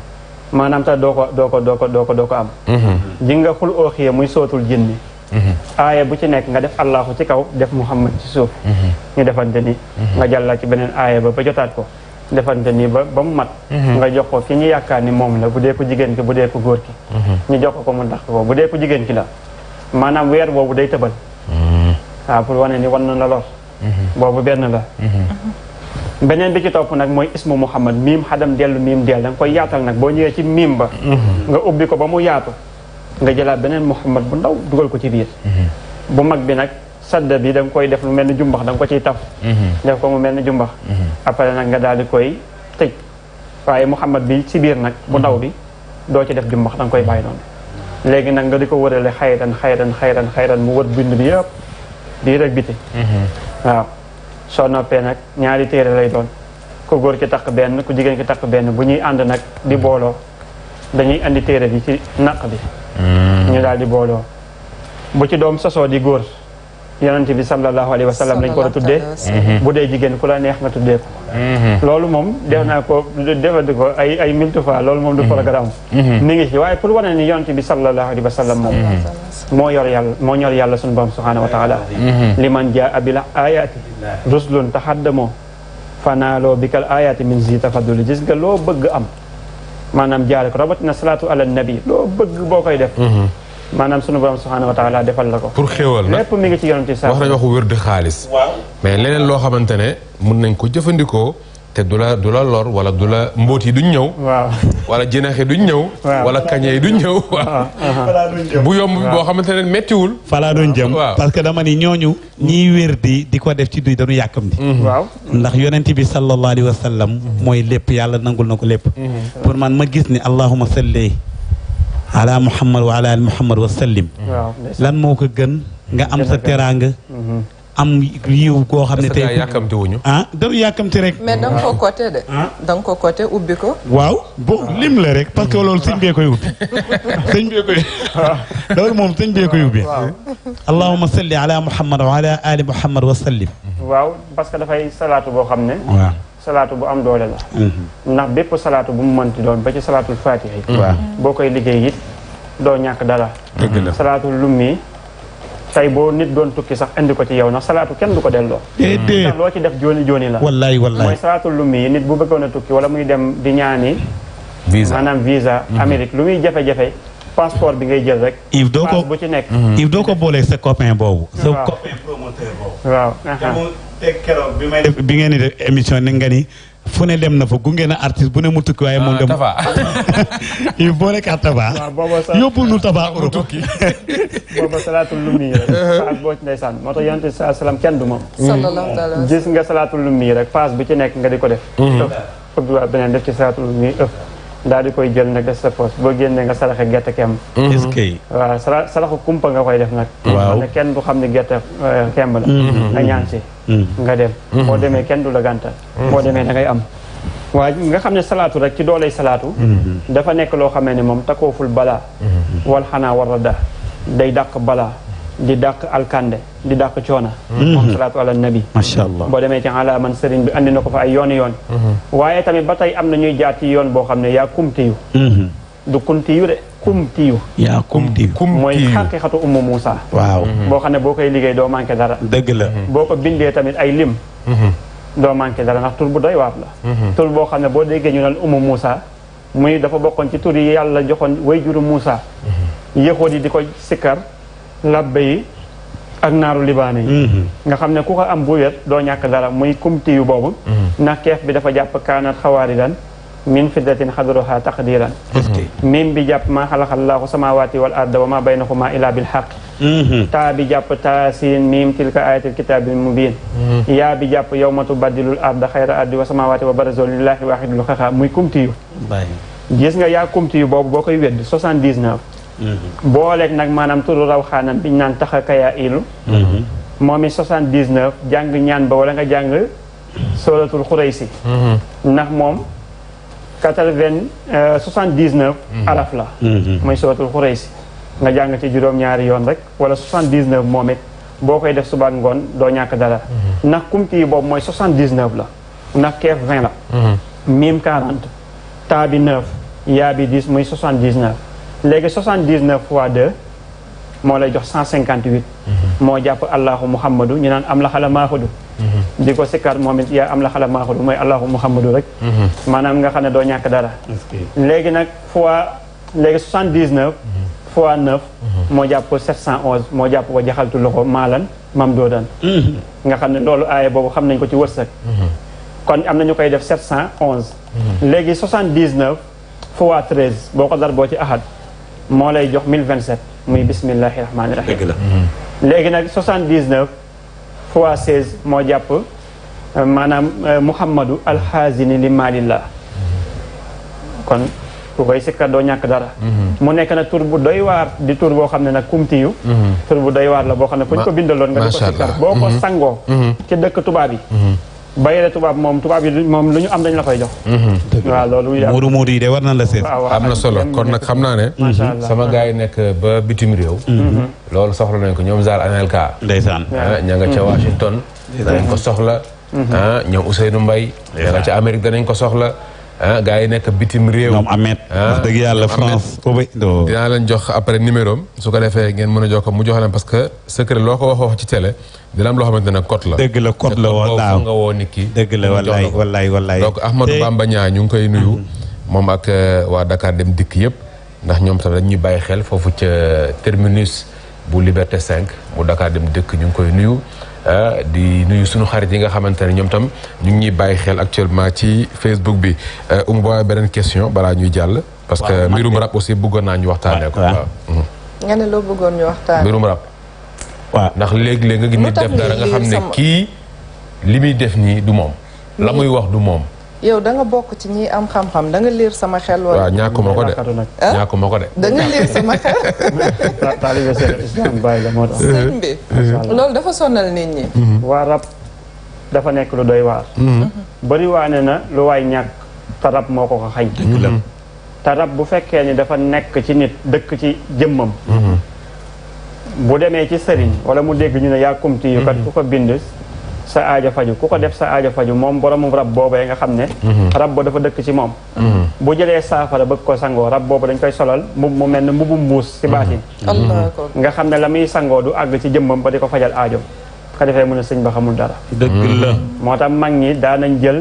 maanaam ta doo ko doo ko am. ji nga xul ooxiye muy sootul jinni aaya bu ci nekk nga def allahu ci kaw def muhammad ci suuf. ñu defante ni. nga jàllale ci beneen aaya ba ba jotaat ko. defante nii ba ba mu mat mhm. nga jox ko ki ñu yaakaar ni moom la bu dee ko jigéen ki bu dee ko góor ki mhm. ñu jox ko ko mu ndax ko bu dee ko jigéen ki la maanaam weer boobu day tëbal mhm. waaw pour wane ni wan na la lor boobu benn la beneen bi ci topp nag mooy ismu muhammad miim xadam dellu miim dell da nga koy yaatal nag boo ñëwee ci miim ba nga ubbi ko ba mu yaatu nga jëlaat beneen muhammad bu ndaw dugal ko ci biir bu mag bi nag sadda bi dang koy def lu melni jumbax dang ko ciy taf mhm. def ko mu melni jumbax mhm. après nak nga dal koy tej waye muhammad bi ci bir nak bu ndaw mhm. bi do ci def jumbax dang koy bàyyi non léegi nak nga diko ko khayran khayran khayran khayran mu wër bind bi yëpp di rek biti waaw na pe nak ñaari téré lay doon ko gor ki tak ben ku jigen ki tak ben bu ñuy and nak di bolo dañuy andi téré bi ci naq bi ñu dal di bolo bu ci dom di gor yonent bi sallallahu alayhi wa sallam lañ ko war a tuddee bu dee jigéen ku la neex nga tuddee ko mhm. loolu moom def naa ko defandi ko ay ay mille fois loolu moom du mhm. programme mhm. mi ngi ci waaye pour wane ni yonent bi sallallahu alayhi wa sallam moom moo yor yàlla moo ñor yàlla suñu borom subhanahu wa taala liman jaa abil ayaati ruslun taxaddamoo fanaaloo bi kal ayaati min zi tafaduli gis nga loo bëgg am maanaam jaare ko rabatina salaatu ala nabi loo bëgg boo koy def maanaam sunu borom subhaanahu wa taala defal la ko. pour xéewal nag lépp mi ngi ci yoon ci saa wax nañu waxu wér xaalis. mais leneen loo xamante ne mun nañ ko jëfandikoo. te du la du la lor wala du la mbóot yi duñ ñëw. waaw wala jinax yi duñ ñëw. wala kañe yi duñ ñëw. waaw ah, ah, ah. bu yomb boo xamante ne méttiwul. falaa duñ jëm parce que dama ni ñooñu. ñii wér di di ko def ci duy dañu yàkkam di mhm. waaw ndax yonent bi sallallahu alayhi wa sallam. mooy lépp yàlla nangul na ko lépp. Mhm. pour man ma gis ni allahuma salli. على محمد وعلى ala ali muhammad wa sallim lan nga am sa teraanga am yiw ko xamne ne tey yàkkamtiwuñu ah daru yàkkamti rek mais dang ko côté de dang ko côté ubbi ko waw bo lim la rek parce que loolu seigne be koy ubbi seigne be koy loolu mom seigne be koy ubbi allahumma salli ala muhammad wa ala ali muhammad wa sallim waw parce que da fay salatu bo xamne waaw salaatu bu am doole la mm-hmm. ndax bépp salaatu bu mu mënti doon ba ci salaatul faatiha yi mm-hmm. boo koy liggéey it doo ñàkk dara salaatul lummi tay boo nit doon tukki sax indi ko ci yow ndax salaatu kenn du ko delloo loo ci def jooni jooni la wallaay wallaay mooy salaatul lummi yi nit bu bëggoon a tukki wala muy dem di ñaani visa maanaam visa mm-hmm. Amérique lu muy jafe-jafe passeport bi ngay jël rek. Yves doo ko bu ci nekk. Yves ko boolee sa copain boobu. sa boobu. waaw. te keroog bi may def bi ngeen di def émission ni nga ni fu ne dem na fa gunge na bu ne mu tukki waaye moom ah, dem il faut rek à Taba yóbbul nu Taba Europe tukki booba salaatul lummi rek uh-huh. boo ci ndeysaan moo tax yonent sa salaam kenn du moom mm. gis nga salaatul lu rek paas bu ci nekk nga di ko def mm-hmm. ëpp ëpp beneen def daal di koy jël nag des sa poos boo génnee nga saraxe gerte kemb. Mhm. est-ce que. waaw sara saraxu kumpa nga koy def nag. waaw ne kenn du xam ne gerte euh, kemb la. Mhm. nga ñaan si. Mhm. nga dem. boo demee kenn du la gàntal. boo demee da ngay am. waaw nga xam ne salaatu rek ci dooley salaatu. dafa nekk loo xamee ne moom takooful balaa. wal xanaa war a da day dàq balaa. di dàq alkande di dàq coona mhm. moom salaatu ala nabi macha allah boo demee ci ala man sëriñ bi andi na ko fa ay yooni yoon mhm. waaye tamit ba tey am na ñuy jaar ci yoon boo xam ne yaa kumti yu mhm. du kumti yu de kumti yu yaa kumti yu mooy xaqiqatu ummu Moussa waaw boo xam ne boo koy liggéey doo dara dëgg la boo ko bindee tamit ay lim doo manqué dara ndax tur bu doy waat la tur boo xam ne boo déggee ñu naan ummu Moussa muy dafa bokkoon ci tur yàlla joxoon way juru Moussa yéexoon di ko sikkar labbe yi ak mhm. nga xam ne ku ko am bu wet doo ñàkk dara muy kumti yu boobu mhm. ndax keef bi dafa jàpp kaanat xawaaridan min fiddatin xadruha taqdiran mim mhm. bi jàpp maa xalaxallaahu samaawaati wal arda wa maa baynahuma ilaa bil xaq taa bi jàpp taasiin miim tilka ayatil kitaabi mubiin yaa bi jàpp yawma tubaddilul arda xayra ardi wa samaawaati wa barazoo lillaahi waaxidul xaxa muy kumti yu gis nga yaa kumti boobu boo koy wedd booleeg nag maanaam turu raw xaanam biñ naan tax a kayaa ilu moom i 79 jàng ñaan ba wala nga jàng sooratul xuraysi ndax moom quatre-vingt euh, soixante-dix-neuf araf la mooy sooratul xuraysi nga jàng ci juróom-ñaari yoon rek wala 79 moom it boo koy def subaat ngoon doo ñàkk dara ndax kumti yi boobu mooy 79 la ndax keef 20 la miim 40 taa bi 9 yaa bi 10 muy 79 léegi 79 fois 2 moo lay jox cent 158. moo jàpp allahu muhammadu ñu naan am la xala maaxudu. di ko sikkaat moo it yaa am la xala maaxudu mooy allahu muhammadu rek. maanaam nga xam ne doo ñàkk dara. léegi nag fois léegi 79. fois 9. moo jàpp 711 moo jàpp wa jaxaltu loxo maalan mam doodan. nga xam ne loolu aaye boobu xam nañ ko ci wërsëg. kon am na ñu koy def 711. léegi 79 fois 13 boo ko dar boo ci ahad. moo lay jox 1027 muy bismillahi rahmaani rahim. dëgg la mhm. léegi nag 79 fois 16 moo jàpp euh, maanaam euh, Muhammadu alxaazini li maalillah mhm. kon ku koy sikkat doo ñàkk dara. Mhm. mu nekk nag tur bu doy waar di tur boo xam ne nag kumti bu doy waar la boo xam ne ku ñu ko bindaloon nga di ko sikkar boo ko sangoo. ci yi. bayre tubaab moom tubaab yi moom lu ñu am dañ la koy jox. waaw loolu. muuru muuru yi de war na la seet. am na solo kon nag xam naa ne. Mhm. sama gars yi nekk ba bitim réew. Mhm. loolu soxla nañ ko ñoom Zal Anelka. ndeysaan ah, ña nga ca mhm. Washington. danañ ko soxla. Ah, ñoom Ousseynou Mbaye. ña nga ca Amérique danañ ko soxla. ah gars yi nekk bitim réew. ñoom Ameth ah, wax dëgg yàlla France. dinaa leen jox après numéro am su ko defee ngeen mën a jox ko mu jox parce que secret ko wax wax ci télé dina am xamante ne code la. dëgg la code la wallaaw nga woo nit ki. dëgg la wallaay wallaay wallaay. donc Ahmadou Bamba ngi koy nuyu. Mm-hmm. moom ak euh, waa Dakar dem dikk yëpp ndax ñoom sax ñuy bàyyi xel foofu ca euh, terminus bu Liberté cinq bu Dakar dem dëkk ñu ngi koy nuyu. Ah, di nuyu suñu xarit yi nga xamante ne ñoom tam ñu ngi ñuy bàyyi xel actuellement ci Facebook bi um boo beneen question balaa ñuy jàll. parce que mbirum rap aussi bëggoon naa ñu waxtaanee ko. waaw hmm. nga mbirum rap. waaw ndax léegi léeg nga gis nit def dara nga xam ne kii li muy def nii du moom. la muy wax du moom. yow danga bokk ci ñi am xam-xam da liir sama xel. waaw ñàkkuma ko de ah? ñàkkuma ko de. da bi loolu dafa sonal nit ñi. Mm-hmm. waa rab dafa nekk lu doy waar. Mm-hmm. Mm-hmm. bari na lu waay ñàkk te moo ko ko xañ. te bu fekkee ni dafa nekk ci nit dëkk ci jëmmam. bu demee ci sëriñ wala mu dégg ñu ne yaa yu kat ku ko bind. sa aajo faju ku ko def sa aajo faju moom boromum rab boobee nga xam ne mhm. rab ba dafa dëkk ci moom mhm. bu jëlee saafara bëgg ko sangoo rab boobu dañ koy solal mbub mu mel mbubu mbuus si baatin mhm. nga xam ne la muy sangoo du àgg ci jëmmam ba di ko fajal aajo ko defee mu a sëñ ba xamul dara dëgg la moo tax mag ñi daanañ jël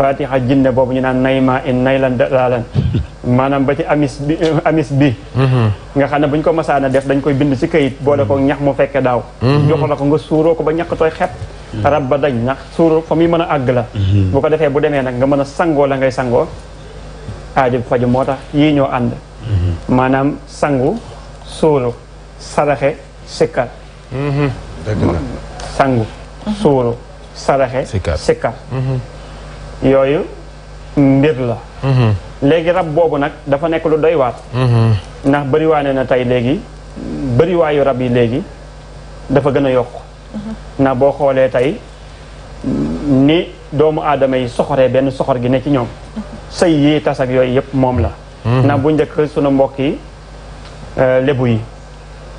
fatiha jinne bobu ñu naan nayma in naylan dalalan manam ba ci amis bi amis bi mm-hmm. nga xam buñ ko na def dañ koy bind ci kayit la ko ñax mu fekke daw mm-hmm. jox la ko nga suuro ko ba ñak toy xet mm-hmm. rabba dañ ndax suuro fa mi mën ag la bu ko defé bu démé nak nga mën sango la ngay sango aajo faju moo yi ñoo and manam sangu suuro saraxé sikkar sangu suuro saraxé sikkar yooyu mbir la mm-hmm. léegi rab boobu nag dafa nekk lu doy waat mm-hmm. ndax bëriwaane na tey léegi bëriwaayu rab yi léegi dafa gën a yokk mm-hmm. ndax boo xoolee tey ni doomu aadama yi soxoree benn soxor gi ne ci ñoom sëy yi tas ak yooyu yëpp moom la ndax bu njëkk sunu mbokk yi euh, lébu yi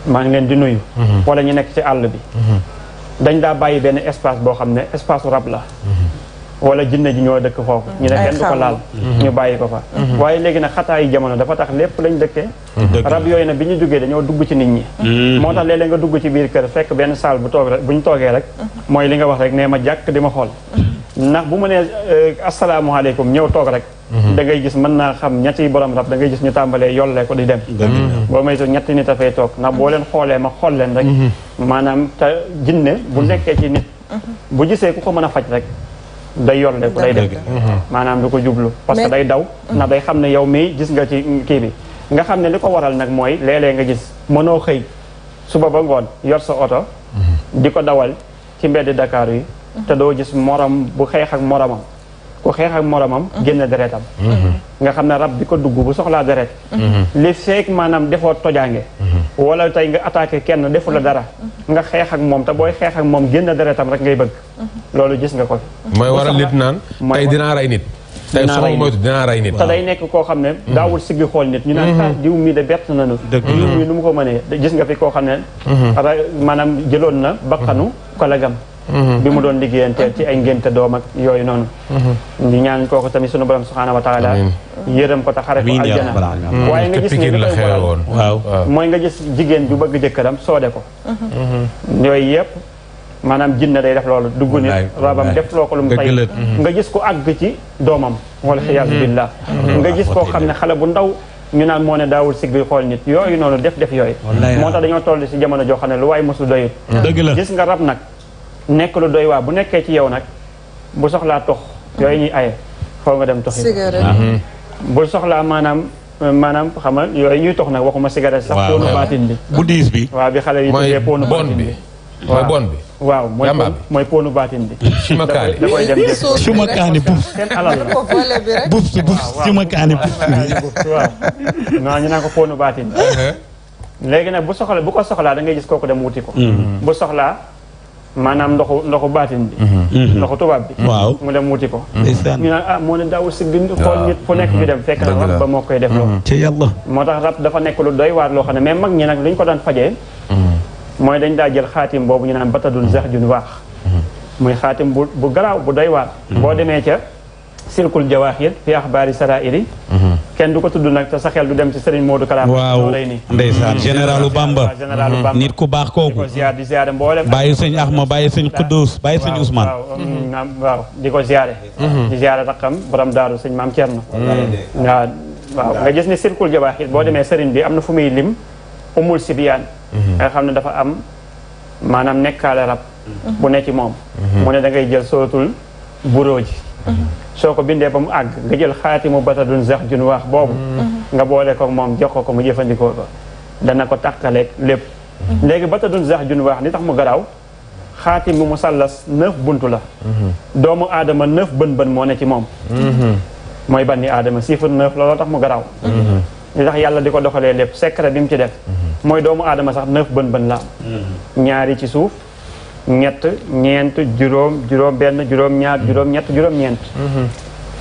maa ngi leen di nuyu wala ñu nekk ci àll bi dañ daa bàyyi benn espace boo xam ne espace rab la wala jinne ji ñoo dëkk foofu ñu ne kenn ko laal ñu mhm. bàyyi ko fa mhm. waaye léegi nag xataa jamono dafa tax lépp lañ dëkkee rab yooyu na bi ñu duggee dañoo dugg ci nit ñi mhm. moo tax léeg-léeg nga dugg ci biir kër fekk benn saal bu toog rek bu ñu toogee rek mooy li nga wax rek nee ma jàkk di ma xool ndax bu ma nee euh, asalaamaaleykum ñëw toog rek da ngay gis mën naa xam ñetti borom rab da ngay gis ñu tàmbalee yollee ko di dem boo may maytu ñetti nit a fay toog ndax boo leen xoolee ma xool leen rek maanaam jinne bu nekkee ci bu gisee ku ko mën a faj rek day yolleeku day dem mhm. maanaam du ko jublu parce que day daw mhm. na day xam ne yow mii gis nga ci kii bi nga xam ne li ko waral nag mooy léeg nga gis mënoo xëy suba ba ngoon yor sa oto mhm. di ko dawal ci mbedd Dakar yi te doo gis morom bu xeex ak moromam ku xeex ak moromam génn deretam nga xam ne rab bi ko dugg bu soxlaa deret li feek maanaam defoo tojaange wala tey nga attaqué kenn defu la dara nga xeex ak moom te booy xeex moom génn dara rek ngay bëgg loolu gis nga ko mooy waral nit naan tey dinaa rey nit tey su ma moytu dina rey nit te day nekk koo xam ne daawul siggi xool nit ñu naan tax mhm. ah, diw mii de bett nañu diw mii nu mu ko mënee gis nga fi koo xam ne mhm. maanaam jëloon na bakkanu collègue mhm. am Mm-hmm. bi mu doon liggéeyanteel ci ay ngénte doom ak yooyu noonu mm-hmm. di ñaan kooku tamit sunu borom subhaanahu wa taala yërëm ko ta xare ko aljana waaye nga gis ni waaw mm-hmm. mooy nga gis jigéen ju bëgg jëkkëram soode ko yooyu yëpp maanaam jinne day def loolu dugg nit rabam def loo ko lu mu tay nga gis ko àgg ci doomam wala iyaazu billah nga gis koo xam ne xale bu ndaw ñu naan moo ne daawul sig bi yooyu noonu def def yooyu moo tax dañoo si jamono joo xam ne lu waay mosul doyut dëgg la gis nga rab nag nekk lu doy waa bu nekkee ci yow nag bu soxlaa tox yooyu ñuy aye foo nga dem toxi ah. mhm. bu soxlaa maanaam maanaam xam nga yooyu ñuy tox nag waxuma cigarette sax poonu baatin bi bu diis bi waaw bi xale yi tuddee poonu baatin bi mooy bon bi waaw mooy mooy poonu baatin bi sumakaani da koy dem sumakaani buf seen alal la buf si buf sumakaani buf si waaw non ñu naan ko poonu baatin uh-huh. léegi nag bu soxla bu ko soxlaa da ngay gis kooku dem wuti ko mhm. bu soxlaa maanaam ndoxu ndoxu baatin bi mhm. Mhm. ndoxu tubaab bi waaw mu dem wuti ko ñu naan ah moo ne daawul si gën xool nit nekk fi dem mhm. fekk moo koy def loo ci moo tax rab dafa nekk lu doy waar loo xam ne mais mag ñi nag li ko daan fajee mooy dañ daa jël xaatim boobu ñu naan batadun sax jun waax muy xaatim bu bu garaaw bu doy waar boo demee ca silkul jawaaxir fi axbaari sarairi kenn du ko tudd nag te sa xel du dem ci Serigne Modou Kalaam waaw ndeysaan généralu mm-hmm. Bamba nit ku baax kooku bàyyi sëñ Ahma bàyyi sëñ Kudus bàyyi sëñ Ousmane waaw mm-hmm, ne mm-hmm. circule boo demee Serigne bi am na fu muy lim umul sibiyaan nga xam ne dafa am maanaam nekkaale rab bu ne ci moom mu ne da jël sootul buróo ji soo ko bindee ba mu àgg nga jël xaati mu batadun sax jun wax boobu mm-hmm. nga boole kook moom jox ko ko mu jëfandikoo ko dana ko tàqaleeg lépp mm-hmm. léegi batadun sax jun wax ni tax mu garaaw xaatim mu musallas neuf buntu la mm-hmm. doomu aadama neuf bën bën moo ne ci moom mooy banni aadama chiffre neuf la loolu tax mu garaaw li tax yàlla di ko doxalee lépp secret bi mu ci def mooy doomu aadama sax neuf bën bën la am ñaari ci suuf ñett ñeent juróom juróom benn juróom ñaar mm-hmm. juróom ñett juróom ñeent mm-hmm.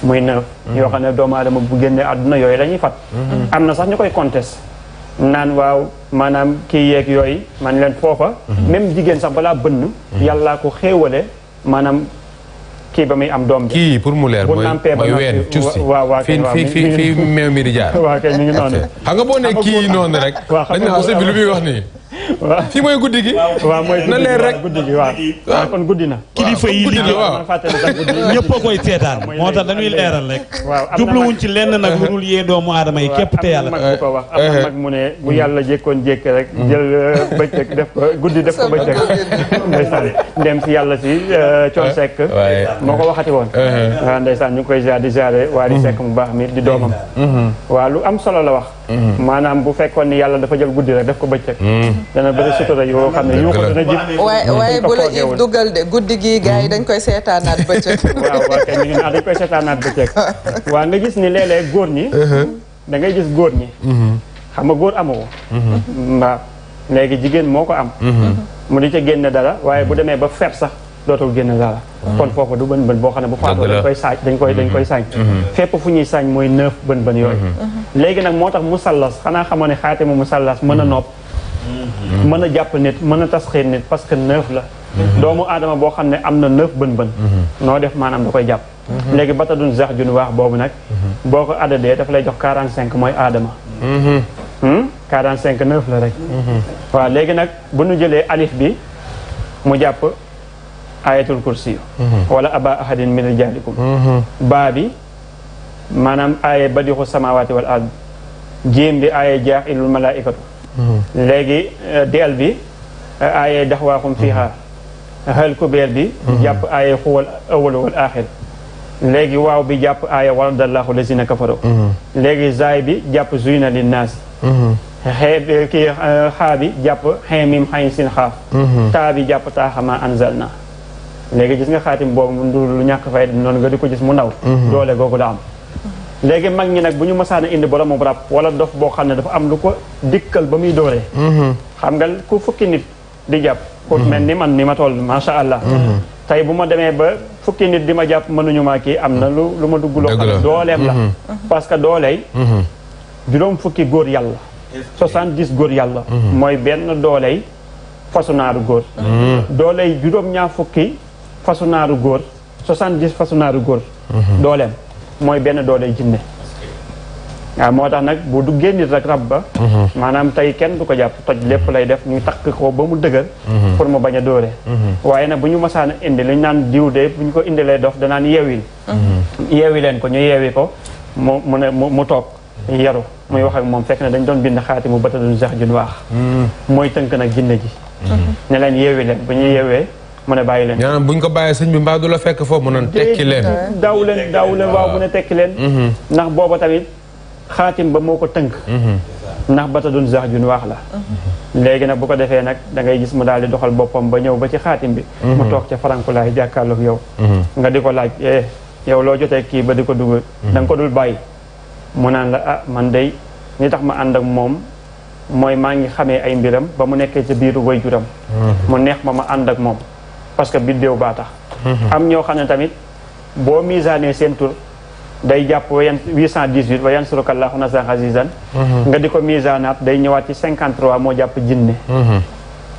muy neuf mm-hmm. yoo xam ne doomu aadama bu génnee àdduna yooyu la ñuy fat am na sax ñu koy conteste naan waaw maanaam kii yeeg yooyu man leen foofa même jigéen sax balaa bënn yàllaa ko xéewale maanaam kii ba muy am doom bi. kii pour mu leer mooy mooy ween tuuti waaw waaw kay fii fii fii meew mi di jaar. waaw kay mi ngi noonu. xam nga boo nee kii noonu rek. waaw xam nga boo lu muy wax nii. waaw fii mooy guddi gi. waaw mooy guddi gi na leer rek guddi gi waaw. kon guddi na. kilifa yi liggéey waaw ñëpp a koy seetaan moo tax dañuy leeral rek. waaw jubluwuñ ci lenn nag lu dul yee doomu aadama yi képp te yàlla. am na mag ko wax am na mag mu ne bu mm. yàlla jékkoon jékk rek. jël mm. euh, bëccëg def ko guddi def ko bëccëg. ndeysaan dem si yàlla si coon euh, sekk. moo ko waxati woon waa ndeysaan ñu ngi koy ziar di ziare waa di sekk mu baax mi di doomam waa lu am solo la wax maanaam bu fekkoon ni yàlla dafa jël guddi rek def ko bëccëg dana bëri sutura yoo xam ne ko dana jib waaye waaye bu la ib dugal de guddi gi gars yi dañ koy seetaanaat bëccëg waaw waaw kay ñu ngi naan dañ koy seetaanaat bëccëg waa nga gis ni léeg góor ñi da ngay gis góor ñi xam góor amu ko léegi jigéen moo ko am mu di ca génne dara waaye bu demee ba fer sax dootul génn gaal kon foofu du bën bën boo xam ne bu faatoo dañ koy saaj dañ koy dañ koy sañ fépp fu ñuy sañ mooy neuf bën bën yooyu léegi nag moo tax musallas xanaa xamoo ne xaate mu musallas mën a nopp mën a jàpp nit mën a tasxiir nit parce que neuf la doomu aadama boo xam ne am na neuf bën bën noo def maanaam da koy jàpp léegi ba tadun zax jun waax boobu nag boo ko addadee daf lay jox 45 mooy aadama 45 neuf la rek waaw léegi nag bu ñu jëlee alif bi mu jàpp ayatul kursi wala aba ahadin min rijalikum baa bi maanaam aaya badixu samawati wal ard jéem bi aaya jaaxilul malaikatu léegi del bi aaya daxwaaxum fiiha hal kubéer bi jàpp aaya xuwal awalu wal axir léegi waaw bi jàpp aaya waradallahu lazina kafaro léegi zaay bi jàpp zuyna linnaasi xee kii xaa bi jàpp xee mim xayn sin xaaf taa bi jàpp taaxama anzalna léegi gis nga xaatim boobu mu lu ñàkk fay noonu nga di ko gis mu naw mhm. doole googu la am léegi mag ñi nag bu ñu masaan a indi borom mu rab wala dof boo xam ne dafa am lu ko dikkal ba muy dóoree mhm. xam nga ku fukki nit di jàpp ku mhm. mel ni man ni ma toll macha allah tey bu ma demee ba fukki nit di ma jàpp mënuñu maa kii am na lu lu ma dugg loo xam ne dooleem la parce que dooley juróom fukki góor yàlla soixante-dix góor yàlla mooy benn dooley façonnaaru góor dooley juróom fasu naaru góor soixante-dix fasu naaru góor mhm. dooleem mooy benn doole jinne waaw moo tax nag bu du nit rek rab ba mhm. maanaam tey kenn du ko jàpp toj lépp lay def ñu takk ko ba mu dëgër mhm. pour mu bañ a dóore waaye nag bu ñu masaan a indi lu ñu naan diw de bu ñu ko indilee dof danaan yeewil yeewi leen ko ñu yeewi ko mu mu ne mu toog yaru muy wax ak moom fekk ne dañ doon bind xaati mu bata duñ sax jun waax mooy tënk nag jinne ji ne leen yeewi leen bu ñu yeewee mu ne bàyyi leen. ko bàyyee sëñ bi mbaa du la fekk foofu mu naan mm-hmm. ba moo ko tënk. Mm-hmm. ndax ba ta doon sax jun waax la. Mm-hmm. léegi nag bu ko defee nag da ngay gis mu daal di doxal boppam ba ñëw ba ci xaatim bi. mu toog ca farankulaay jàkkaarloog yow. nga di ko laaj eh, yow loo jotee kii ba di ko dugg. da ko dul bàyyi. mu naan la ah man day li tax ma ànd ak moom. mooy maa ngi xamee ay mbiram ba mu nekkee ca biiru waajuram mu neex ma ma ànd ak moom parce que biddéew baa tax mhm. am ñoo xam ne tamit boo misaanee seen tur day jàpp wayan 818 wayan surukallaahu nasan azizan mhm. nga di ko misaanaat day ñëwaat ci 53 moo jàpp jinne mhm.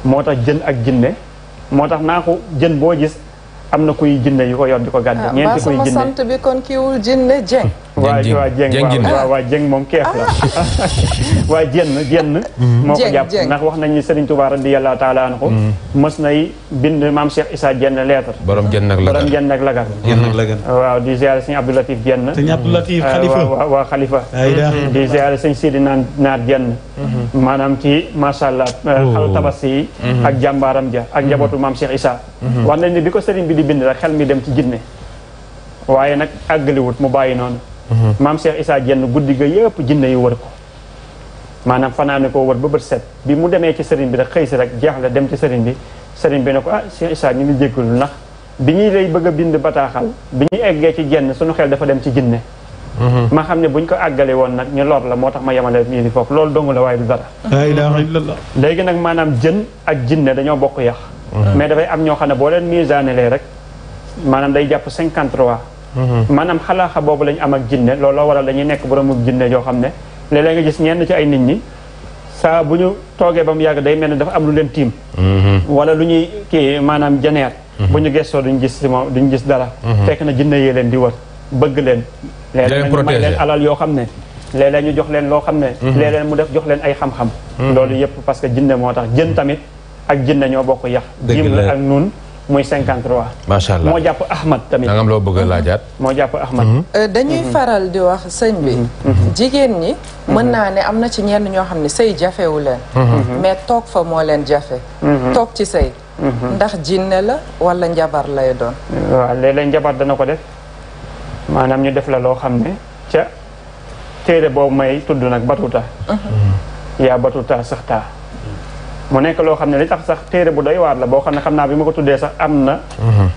moo tax jën ak jinne moo tax naa ko jën boo gis am na kuy jinne yu ko yor di ko gàdde ah, ñeenti kuy jinne sant waa wajeng, Dieng waaw waa Dieng moom keef la waa jenn jenn moo ko jàpp ndax wax nañu Serigne Touba radiyallahu taala anhu mës nay bind maam Cheikh Issa Dieng lettre borom jenn ak lagar borom jenn ak lagar waaw di ziare sëñ Abdou Latif Dieng sëñ Abdou Latif xalifa waa xalifa di ziare sëñ Sidi naan naar Dieng maanaam ci macha allah xal tabaski yi ak jàmbaaram ja ak njabootu mm-hmm. maam Cheikh Issa mm-hmm. wax nañ ne bi ko Serigne bi di bind rek xel mi dem ci jinne waaye nag maam Cheikh Issa Dieng guddi ga yëpp jinne yu wër ko maanaam fanaane koo wër ba bët set bi mu demee ci sëriñ bi rek xëy si rek jaaxle dem ci sëriñ bi sëriñ bi ne ko ah Cheikh Issa ñu ngi jégalu ndax bi ñuy lay bëgg a bind bataaxal bi ñu eggee ci jenn suñu xel dafa dem ci jinne mhm. ma xam ne bu buñ ko àggale woon nag ñu lor la moo tax ma yemale yéen foofu loolu dong la waaye du dara laa ilaaha illallah léegi nag maanaam jën ak jinne dañoo bokk yàq mhm. mais dafay am ñoo xam ne boo leen misaane rek maanaam day jàpp 53 maanaam xalaaxa boobu lañ am ak jinne looloo waral dañuy nekk boroomu jinne yoo xam ne léeg-léeg nga gis ñenn ci ay nit ñi saa bu ñu toogee ba mu yàgg day mel ne dafa am lu leen tiim mm-hmm. wala lu ñuy kii maanaam janeer mm-hmm. bu ñu gestoo duñ gis si moom duñ gis dara mm-hmm. fekk na jinne yee leen di wër bëgg leen léeg-léeg may leen alal yoo xam ne léeg-léeg ñu jox leen loo xam ne léeg mu def jox leen ay xam-xam loolu yëpp parce que jinne moo tax jën tamit ak jinne ñoo bokk yax jiim ak nun muy cinquante trois. macha allah moo jàpp Ahmad tamit. nangam mhm. lo bëgg a laajaat. moo Ahmad. Ahmad. Eh, dañuy mhm. faral di wax señ bi. Mhm. jigen ñi. mën na né amna ci ñenn ño xamni sey jafé wu len mais tok fa mo len jafé tok ci sey ndax jinne la wala njabar lay doon. wa lé lay njabar dana ko def manam ñu def la lo xam ne ca téere may tuddu nak batuta. ya batuta saxta mu nekk loo xam ne li tax sax téere bu doy waar la boo xam ne xam naa bi ma ko tuddee sax am na mhm.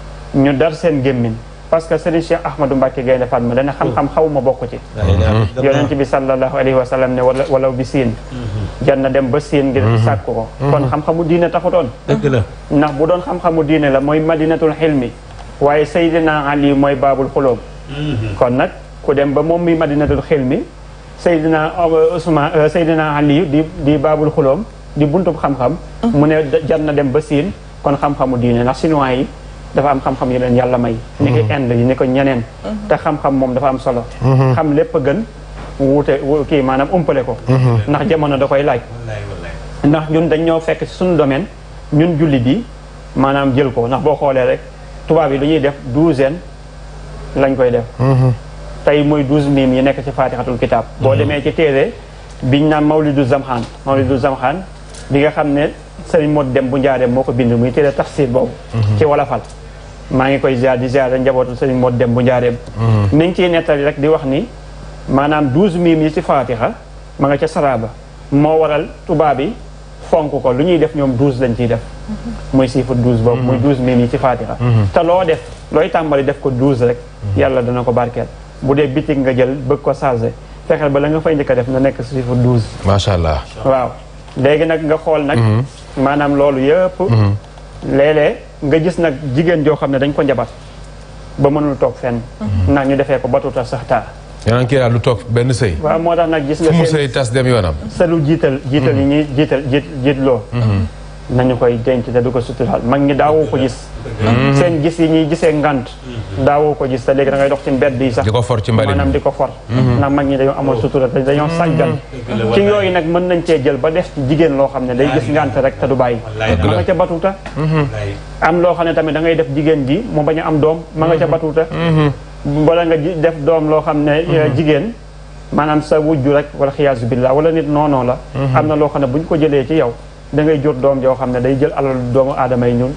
ñu dar seen gémmiñ parce que Serigne Cheikh Ahmadou Mbacke Gaynde Fatma dana xam-xam xaw ma bokk ci mhm. yonent bi sallallahu alayhi wa sallam ne wala bi siin mhm. jar na dem ba siin ngir sàkk ko kon xam-xamu diine taxutoon doon la ndax bu doon xam-xamu diine la mooy madinatul xilmi waaye Seydina Ali mooy baabul xulóob kon nag ku dem ba moom mi madinatul xilmi Seydina Ousmane euh, Seydina Ali di di baabul di buntub xam-xam mm-hmm. mu ne jar na dem ba siin kon xam-xamu diine ndax chinois yi dafa am xam-xam yi leen yàlla may ni ko mm-hmm. Inde yi ni ko ñeneen mm-hmm. te xam-xam moom dafa am solo xam lépp a gën wuute kii maanaam umpale ko ndax jamono da koy laaj ndax ñun dañ ñoo fekk si suñu domaine ñun julli bi maanaam jël ko ndax boo xoolee rek tubaab yi dañuy def douzaine lañ koy def tey mooy douze mim yi nekk ci faatixatul kitaab boo demee ci téere biñ naan mawlidu zamxaan mawlidu bi nga xam ne sëriñ Modou Dem bu Njaareem moo ko bind muy téere tafsir boobu mhm. ci wolofal maa ngi koy ziar di ziar njabootu sëriñ Modou Dem bu Njaareem mhm. mi ngi nettali rek di wax ni maanaam douze mille yi ci faatixa ma nga ca saraaba moo waral tubaab yi fonk ko lu ñuy def ñoom douze lañ ciy def mhm. muy siifu douze boobu muy douze mille yi ci faatixa te loo def looy tàmbali def ko douze rek yàlla dana ko barkeel bu dee bitik nga jël bëgg ko chargé fexeel ba la nga fay njëkk def na nekk siifu douze macha allah léegi nag nga xool nag mhm. maanaam loolu yëpp mhm. léeg nga gis nag jigéen joo xam ne dañ ko njabar ba mënul toog fenn mhm. ndax ñu defee ko ba batuta sax taa yonaan kii daal lu toog benn sëy waaw moo tax nag gis nga fu mu sëy tas dem yoonam sa lu jiital jiital yi ñuy jiital jiit jiitloo nañu koy denc te du ko sutural mag ñi daawoo ko gis seen gis yi ñuy gisee ngant daawoo ko gis te léegi da ngay dox ci mbedd yi sax maanaam di ko for na mag ñi dañoo amoon sutural te dañoo sàggan ci yooyu nag mën nañ cee jël ba def ci jigéen loo xam ne day gis ngant rek te du bàyyi ma nga ca batuta am loo xam ne tamit da ngay def jigéen ji mu bañ a am doom ma nga ca batuuta wala nga def doom loo xam ne eh, mm-hmm. jigéen maanaam sa wujju rek wala xiyaasu billah wala nit noonoo la mm-hmm. am na loo xam ne buñ ko jëlee ci yow da ngay jur doom joo xam ne day jël alal doomu aadama yi ñun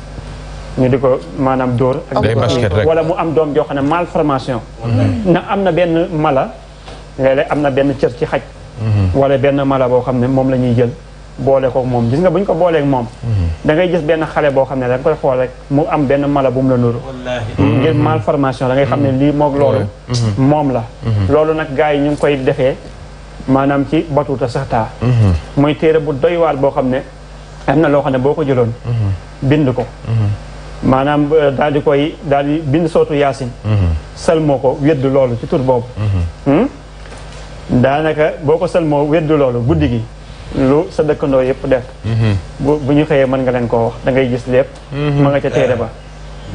ñu di ko maanaam dóor ak wala mu am doom joo xam ne malformation mm-hmm. na am na benn mala am na benn cër ci xaj mm-hmm. wala benn mala boo xam ne moom la ñuy jël boole ko moom gis nga ko booleeg moom mm-hmm. da ngay gis benn xale boo xam ne da nga koy rek mu am benn mala bu mu la nuru ngir malformation da ngay xam ne lii moog loolu moom la loolu nag gars yi ñu koy defee maanaam ci batuta saxtaa muy téere bu doy boo xam ne am na loo xam ne boo ko jëloon mhm. bind ko mhm. maanaam euh, daal di koy daal di bind sootu yaasin mhm. salmoo ko wedd loolu ci tur boobu hmm? daanaka boo ko salmoo wedd loolu guddi gi lu sa dëkkandoo yëpp def bu bu ñu xëyee mën nga leen koo wax da ngay gis lépp ma nga ca téere ba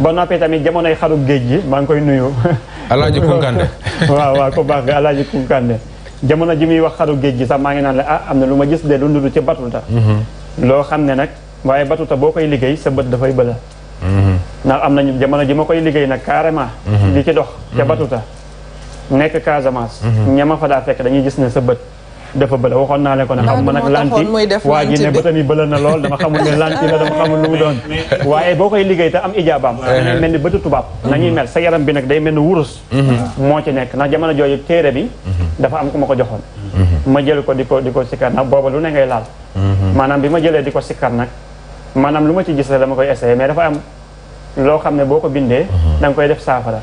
ba noppee tamit jamonoy xaru géej gi maa ngi koy nuyu alaaji kunkande waaw waaw ko baax nga alaaji kunkande jamono ji muy wax xaru géej gi sax maa ngi naan la ah am na lu ma gis de lu ndudd ci loo xam ne nag waaye batuta boo koy liggéey sa bët dafay bëla mm-hmm. ndax am nañu jamono ji ma koy liggéey nag carrément li mm-hmm. ci dox ca mm-hmm. batuta nekk Casamance ñama fa daa fekk dañuy gis ne sa bët dafa bëla waxoon naa leen ko ne xam ma nag lanti waa ji ne bëtam yi bëla na lool dama xamul ne lanti la dama xamul lu mu doon waaye boo koy liggéey te am ijaabaam dana uh-huh. mel ni bëtu tubaab nañuy mel sa yaram bi nag day mel ni wurus uh-huh. moo ci nekk ndax jamono jooju téere bi uh-huh. dafa am ku ma ko joxoon ma jël ko di ko di ko sikkar nag booba lu ne ngay laal maanaam bi ma jëlee di ko sikkar nag maanaam lu ma ci gis la dama koy essayé mais dafa am loo xam ne boo ko bindee da nga koy def saafara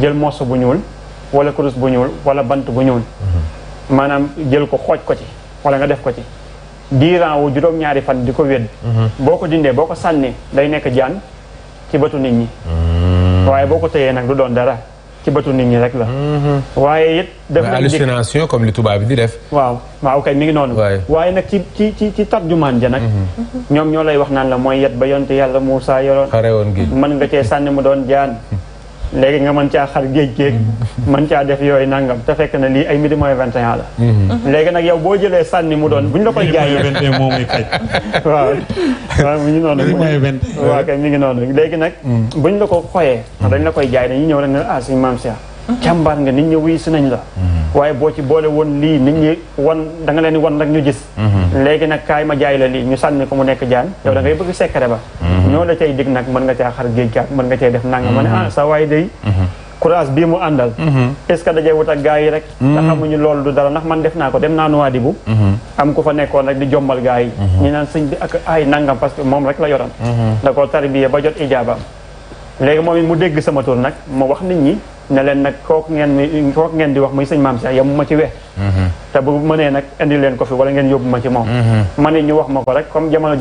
jël morceau bu ñuul wala kurus bu ñuul wala bant bu ñuul maanaam jël ko xooj ko ci wala nga def ko ci diiran wu juróom-ñaari fan di ko wedd mm-hmm. boo ko dindee boo ko sànnee day nekk jaan ci bëtu nit ñi mm-hmm. waaye boo ko tëyee nag du doon dara ci bëtu nit ñi rek la mm-hmm. waaye it def na hallucination comme bi di def waaw waaw mi ngi noonu waaye nag ci ci ci ci tarjumaan ja nag ñoom ñoo lay wax naan la mooy yet ba yonte yàlla Moussa yoroon mën nga cee sànni mu doon jaan léegi nga mën caa xar géej géej mm-hmm. mën caa def yooyu nangam te fekk na lii ay midi mooy 21 la mm-hmm. léegi nag yow boo jëlee sànni mu doon bu ñu la koy jaayee moom mooy xaj waaw mu ñu noonu waaw kay mi ngi noonu léegi nag mm. bu ñu la ko xooyee mm. dañ la koy jaay dañuy ñëw rek ne ah suñu maam Cheikh càmbar nga nit ñi wuy si nañ la mm-hmm. waaye boo ci boole woon lii nit ñi wan da nga leen wan rek ñu gis mm-hmm. léegi nag kaay ma jaay la lii ñu sànni ko mu nekk jaan yow da ngay bëgg ba mm-hmm. ñoo la cay dig nag mën nga caa xar géej kaak mën nga cay def nanga ma ne ah sa waay day courage bii mu àndal est-ce que dajay yi rek te xamuñu loolu du dara ndax man def naa ko dem naa am ku fa nekkoon rek di jombal gars yi ñu naan sëñ ak ay nangam parce moom rek la yoram da ko tarbiye ba jot ijaabam léegi moom it mu dégg sama tur nag ma ne nak nag kooku ngeen ni kooku ngeen di wax muy sëñ maam Cheikh yemu ma ci we te bu mënee nag indi leen ko fi wala ngeen yóbbu ma ci moom ma ñu wax rek comme jamono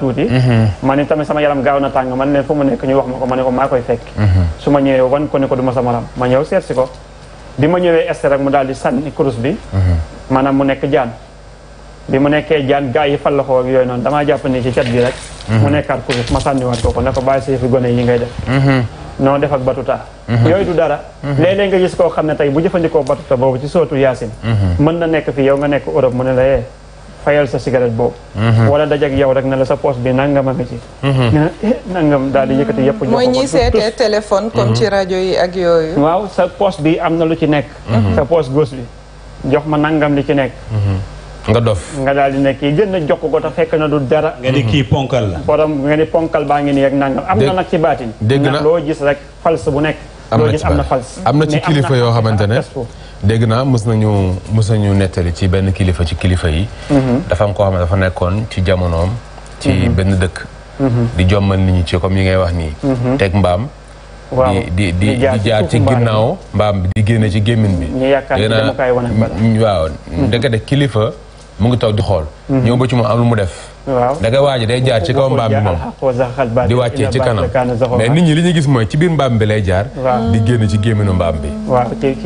tuuti sama yaram gaaw na tàng man leen fu mu nekk ñu wax ma ko ma ne ko maa koy fekk su ma ñëwee wan ko ne ko du ma sama ram ma ñëw seet ko bi ma ñëwee est rek mu daal di sànni kurus bi maanaam mu nekk jaan bi mu jaan gaa yi fallaxoo ak yooyu noonu damaa ni ci bi rek mu nekkaat kurus ma sànniwaat ko ko ne ko bàyyi sa gone yi ngay def ñoo def ak batuta yooyu du dara mhm. léeg-léeg nga gis koo xam ne tey bu jëfandikoo batuta boobu ci sootu yaasin mhm. mën na nekk fii yow nga nekk Europe mu ne la yee eh, fayal sa cigarette boobu mhm. wala dajak yow rek ne la sa poche bi nangam a nga ci nga eh, nangam daal di yëkkati yëpp jox mooy ñi seetee téléphone comme ci rajo yi ak yooyu waaw sa poche bi am na lu ci nekk sa poche gauche bi jox ma nangam li ci nekk nga dof nga daal di ne kii ko te fekk kii ponkal la. borom nga ni ponkal baa ngi nii rek nangam. am na nag ci baatin. dégg na loo gis rek fals bu nekk. am na ci na fals am na ci kilifa yoo xamante ne. dégg na mus nañu mës nañu nettali ci benn kilifa ci kilifa yi. Mhm. dafa am koo xam ne dafa nekkoon ci jamonoom. ci mhm. benn dëkk. Mhm. di jommal nit ñi ci comme yi ngay wax nii. teg mbaam. waaw di di jaar ci ginnaaw mbaam bi di génne ci gémmin bi. ñu yaakaar ne waaw ndekete kilifa. mu ngi taw di xool. Mhm. ñëw ba ci moom am lu mu def. waaw da nga waaj day jaar ci kaw mbaam bi moom di wàccee ci kanam mais nit ñi li ñu gis mooy ci biir mbaam bi lay jaar. di génn ci gémminu mbaam bi. waaw ci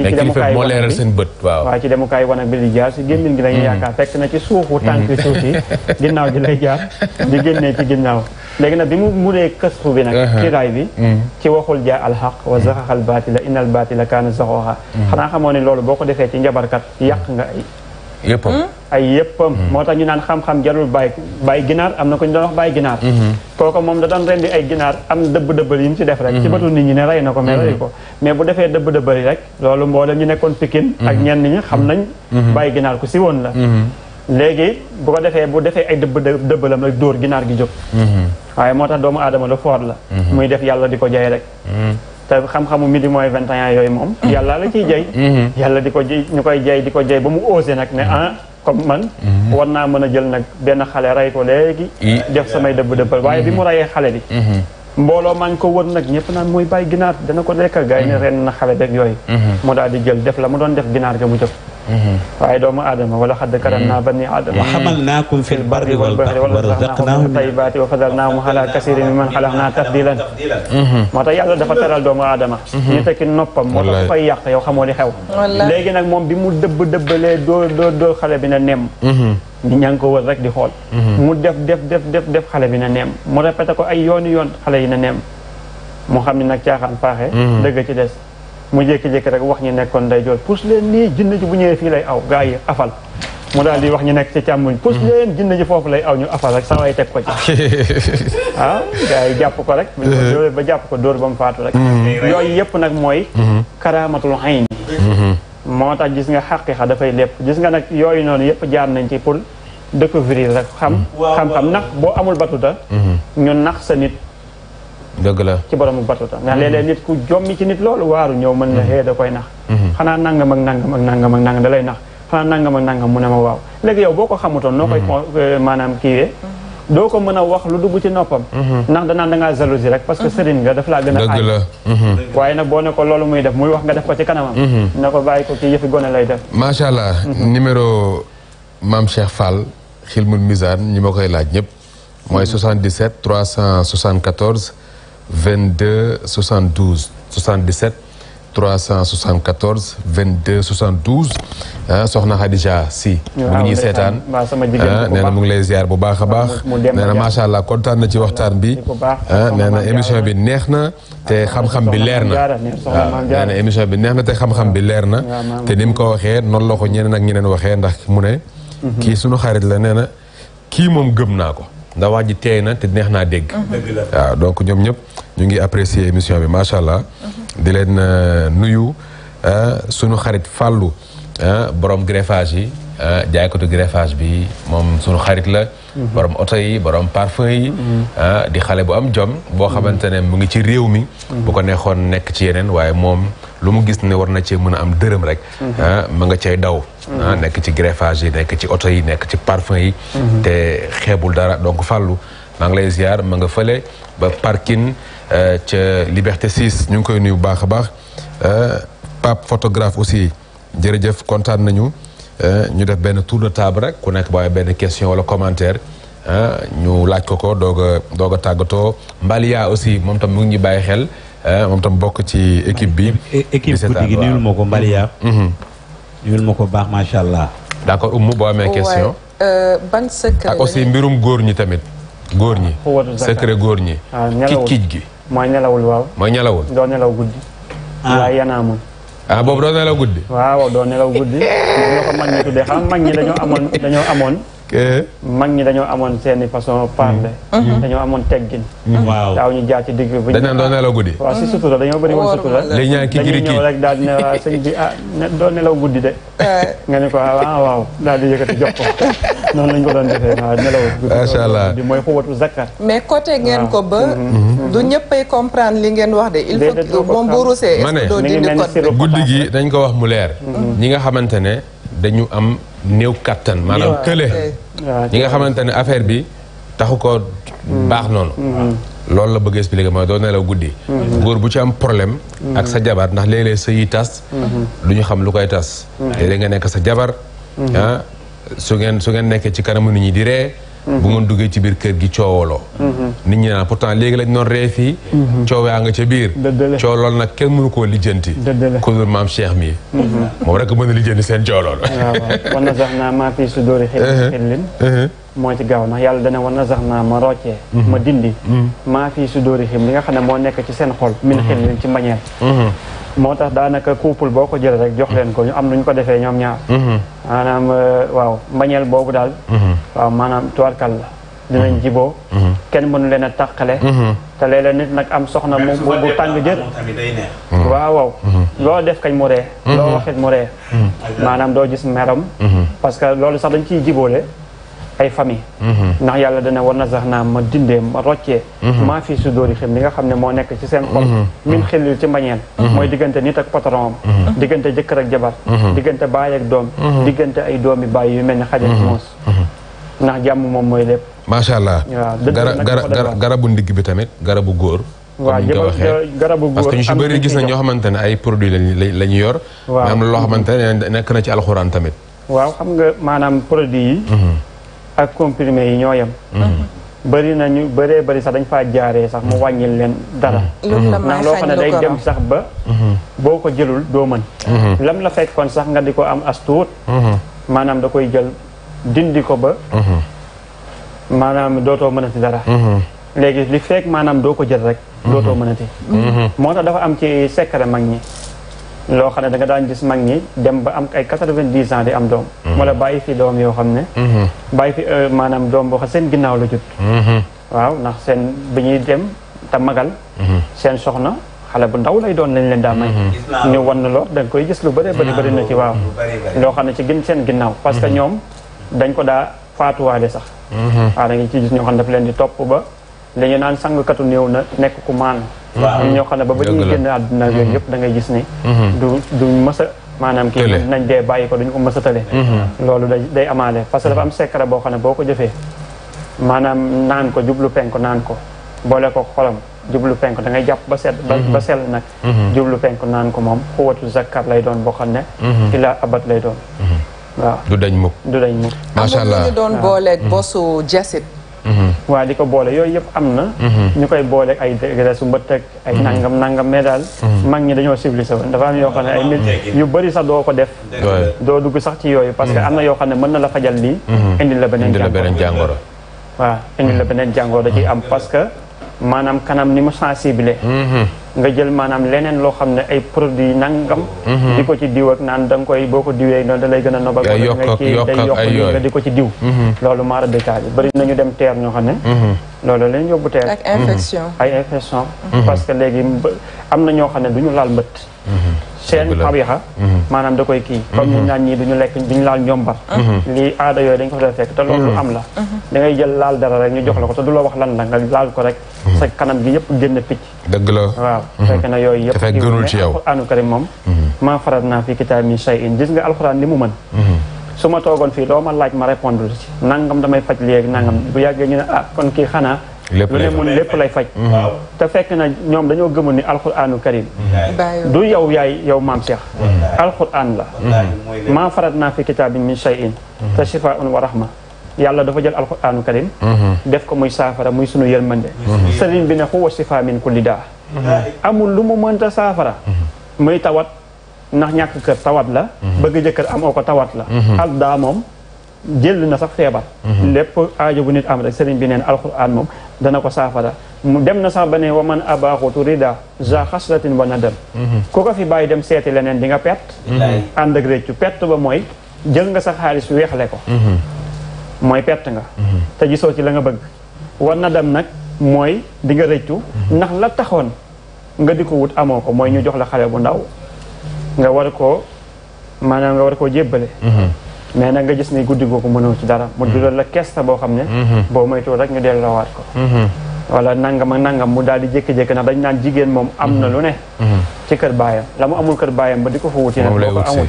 leeral seen bët waaw. waaw ci demukaay wanag bi di jaar si gémmin gi dañuy mm. yaakaar fekk na ci suufu mm. tànk suuf yi ginnaaw ji lay jaar di génnee ci ginnaaw léegi nag bi mu muree këstu bi nag. Uh-huh. ci raay bi. Mm. ci waxul jaa alxaq wa zaxaxal baatila innal baatila kaana zaxooxa. xanaa xamoo ne loolu boo ko defee ci njabarkat yàq nga ay yëppam hmm? ay yëppam hmm. moo tax ñu naan xam-xam jarul bàyyi bàyyi ginaar am na ko ñu doon wax bàyyi ginaar hmm. kooku moom da doon rendi ay ginaar am dëbb-dëbbal yi mu ci def rek ci batu nit ñi ne rey na ko mais rey ko mais bu defee dëbb-dëbbal yi rek loolu mboolem ñu nekkoon Pikine ak ñenn ñi xam nañ bàyyi ginaar ku si woon la léegi bu ko defee bu defee ay dëbb dëbbalam rek dóor ginaar gi jóg waaye moo tax doomu aadama lu foor la muy def yàlla di ko jay rek te xam-xamu midi mooy 21 yooyu moom. Mm-hmm. yàlla la ciy jay. Mm-hmm. yalla di ko jay ñu koy jay di ko jay ba mu osé nag ne ah comme man. Mm-hmm. war naa mën a jël nag benn xale rey ko léegi. Eh, def samay dëbb dëbbal waaye bi mu rayee xale bi. mbooloo maa ngi ko wër nag ñëpp naan mooy bàyyi ginaar dana ko lekk gars yi ren na xale beeg yooyu. moo daal di jël def la mu doon def ginaar ga mu jëf. وعيدهم آدم ولقد ذكرنا بني آدم وحملناكم في البر والبحر ورزقناهم من الطيبات وفضلناهم على كثير ممن خلقنا تفضيلا ما تيعلو دفا ترى دوم آدم نيتك نوبام ما تفاي ياك يا خمو لي خيو لغي نك موم بيمو دب دب لي دو دو دو خالي بينا نيم ni ñang ko wër rek di xool mu def def def def def xale bi na neem mu répété ko ay yoon yoon xale yi na neem mu jékki-jékki rek wax ñu nekkoon day joor pousse leen nii jinne ji bu ñëwee fii lay aw gaa yi afal mu daal di wax ñu nekk ci càmmoñ pousse mm. leen jinne ji foofu lay aw ñu afal rek saa waay teg ko ci ah, gaa yi jàpp ko rek uh-huh. ba jàpp ko dóor ba mu faatu rek mm-hmm. yooyu yëpp nag mooy mm-hmm. karaamatul xayn mm-hmm. moo tax gis nga xa dafay lépp gis nga nag yooyu noonu yëpp jaar nañ ci pour découvrir rek xam xam-xam nax boo amul batuta ñu nax sa nit dëgg la ci borom batuta ndax léeg-léeg nit ku jommi ci nit loolu waaru ñëw mën na xëy mhm. da koy nax mhm. xanaa nangam ak nangam ak nangam ak da lay nax xanaa nangam ak nangam mu ne ma waaw léegi yow boo ko xamutoon noo koy mhm. euh, maanaam kiiwee doo ko mën a wax lu dugg ci noppam ndax danaan da ngaa jalousie rek parce que sëriñ nga def laa gën a aay waaye nag boo ne ko loolu muy def muy wax nga def ko ci kanamam na ko bàyyi ko ci yëfi gone lay def macha allah numéro maam Cheikh Fall xilmul misaan ñi ma koy laaj ñëpp mooy 77 374 22 72 77 374 22 72 ah soxna Khadija si. mu ngi ñuy seetaan ah, nee na mu ngi lay ziar bu baax a baax. nee na macha allah kontaan na ci waxtaan bi. Ah, nee na émission bi neex na te xam-xam bi leer na. waaw émission bi neex na te xam-xam bi leer na. te ni ko waxee noonu la ko ñeneen ak ñeneen waxee ndax mu ne. Mhm. kii sunu xarit la nee na kii moom gëm naa ko. ndax wax ji teey na te neex naa dégg. waaw donc ñoom ñëpp ñu ngi apprécier émission bi macha allah. Mhm. di leen euh, nuyu euh, sunu xarit fàllu euh, borom greffage yi jaaykatu greffage bi moom sunu xarit la. Mhm. borom oto yi borom parfum yi. Mhm. di xale bu am jom boo xamante ne mu ngi ci réew mi. bu ko neexoon nekk ci yeneen waaye moom. lu mu gis ne war na cee mën a am dërëm rek mhm. ah, ma nga cay daw mhm. ah, nekk ci greffage yi nekk ci oto yi nekk ci parfum yi mhm. te xeebul dara donc fàllu maa ngi lay ziar ma nga fële ba parking euh, ca Liberté 6 ñu ngi koy nuy bu baax a baax euh, Pape photographe aussi jërëjëf kontaan nañu euh, ñu def benn tour de table rek ku nekk bàyyi benn question wala commentaire ah, ñu laaj ko ko doog a doog a tàggatoo Mbalia aussi moom tam mu ngi ñu bàyyi xel moom tam bokk ci équipe bi. équipe guddi gi nuyul ma ko Mbaliya. Mm-hmm. Mm-hmm. nuyul ko baax macha allah. d' accord Oumou boo amee question. Euh, ban secret aussi mbirum góor ñi tamit. góor ñi secret góor ñi. kic ah, kic gi. mooy nelawul waaw. mooy nelawul. doo nelaw guddi. Ah. waaye yanaamul. ah boobu doo nelaw guddi. waaw doo nelaw guddi. moom xam mag ñi dañoo amoon. mag ñi dañoo amoon seeni façon parler mm-hmm. Mm-hmm. dañoo amoon teggin mm-hmm. waaw daaw ñu jaar ci nelaw guddi waaw ñaan kii ñëw rek ah, nelaw guddi de eh. nga ne ko ah, ah waaw daal di yëkkati jox ko noonu ko doon defee waaw nelaw di mooy xubatu mais côté ngeen ko ba du ñëppay comprendre li ngeen wax de il faut moom bu rusee ma ne guddi gi dañ ko wax mu leer ñi nga xamante dañu am néew kattan maanaam kële ñi nga xamante ne affaire bi taxu ko baax mm. noonu mm-hmm. loolu la bëgg expliquer mooy doo nelaw guddi mm-hmm. góor bu ci am problème mm-hmm. ak sa jabar ndax léeg-léeg sa yi tas du ñu xam lu koy tas léeg nga nekk sa jabar ah, su ngeen su ngeen nekkee ci kanamu nit ñi di ree bu ngeen duggee ci biir kër gi coowaloo nit ñi naan pourtant léegi lañ noon ree fii coow yaa nga ca biir coow lool nag kenn mënu koo lijjanti ku dul maam Cheikh mii mhm. moom rek mën a lijjanti seen coow moo ci gaaw ndax yàlla dana war na sax naa ma roccee mhm. ma dindi mhm. maa fii su dóori xim li nga xam ne moo nekk ci seen xol min mhm. xim leen ci mbañeel moo tax daanaka couple boo ko jël rek jox leen ko ñu am nuñ ko defee ñoom ñaar maanaam euh, waaw mbañeel boobu daal waaw maanaam tuwarkal la dinañ jiboo kenn mënu leen a tàqale te léeg-léeg nit nag am soxna mu bu tàng jër waaw waaw loo def kañ mu ree loo waxit mu ree maanaam doo gis meram parce loolu sax dañ ciy jiboole ay famille mhm. ndax yàlla dana war na sax naa ma dindee ma roccee mhm. maa fii su dóori xim li nga xam ne moo nekk ci seen xol mhm. min xellil ci mbañeel mooy diggante nit ak patron am diggante jëkkër ak jabar diggante baay ak doom diggante ay doomi baay yu mel ni xajal ci moos ndax jàmm moom mooy lépp allah waaw garabu ndigg bi tamit garabu góor waaw garabu góor parce que ñu si bëri gis na ñoo xamante ne ay produit la ñu yor mais am na loo xamante ne nekk na ci alxuraan tamit waaw xam nga maanaam produit ak comprimé yi ñoo yem mhm. mhm. bëri nañu bëree bëri sax dañ fa jaaree sax mu wàññil leen dara mhm. ndax loo xam ne day dem sax ba boo ko jëlul doo mën lam la fekkoon sax nga di ko am as maanaam da koy jël dindi ko ba maanaam dootoo mënati dara léegi li fekk maanaam doo ko jël rek dootoo mënati moo tax dafa am ci secret mag ñi loo xam ne da nga daan gis mag ñi dem ba am ay quatre-vingt-dix ans di am doom mhm. wala bàyyi fi doom yoo xam ne mhm. bàyyi fi euh, maanaam doom boo xam seen ginnaaw la jut mhm. waaw ndax seen bi ñuy dem te magal seen soxna xale bu ndaw lay doon lañ leen daa may ñu wan loo da nga koy gis lu bëri bëri bëri na ci waaw loo xam ne ci gin seen ginnaaw parce que ñoom dañ ko daa faatuwaale sax waaw da nga ci gis ñoo xam ne daf leen di topp ba li ñu naan sangkatu néew na nekk ku maan waaw ñoo xam ne ba ba ñuy génn àdduna mm-hmm. yooyu yëpp da gis ni mm-hmm. du du mës a maanaam kii nañ dee bàyyi ko duñ ko mës a tële mm-hmm. loolu day day amaale parce que dafa am secret boo xam ne boo ko jëfee maanaam naan jublu penk naan da ngay jàpp ba set ba sell nag jublu penk naan ko moom xuwatu zakkar lay doon boo xam ne ila abat lay doon waaw du dañ mukk du dañ mukk macha allah doon booleeg bosu jasit Mm-hmm. waaye di ko boole yooyu yëpp am na mm-hmm. ñu koy boole ay graisse mbëtt ak ay nangam mm-hmm. nangam mais daal mag ñi dañoo civilisé dafa am yoo xam ne ay yu bëri sax doo ko def doo dugg sax ci yooyu parce que am na yoo xam ne mën na la fajal lii indi la beneen jàngoro waaw indi la beneen jàngoro da ciy am parce que maanaam kanam ni mu sensible mhm. nga jël maanaam leneen loo xam ne ay produit nangam mhm. di ko ci diw ak naan da koy boo ko diwee noonu da gën a nobal da nga ci day yokk li nga di ko ci diw mhm. loolu maara détail yi bëri nañu dem teer ñoo xam ne loolu leen yóbbu teer ak ay infection parce que léegi am na ñoo xam ne du ñu laal mbëtt seen xabixa mhm. maanaam da koy kii comme mhm. ñu naan ñii duñu lekk duñu laal mhm. aada yooyu dañ ko fa def fekk te loolu am la da ngay jël laal dara rek ñu jox la ko te du la wax lan la nga laal ko rek sa kanam gi yëpp génn picc dëgg la waaw fekk na yooyu yëpp fekk gënul ci moom maa farat naa fi kitaab min shay in gis nga alxuraan li mu mën su ma toogoon fii loo ma laaj ma répondre ci nangam damay faj léegi nangam bu yàggee ñu ne ah kon kii xanaa lépp lay lépp lay faj. Mhm. te fekke na ñoom dañoo gëmoon ni alxuraanu karim. du yow yaay yow maam Cheikh. alxuraan la. maa farat naa fi kitaabin min shay'in. te mhm. shifaa'un wa rahma. yàlla dafa jël alxuraanu karim. Mhm. def ko muy saafara muy sunu yërmande. sëriñ bi ne huwa shifaa min kulli daa. amul lu mu mënta saafara. muy tawat ndax ñàkk kër tawat la. bëgg jëkkër amoo ko tawat la. ak daa moom jël na sax feebar. lépp aajo bu nit am rek sëriñ bi neen alxuraan moom. dana ko saafara mu dem na sax ba ne wa man abaaxutu rida ja xasratin na nadam mhm. koo ko fi bàyyi dem seeti leneen di nga perte ànd ak réccu perte ba mooy jël nga sa xaalis weexle ko mhm. mooy perte nga mhm. te ji soo ci la nga bëgg wa dem nag mooy di nga rëccu ndax la taxoon nga di ko wut amoo ko mooy ñu jox la xale bu ndaw nga war koo maanaam nga war koo jébbale mais nag nga gis ni guddi googu mënoo ci dara. mu jural la kesta boo xam ne. Mhm. boo moytuwul rek ñu delloowaat ko. Mhm. wala nangam ak nangam mu daal di jékki-jékki ndax dañ naan jigéen moom am na mhm. lu ne. ci kër baayam la mu amul kër baayam ba di ko fa wuti. moom lay ko amul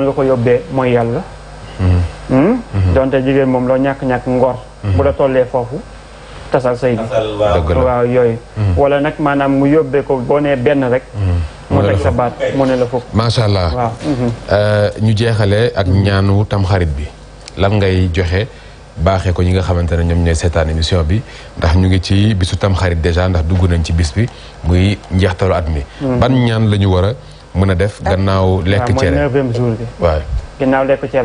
nga ko yóbbee mooy yàlla. Hmm? donte jigéen moom loo ñàkk-ñàkk ngor. la tollee foofu. tasal say bi waaw yooyu. wala nag maanaam mu yóbbee ko boo ne benn rek. mu teg sa baat mu ne la foofu macha allah euh, ñu jeexale ak ñaanu tamxarit bi lan ngay joxe baaxee ko ñi nga xamante ne ñoom ñooy seetaan émission bi ndax ñu ngi ci bisu tamxarit déjà ndax dugg nañ ci bis bi muy njeextalu at mi hmm. ban ñaan lañu ñu war a mën a def ah. gannaaw lekk cere mooy neuvième jour bi waaw gannaaw lekk hmm.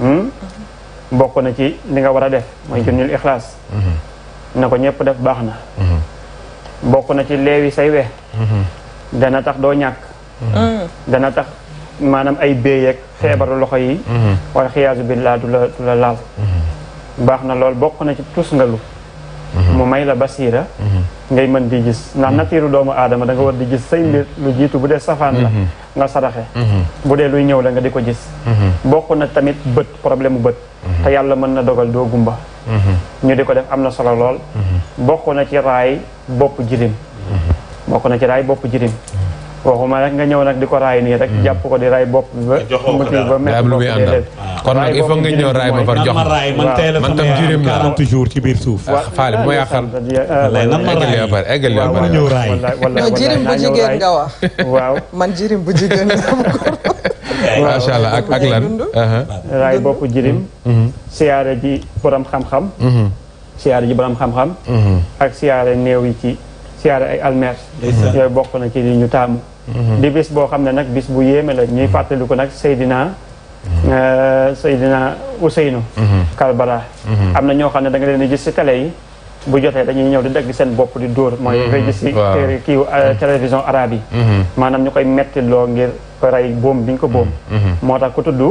hmm. na ci li nga war a def mooy junnil ixlaas na ko ñëpp def baax na bokku na ci lewi say we mhm. dana tax ñak hmm dana tax manam ay béyeeg feebaru loxo yi mhm. wala xiyaasu billaa du la la laal mhm. baax na lol bokku na ci hmm mu may la hmm ngay mën di gis na natiru doomu aadama da nga war di gis say mbir lu jitu bu safan la nga hmm bu luy ñew la nga diko gis hmm bokku na tamit beut problème beut ta yalla na dogal do gumba ñu di ko def am na solo lool mm-hmm. bokk na ci raay bopp jirim mm-hmm. bokk na ci raay bopp jirim ma rek nga ñëw nag di ko raay nii rek. Hmm. jàpp ko di raay bopp ba. joxoo ah. ma. waaw man tam juróom ñaar 40 jours ci biir suuf. waaw ah, faale bu ma yàqal. walaay nan ma raay eggal yoo pare eggal yoo pare. walaay walaay jirim bu jigéen nga wax. waaw man jirim bu jigéen nga macha bopp jirim. Hmm. siyaare ji borom xam-xam. Hmm. siyaare ji borom xam-xam. ak siyaare néew ci siyaare ay almer. yooyu bokk na ci li ñu taamu. Mm-hmm. di bis boo xam ne nag bis bu yéeme la ñuy mm-hmm. fàttali ko nag Seydina mm-hmm. euh, Seydina Ousseynou Kalbala am na ñoo xam ne da nga leen di gis si télé yi bu jotee dañuy ñëw di dagg seen bopp di dóor mooy ngay gis si kii euh, télévision arabe yi maanaam ñu koy metti loo ngir rey boom bi ko boom moo tax ku tudd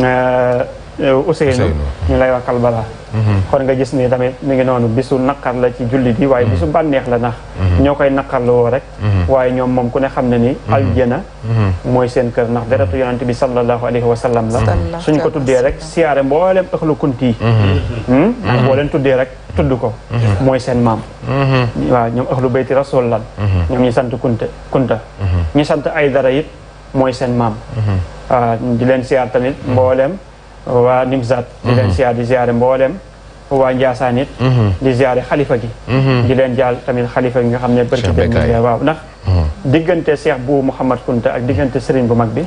euh, Eh, Ousseynou ñu lay wax Kalbala mhm. kon nga gis ni tamit mu ngi noonu bisu naqar la ci jullit yi waaye mhm. bisu bànneex la ndax mhm. ñoo koy naqarlu woo rek waaye ñoom moom ku ne xam ne ni aljana mooy seen kër ndax deretu yonante bi sallallahu alayhi wa sallam la suñ ko tuddee rek siyaare mboolem ëxlu kunt yi hmm? boo tuddee rek tudd ko mooy seen maam waaw ñoom ëxlu bayti rasul lan ñoom ñi sant kunte kunta ñi sant ay dara it mooy seen maam ah, di leen siyaar tamit waa Nimzat di leen siyaar mhm. di ziare mboolem waa Njaasaan mhm. di ziare xalifa gi mhm. di leen jaal tamit xalifa gi nga xam ne barki dem waaw ndax diggante Cheikh bu Mouhamad Kunta ak diggante Serigne bu mag bi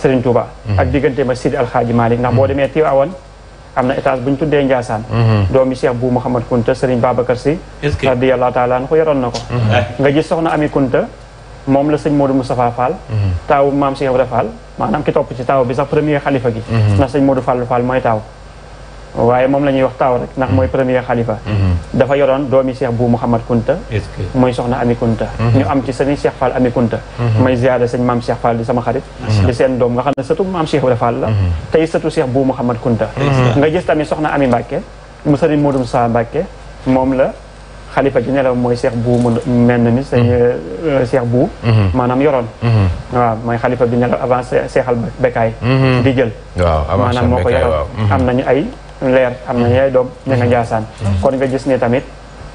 Serigne Touba ak diggante ma Sidi Alxaaji Malik ndax boo demee Tiwaawan am na étage bu ñu tuddee Njaasaan doomi Cheikh bu Mouhamad Kunta Serigne Babacar Si radiyallahu taala anhu yoroon na ko nga gis soxna Ami Kunta mom la seigne Modou Moustapha Fall mhm. taw mam seigne abdou Fall manam ki top ci taw bi sax premier khalifa gi mhm. na seigne Modou Fall Fall moy taw waye mom lañuy wax taw rek nak mhm. moy premier khalifa dafa yoron dua Cheikh bu Muhammad Kunta moy soxna Ami Kunta ñu am ci seigne Cheikh Fall Ami Kunta may ziyaare seigne mam Cheikh Fall di sama xarit di sen dom nga xamne ne mam Cheikh abdou Fall la tay sëtu Cheikh bu mohammed Kunta nga gis tammi soxna Ami mbacke mu seigne Modou Moustapha mbacke mom la xalifa général mooy seex Bou mu mel ni sëñ mm-hmm. euh, euh, Cheikh Bou mm-hmm. maanaam yoroon mm-hmm. waaw mooy xalifa général avant Cheikhal Bekaay di jël maanaam moo ko yoroon am nañu ay leer am nañu ay doom ña nga kon nga gis ne tamit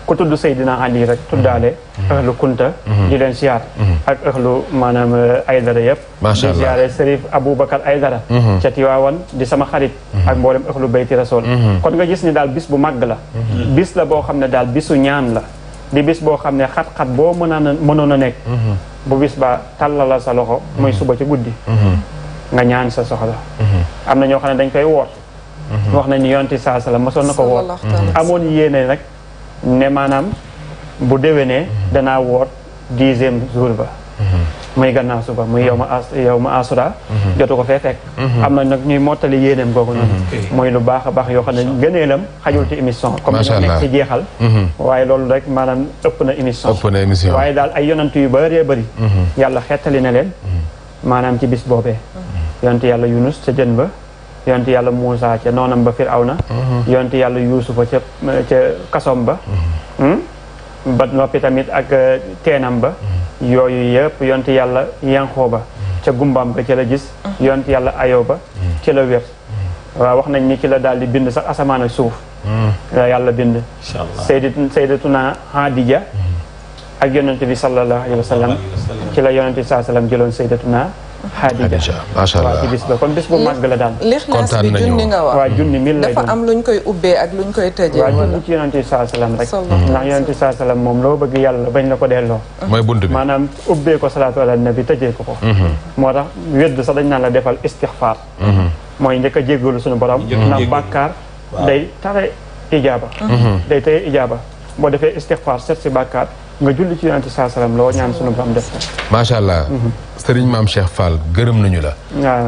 ko tuddu sayidina Ali rek tuddaale mm-hmm. ahlu Kunta mm-hmm. di len siyaar mm-hmm. ak ahlu manam eh, Aydara yeb di siyaare Serif bakkar Aydara ci Tiwaawan di sama xarit ak mbolam ahlu Bayti Rasool kon nga gis ni dal bis bu mag la bis la bo xam dal bisu ñaan la di bis bo xam ne xat-xat boo mënaan bu bis ba talala sa loxo moy suba ci guddii nga ñaan sa soxla amna ño ñoo dañ koy wor wax ni yonti sallallahu alaihi wasallam nako wor amone yene nak ne maanaam bu ne danaa woot dixième jour ba mhm. muy gannaaw suba muy yow ma as yow ma asura mhm. jotu ko fee fekk mhm. am na nag ñuy mottali yéeneem googu noonu muy lu baax a baax yoo xam ne gëneelam xajul ci émission comme ñoo nekk ci jeexal waaye loolu rek maanaam ëpp na émission ëpp na waaye daal ay yonant yu bëree bëri yàlla xettali na leen maanaam ci bis boobee yonant yàlla yunus ca jën ba yonti yalla musa ci nonam ba Firawna mhm. yonti yalla yusuf ci ci kasom mhm. hmm? ba ba nopi tamit ak eh, tenam ba mhm. yoyu yep yonti yalla yanxoo ba ci gumbam ba ci la gis yonti yalla ayo ba ci la wer wa wax nañ ni ci la dal di bind sax asaman ak suuf hmm yalla bind saydi sayyidatuna hadija ak yonnati bi sallallahu alaihi wasallam ci la yonnati sallallahu alaihi wasallam jelon sayyidatuna Xadija macha allah waaw ci bis ba kon bis bu màgg la daal. kontaan nañu bi junni nga wax. waaw junni mil lay doon dafa am luñ koy ubbee ak luñ koy tëjee. waaw junni ci yonente saa salaam rek. Mhm. ndax yonente saa salaam moom loo bëgg yàlla bañ la ko delloo. mooy bunt bi maanaam ubbee ko salaatu ala nabi tëjee ko ko. Mhm. moo tax wedd sax dañ naan la defal istixfaar. Mhm. mooy njëkk a jéggalu suñu borom. ndax bàkkaar day tare ijaaba. day tare ijaaba boo defee istixfaar set si bàkkaar. nga julli ci yonent saa salaam loo ñaan sunu borom def ko. macha allah. Mhm. sëriñ maam Cheikh Fall gërëm nañu la.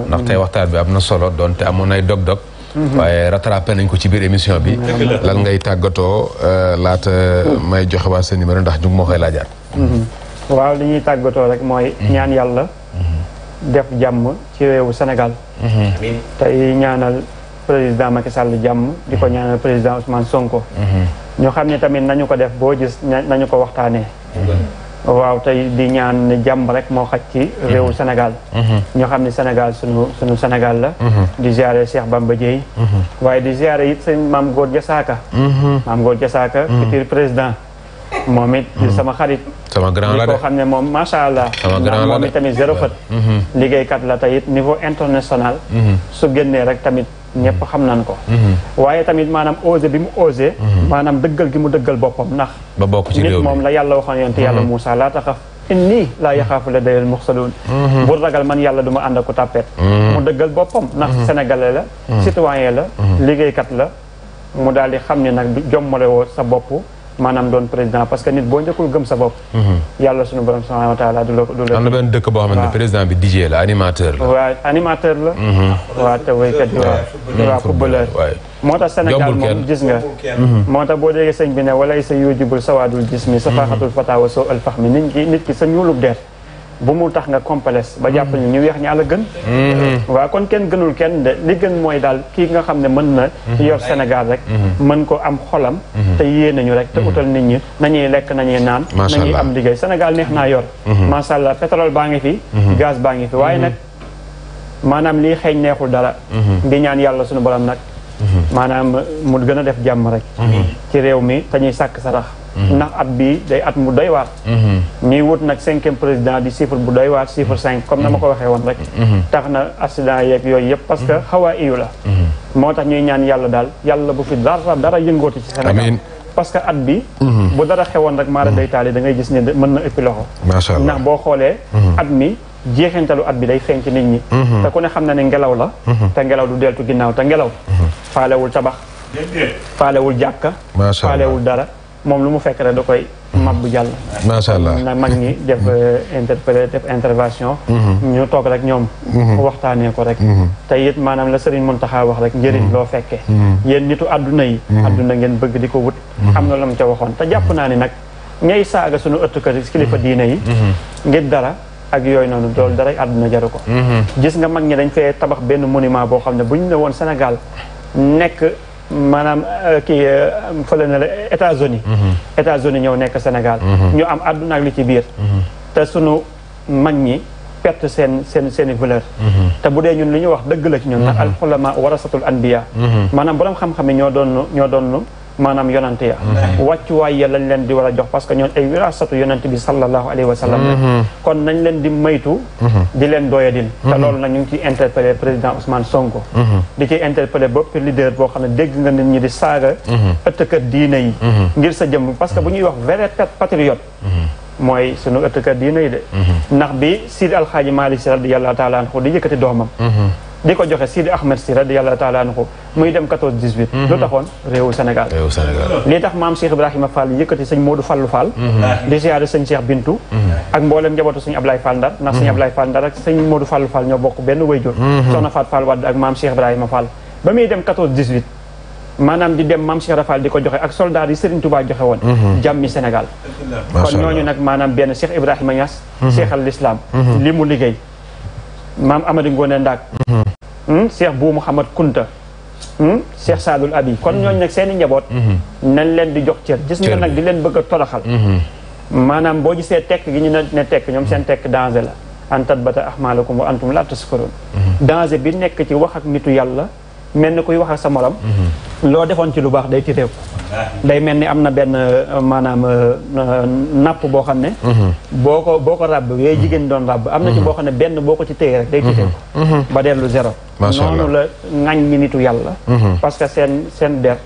ndax te waxtaan bi am na solo donte amoon ay dog-dog. Mhm. waaye rattrapé nañ ko ci biir émission bi. lan ngay tàggatoo euh, laata may joxe waa sa numéro ndax ñu ngi moo koy laajaat. Mhm. waaw li ñuy tàggatoo rek mooy ñaan yàlla. def jàmm ci réewu Sénégal. tey ñaanal président Macky Sall jàmm. di ko ñaanal président Ousmane Sonko. ñu xamni tamit nañu ko def bo gis nañu ko waxtane waaw tay di ñaan jamm rek mo xacc ci rew mhm. senegal mhm. ñu xamni senegal suñu sunu senegal la mhm. di ziaré Cheikh Bamba Dieye waye di ziaré yit sëñ mam Góor jassaka mam Góor jassaka futur président momit it sama xarit sama grand la ko xamne mom ma sha allah sama grand la de tamit zéro la tayit niveau international su génnee rek tamit ñëpp xam nañ ko mhm. waaye tamit maanaam osé bi mu osé mhm. maanaam dëggal gi mu dëggal boppam ndax ba bokk ci réew mi nit moom la yàlla waxoon yonent yàlla mhm. Moussa laa taxaf inni la yaxaafu la dayal muxsaloon bu ragal man yàlla du ma ànd mu dëggal boppam ndax sénégalais la citoyen la kat la mu daal di xam ne nag jommale woo sa bopp maanaam doon président parce que nit boo njëkkul gëm sa bopp mhm. yàlla suñu borom subhanahu wa taala du la du la am na benn dëkk boo xamante ne président bi DJ la animateur la waaw animateur la mhm. waaw te waykat bi waaw mhm. waaw footballeur moo tax Sénégal moom gis nga moo tax boo déggee sëñ bi ne walay sa yujibul sawaadul gis mi sa faaxatul fataawa soo alfax mi nit ki nit ki sa ñuulub deer bu mu tax nga complexe ba jàpp ni ñu weex ñaa la gën mm-hmm. waaw kon kenn gënul kenn li gën mooy daal kii nga xam ne mën na mm-hmm. yor Sénégal rek mm-hmm. mën ko am xolam te yée nañu rek te utal nit ñi na ñuy lekk nañuy naan nañuy am liggéey Sénégal neex naa yor macha allah pétrole baa ngi fi gaz baa ngi fi waaye nag maanaam li xeeñ neexul dara di ñaan yàlla suñu borom nag maanaam mu gën a def jàmm rek ci réew mi te ñuy sàkk sarax ndax at bii day at mu doy waar ñuy mhm. wut nag cinquième président di chiffre bu doy waar chiffre cinq comme na ma ko waxee woon rek mhm. Mhm. tax na accident yeeg yooyu yëpp parce que xawaa la moo tax ñuy ñaan yàlla daal yàlla bu fi dara dara yëngooti ci Sénégal parce que at bi bu dara xewoon rek maara day taali da ngay gis ne mën na ëppi loxo macha allah ndax boo xoolee at mi jeexintalu at bi day feeñ ci nit ñi te ku ne xam na ne ngelaw la te ngelaw du deltu ginnaaw te ngelaw faalewul tabax faalewul jàkka faalewul dara mom lu mu fekk rek da koy jall ma sha allah na mag ñi def mhm. euh, interpellé def intervention mhm. ñu tok rek ñom mhm. waxtane ko rek tay it manam la Serigne muntaha wax rek njëriñ lo fekke yeen nitu aduna yi aduna ngeen bëgg diko wut amna lam ci waxon ta japp te jàpp naa ni nag ñay saaga suñu ëttu ci kilifa diine yi ngeen dara ak yoy nonu loolu dara aduna jaru ko gis nga mag ñi dañ fay tabax ben monument bo xamne ne ne won senegal nek maanaam euh, kii fële na la États-Unis mhm. États-Unis ñëw nekk Sénégal mhm. ñu am àdduna ak li ci biir mhm. te sunu mag ñi perte seen seen seeni valeur te bu dee ñun li ñu wax dëgg la ci ñun nag al ulama warasatul anbiya maanaam borom xam-xam ñoo doon ñoo doon maanaam yonante ya mhm. wàccuwaay ya lañ leen di war a jox parce que ñoom ay wirasatu yonante bi sallallahu alayhi wa sallam mhm. kon nañ leen di maytu mhm. di leen doyadin te loolu nag ñu ngi président Ousmane Sonko di ciy interpellé bopp leader boo xam ne dégg nga nit ñi di saaga ëttëkat diine yi ngir sa jëm parce que bu ñuy wax vrai patriote mooy sunu ëttëkat diine yi de ndax bi Sidi Alxaaji Maalik Si radiyallahu taala anhu di yëkkati doomam diko joxe Sidi Ahmed si radiyallahu taala anhu muy dem 14 18. Mhm. lu taxone réewu senegal réewu senegal li tax mam Cheikh Ibrahima Fall yëkkati seigne Modou Fallu Fall. Mhm. di ziare seigne Cheikh bintou mhm. ak mbolam njabootu seigne Ablaye Fall Ndar nak seigne Ablaye Fall Ndar ak seigne Modou Fallu Fall ño bokk ben wayjur. soxna fat Fall wad ak mam Cheikh Ibrahima Fall. bamuy dem 14 18 manam di dem mam Cheikh Rafal diko joxe ak soldat yi Serigne Touba joxe won jammi senegal kon ñoñu nak manam ben Cheikh Ibrahima Niass. Cheikh al Islam. limu liggey maam Amady Ngoone Ndak. Mhm. Hmm, Cheikh Bou Mouhamad Kunta. Hmm, Cheikh Sadul Abi kon mhm. ñooñu nag seen i njaboot. Mhm. nañ leen di jox cër gis nga nag di leen bëgg a toroxal. maanaam boo gisee tekk gi ñu ne tekk ñoom seen tekk danger la. an tatbata ahmaalakum wa antum la taskuroon danger bi nekk ci wax ak nitu yàlla. mel ni kuy wax ak sa morom. loo defoon ci lu baax day tiiteeku. day mel ni am na benn euh, maanaam euh, napp boo xam ne. boo ko boo ko ràbb yooyu jigéen doon ràbb. am na ci boo xam ne benn boo ko ci téye rek day tiiteeku. ba dellu zéro. noonu la ŋañ nitu yàlla. Mhm. parce que seen seen der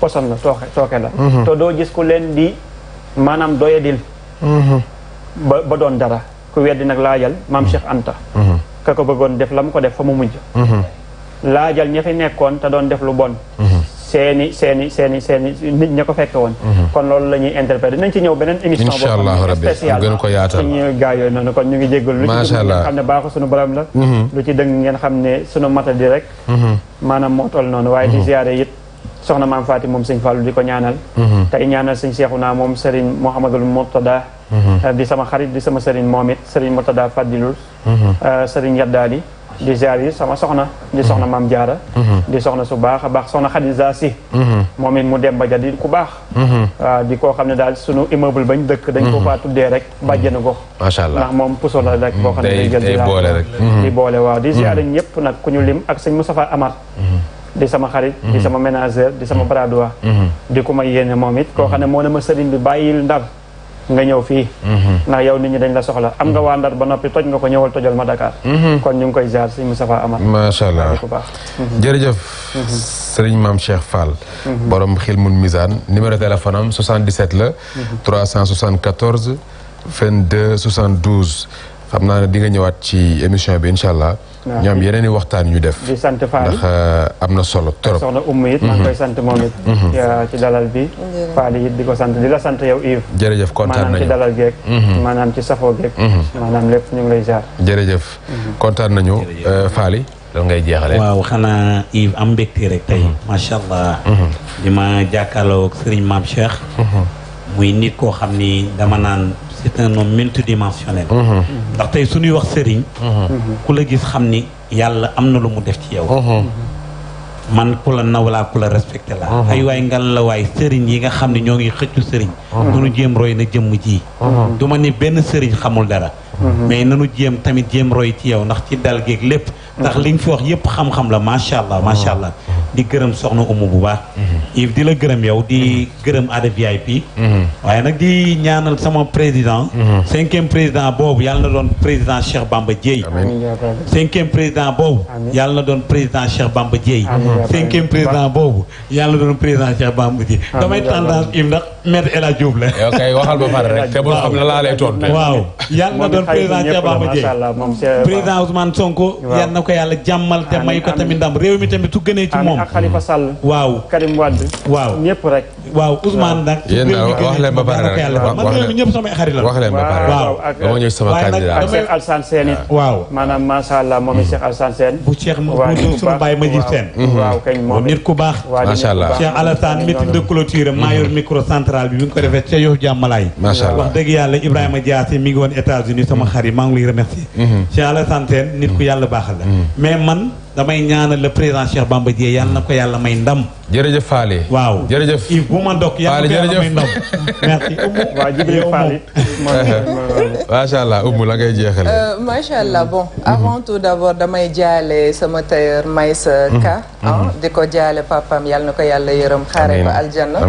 poson la tooke tooke la. Mhm. te doo gis ku leen di maanaam doyadil. Mhm. ba ba doon dara ku weddi nag laajal maam Cheikh Anta. ka ko bëggoon def la mu ko def fa mu mujj. laajal ña fi nekkoon te doon def lu bon mhm. seeni seeni seeni seeni nit ña ko fekke woon mhm. kon loolu la ñuy interprété nañ ci ñëw beneen émission incha allahu rabbi gën ko yaatal suñu gaa yooyu noonu kon ñu lu la mhm. lu ci dëng ngeen xam ne suñu mata di rek maanaam moo toll noonu waaye di ziare it soxna maam Faati moom sëñ Fallou di ko ñaanal tey ñaanal sëñ Seexuna moom sëriñ Mouhamadul Murtada di sama xarit di sama sëriñ moom it sëriñ Murtada Fadilul euh, sëriñ Yaddaali di ziar yi sama soxna di soxna maam jaara mhm. di soxna su baax a baax soxna Xadija si mhm. moom it mu dem ba ja di ku baax mhm. waaw di koo xam ne daal sunu immeuble bañ dëkk dañ ko faa tuddee rek bàjjenu gox macha allah ndax moom puso la rek boo xam ne day jël di boole waaw di ziar ñëpp nag ku ñu lim ak sëñ Moustapha Amar di sama xarit di sama ménagère di sama bras di ku ma yéene moom it koo xam ne moo ne ma sëriñ bi bàyyil ndar nga ñëw fii mhm. ndax yow nit ñi dañ la soxla am nga waa Ndar ba noppi toj nga ko ñëwal tojal ma Dakar mhm. kon ñu ngi koy ziar sëñ Moustapha Amar macha allah bu baax mhm. jërëjëf sëriñ Maam Cheikh Fall borom xilmul misaan numéro téléphone am 77 la 374 22 72 xam naa ne di nga ñëwaat ci émission bi incha allah. waaw ah, ñoom yeneen i waxtaan ñu def. di sant Fally ndax eh, am na solo trop. soxna Oumou it sant moom it. Mm-hmm. Mm-hmm. ci bi. Fally it di ko sant di la sant yow Yves. jërëjëf kontaan nañu maanaam ci mm-hmm. ci safoo lépp ñu lay jaar. jërëjëf kontaan nañu eh, Fally. loolu ngay jeexale waaw xanaa Yves am mbégte rek tey. macha allah. di ma jàkkaarloo ak Serigne muy nit koo xam ni dama naan. c'est un homme multidimensionnel. ndax tay suñu wax serigne ku la gis xamni yàlla amna lu mu def ci yow. man ku la nawla laa ku la respecté la ay way ngal la way serigne yi nga xamni ne ñoo ngi xëccu serigne nanu jëm roy na jëm ji. duma ni ben serigne xamul dara. mais nanu jëm tamit jëm roy ci yow ndax ci dal geeg lépp. ndax liñ fi wax yépp xam-xam la macha allah macha allah. di gërëm soxna umu bu baax mhm. Yves di la gërëm yow di mhm. gërëm Ada VIP mhm. waaye nag di ñaanal sama président cinquième président boobu yàlla na doon président Cheikh Bamba Dièye cinquième président boobu yàlla na doon président Cheikh Bamba Dièye damay tendance im ndax maître El Hadj Diouf la yow waxal ba pare rek te boo xam la laa lay tontu waaw yàlla na doon président Cheikh Bamba Dièye président Ousmane Sonko yàlla na ko yàlla jàmmal te may ko tamit ndam réew mi tamit su gënee ci moom ak Khalifa mhm. Sall. waaw Karim Wade. waaw ñëpp rek. waaw Ousmane nag. yéen daal wax leen ba pare rek wax leen ñëpp samay xarit la. wax leen ba pare waaw maanaam macha allah moom it bu Cheikh ma ji seen. Mhm. waaw kañ moom nit ku baax. macha allah Cheikh Alassane meeting de clôture mhm. maa yor micro central bi mi ko defee ca Yoff Jàmmalaay. macha allah wax dëgg yàlla Ibrahima Diassé mi ngi woon États-Unis sama xarit maa ngi remercier. Cheikh Alassane nit ku yàlla baaxal la mais man damay ñaanal le président Cheikh Bamba Dièye yàlla na ko yàlla may ndam. jërëjëf Fallé. waaw jërëjëf Yves bu ma ndokk yàlla na merci Oumou. waa Jibril Fallé. macha la ngay jeexale. Euh, macha allah bon avant tout d' abord damay jaale sama tailleur Maïssa Ka. Ah, di ko jaale papaam yàlla na ko yàlla yërëm xaare ko aljanna.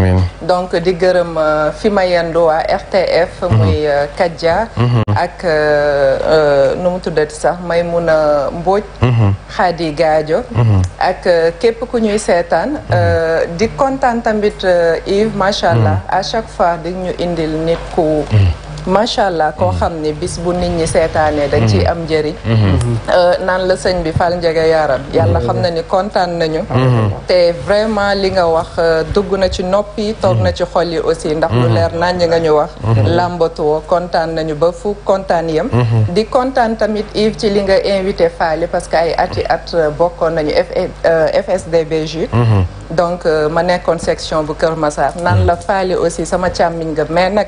donc di gërëm euh, fi ma yendu waa RTF. muy euh, Kadja. ak nu tuddati sax Maymouna Mbodj. Xaadi. Ndeye mhm. ak euh, képp ku ñuy seetaan. Mhm. Euh, di kontaan tamit euh, Yves macha allah mhm. à chaque fois di ñu indil nit ku. macha allah koo mhm. xam ni bis bu nit ñi seetaanee dañ ci mhm. am njëriñ mhm. euh, naan la sëñ bi fal njege yaram yàlla xam na ni kontaan nañu te vraiment li nga wax euh, dugg na ci nopp yi toog na ci xol yi aussi ndax lu leer naññ nga ñu wax làmbatuwoo kontaan nañu ba fu kontaan yem di kontaan tamit Yves ci li nga invité Fally parce que ay ati at euh, bokkoon nañu FSDBJ donc ma nekkoon section bu Kër Massar naan la Fally aussi sama càmmiñ nga mais nag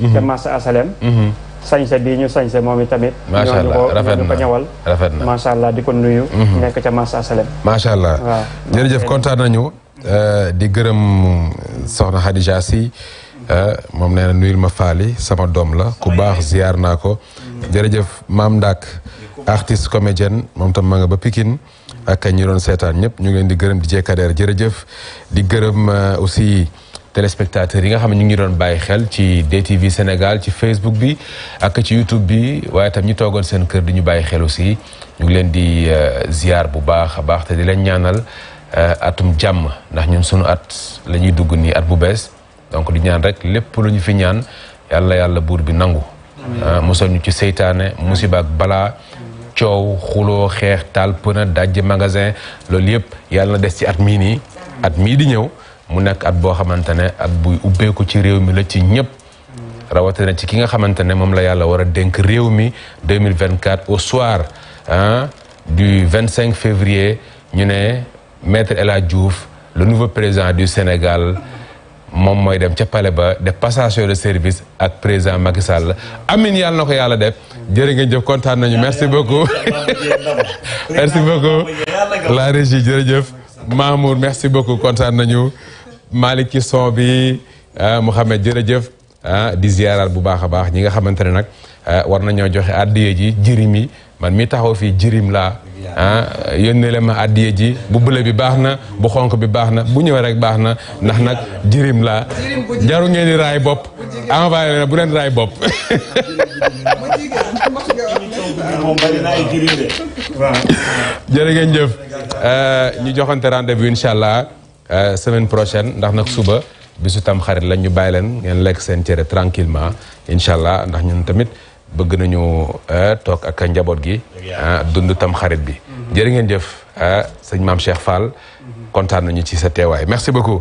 te mhm. Massa Asalem. Mhm. sañse bii ñu sañse moom itamit. macha allah rafet na ñu ko ñawal. rafet na macha allah di ko nuyu. Mhm. nekk ca Massa Asalem. macha allah waaw jërëjëf kontaan nañu. Euh, di gërëm soxna Khadija Sy euh, moom nee nuyul ma faali sama doom la ku baax ziar nako. ko. jërëjëf maam Ndak artiste comédienne moom tam ma nga ba Pikine ak ñi doon seetaan ñëpp ñu ngi di gërëm di jekkadeer jërëjëf di gërëm euh, aussi. téléspectateurs yi nga xam ne ñu ngi doon bàyyi xel ci DTV Sénégal ci Facebook bi ak ci YouTube bi waaye tam ñu toogoon seen kër di ñu bàyyi xelu si ñu ngi leen di euh, ziar bu baax a baax te di leen ñaanal euh, atum jàmm ndax ñun sunu at la ñuy dugg nii at bu bees donc di ñaan rek lépp lu ñu fi ñaan yàlla yàlla buur bi nangu. mosal ah, ñu ci seytaane musiba ak balaa. coow xuloo xeex taal pëna dajj magasin loolu yëpp yàlla des ci at mii nii. at mii di ñëw. mu nekk at boo xamante ne at buy ubbeeku ci réew mi la ci ñëpp rawatina ci ki nga xamante ne moom la yàlla war a dénk réew mi 2024 au soir ah du 25 février ñu ne maître et la Diouf le nouveau président du Sénégal moom mooy dem ca palais ba def passation de service ak président Macky Sall amin yàlla na ko yàlla def jërë ngeen jëf kontaan nañu merci beaucoup merci beaucoup la régie jërëjëf merci beaucoup kontaan nañu Malick ci son bi ah, Mouhamed jërëjëf ah, di ziaraat bu baax a baax ñi nga xamante ne nag ah, war nañoo joxe addiye ji jirim yi man mi taxaw fii jirim la ah yónnee leen ma addiye ji bu bule bi baax na bu xonq bi baax na bu ñëwee rek baax na ndax nag jirim la jaru ngeen di raay bopp envoyé bu leen raay bopp jërë jëf ñu joxante rendez-vous incha allah Euh, semaine prochaine ndax nag suba bisu tamxarit xarit la ñu bàyyi leen ngeen lekk seen cere tranquillement incha allah ndax ñun tamit bëgg nañu euh, toog ak njaboot gi euh, dund tam xarit bi mhm. jërë ngeen jëf sëñ maam Cheikh Fall mhm. kontaan nañu ci sa teewaay merci beaucoup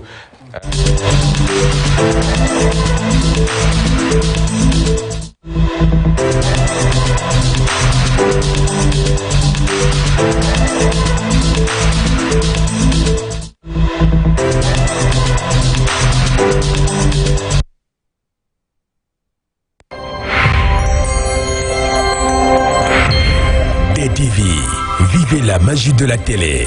la magie de la télé.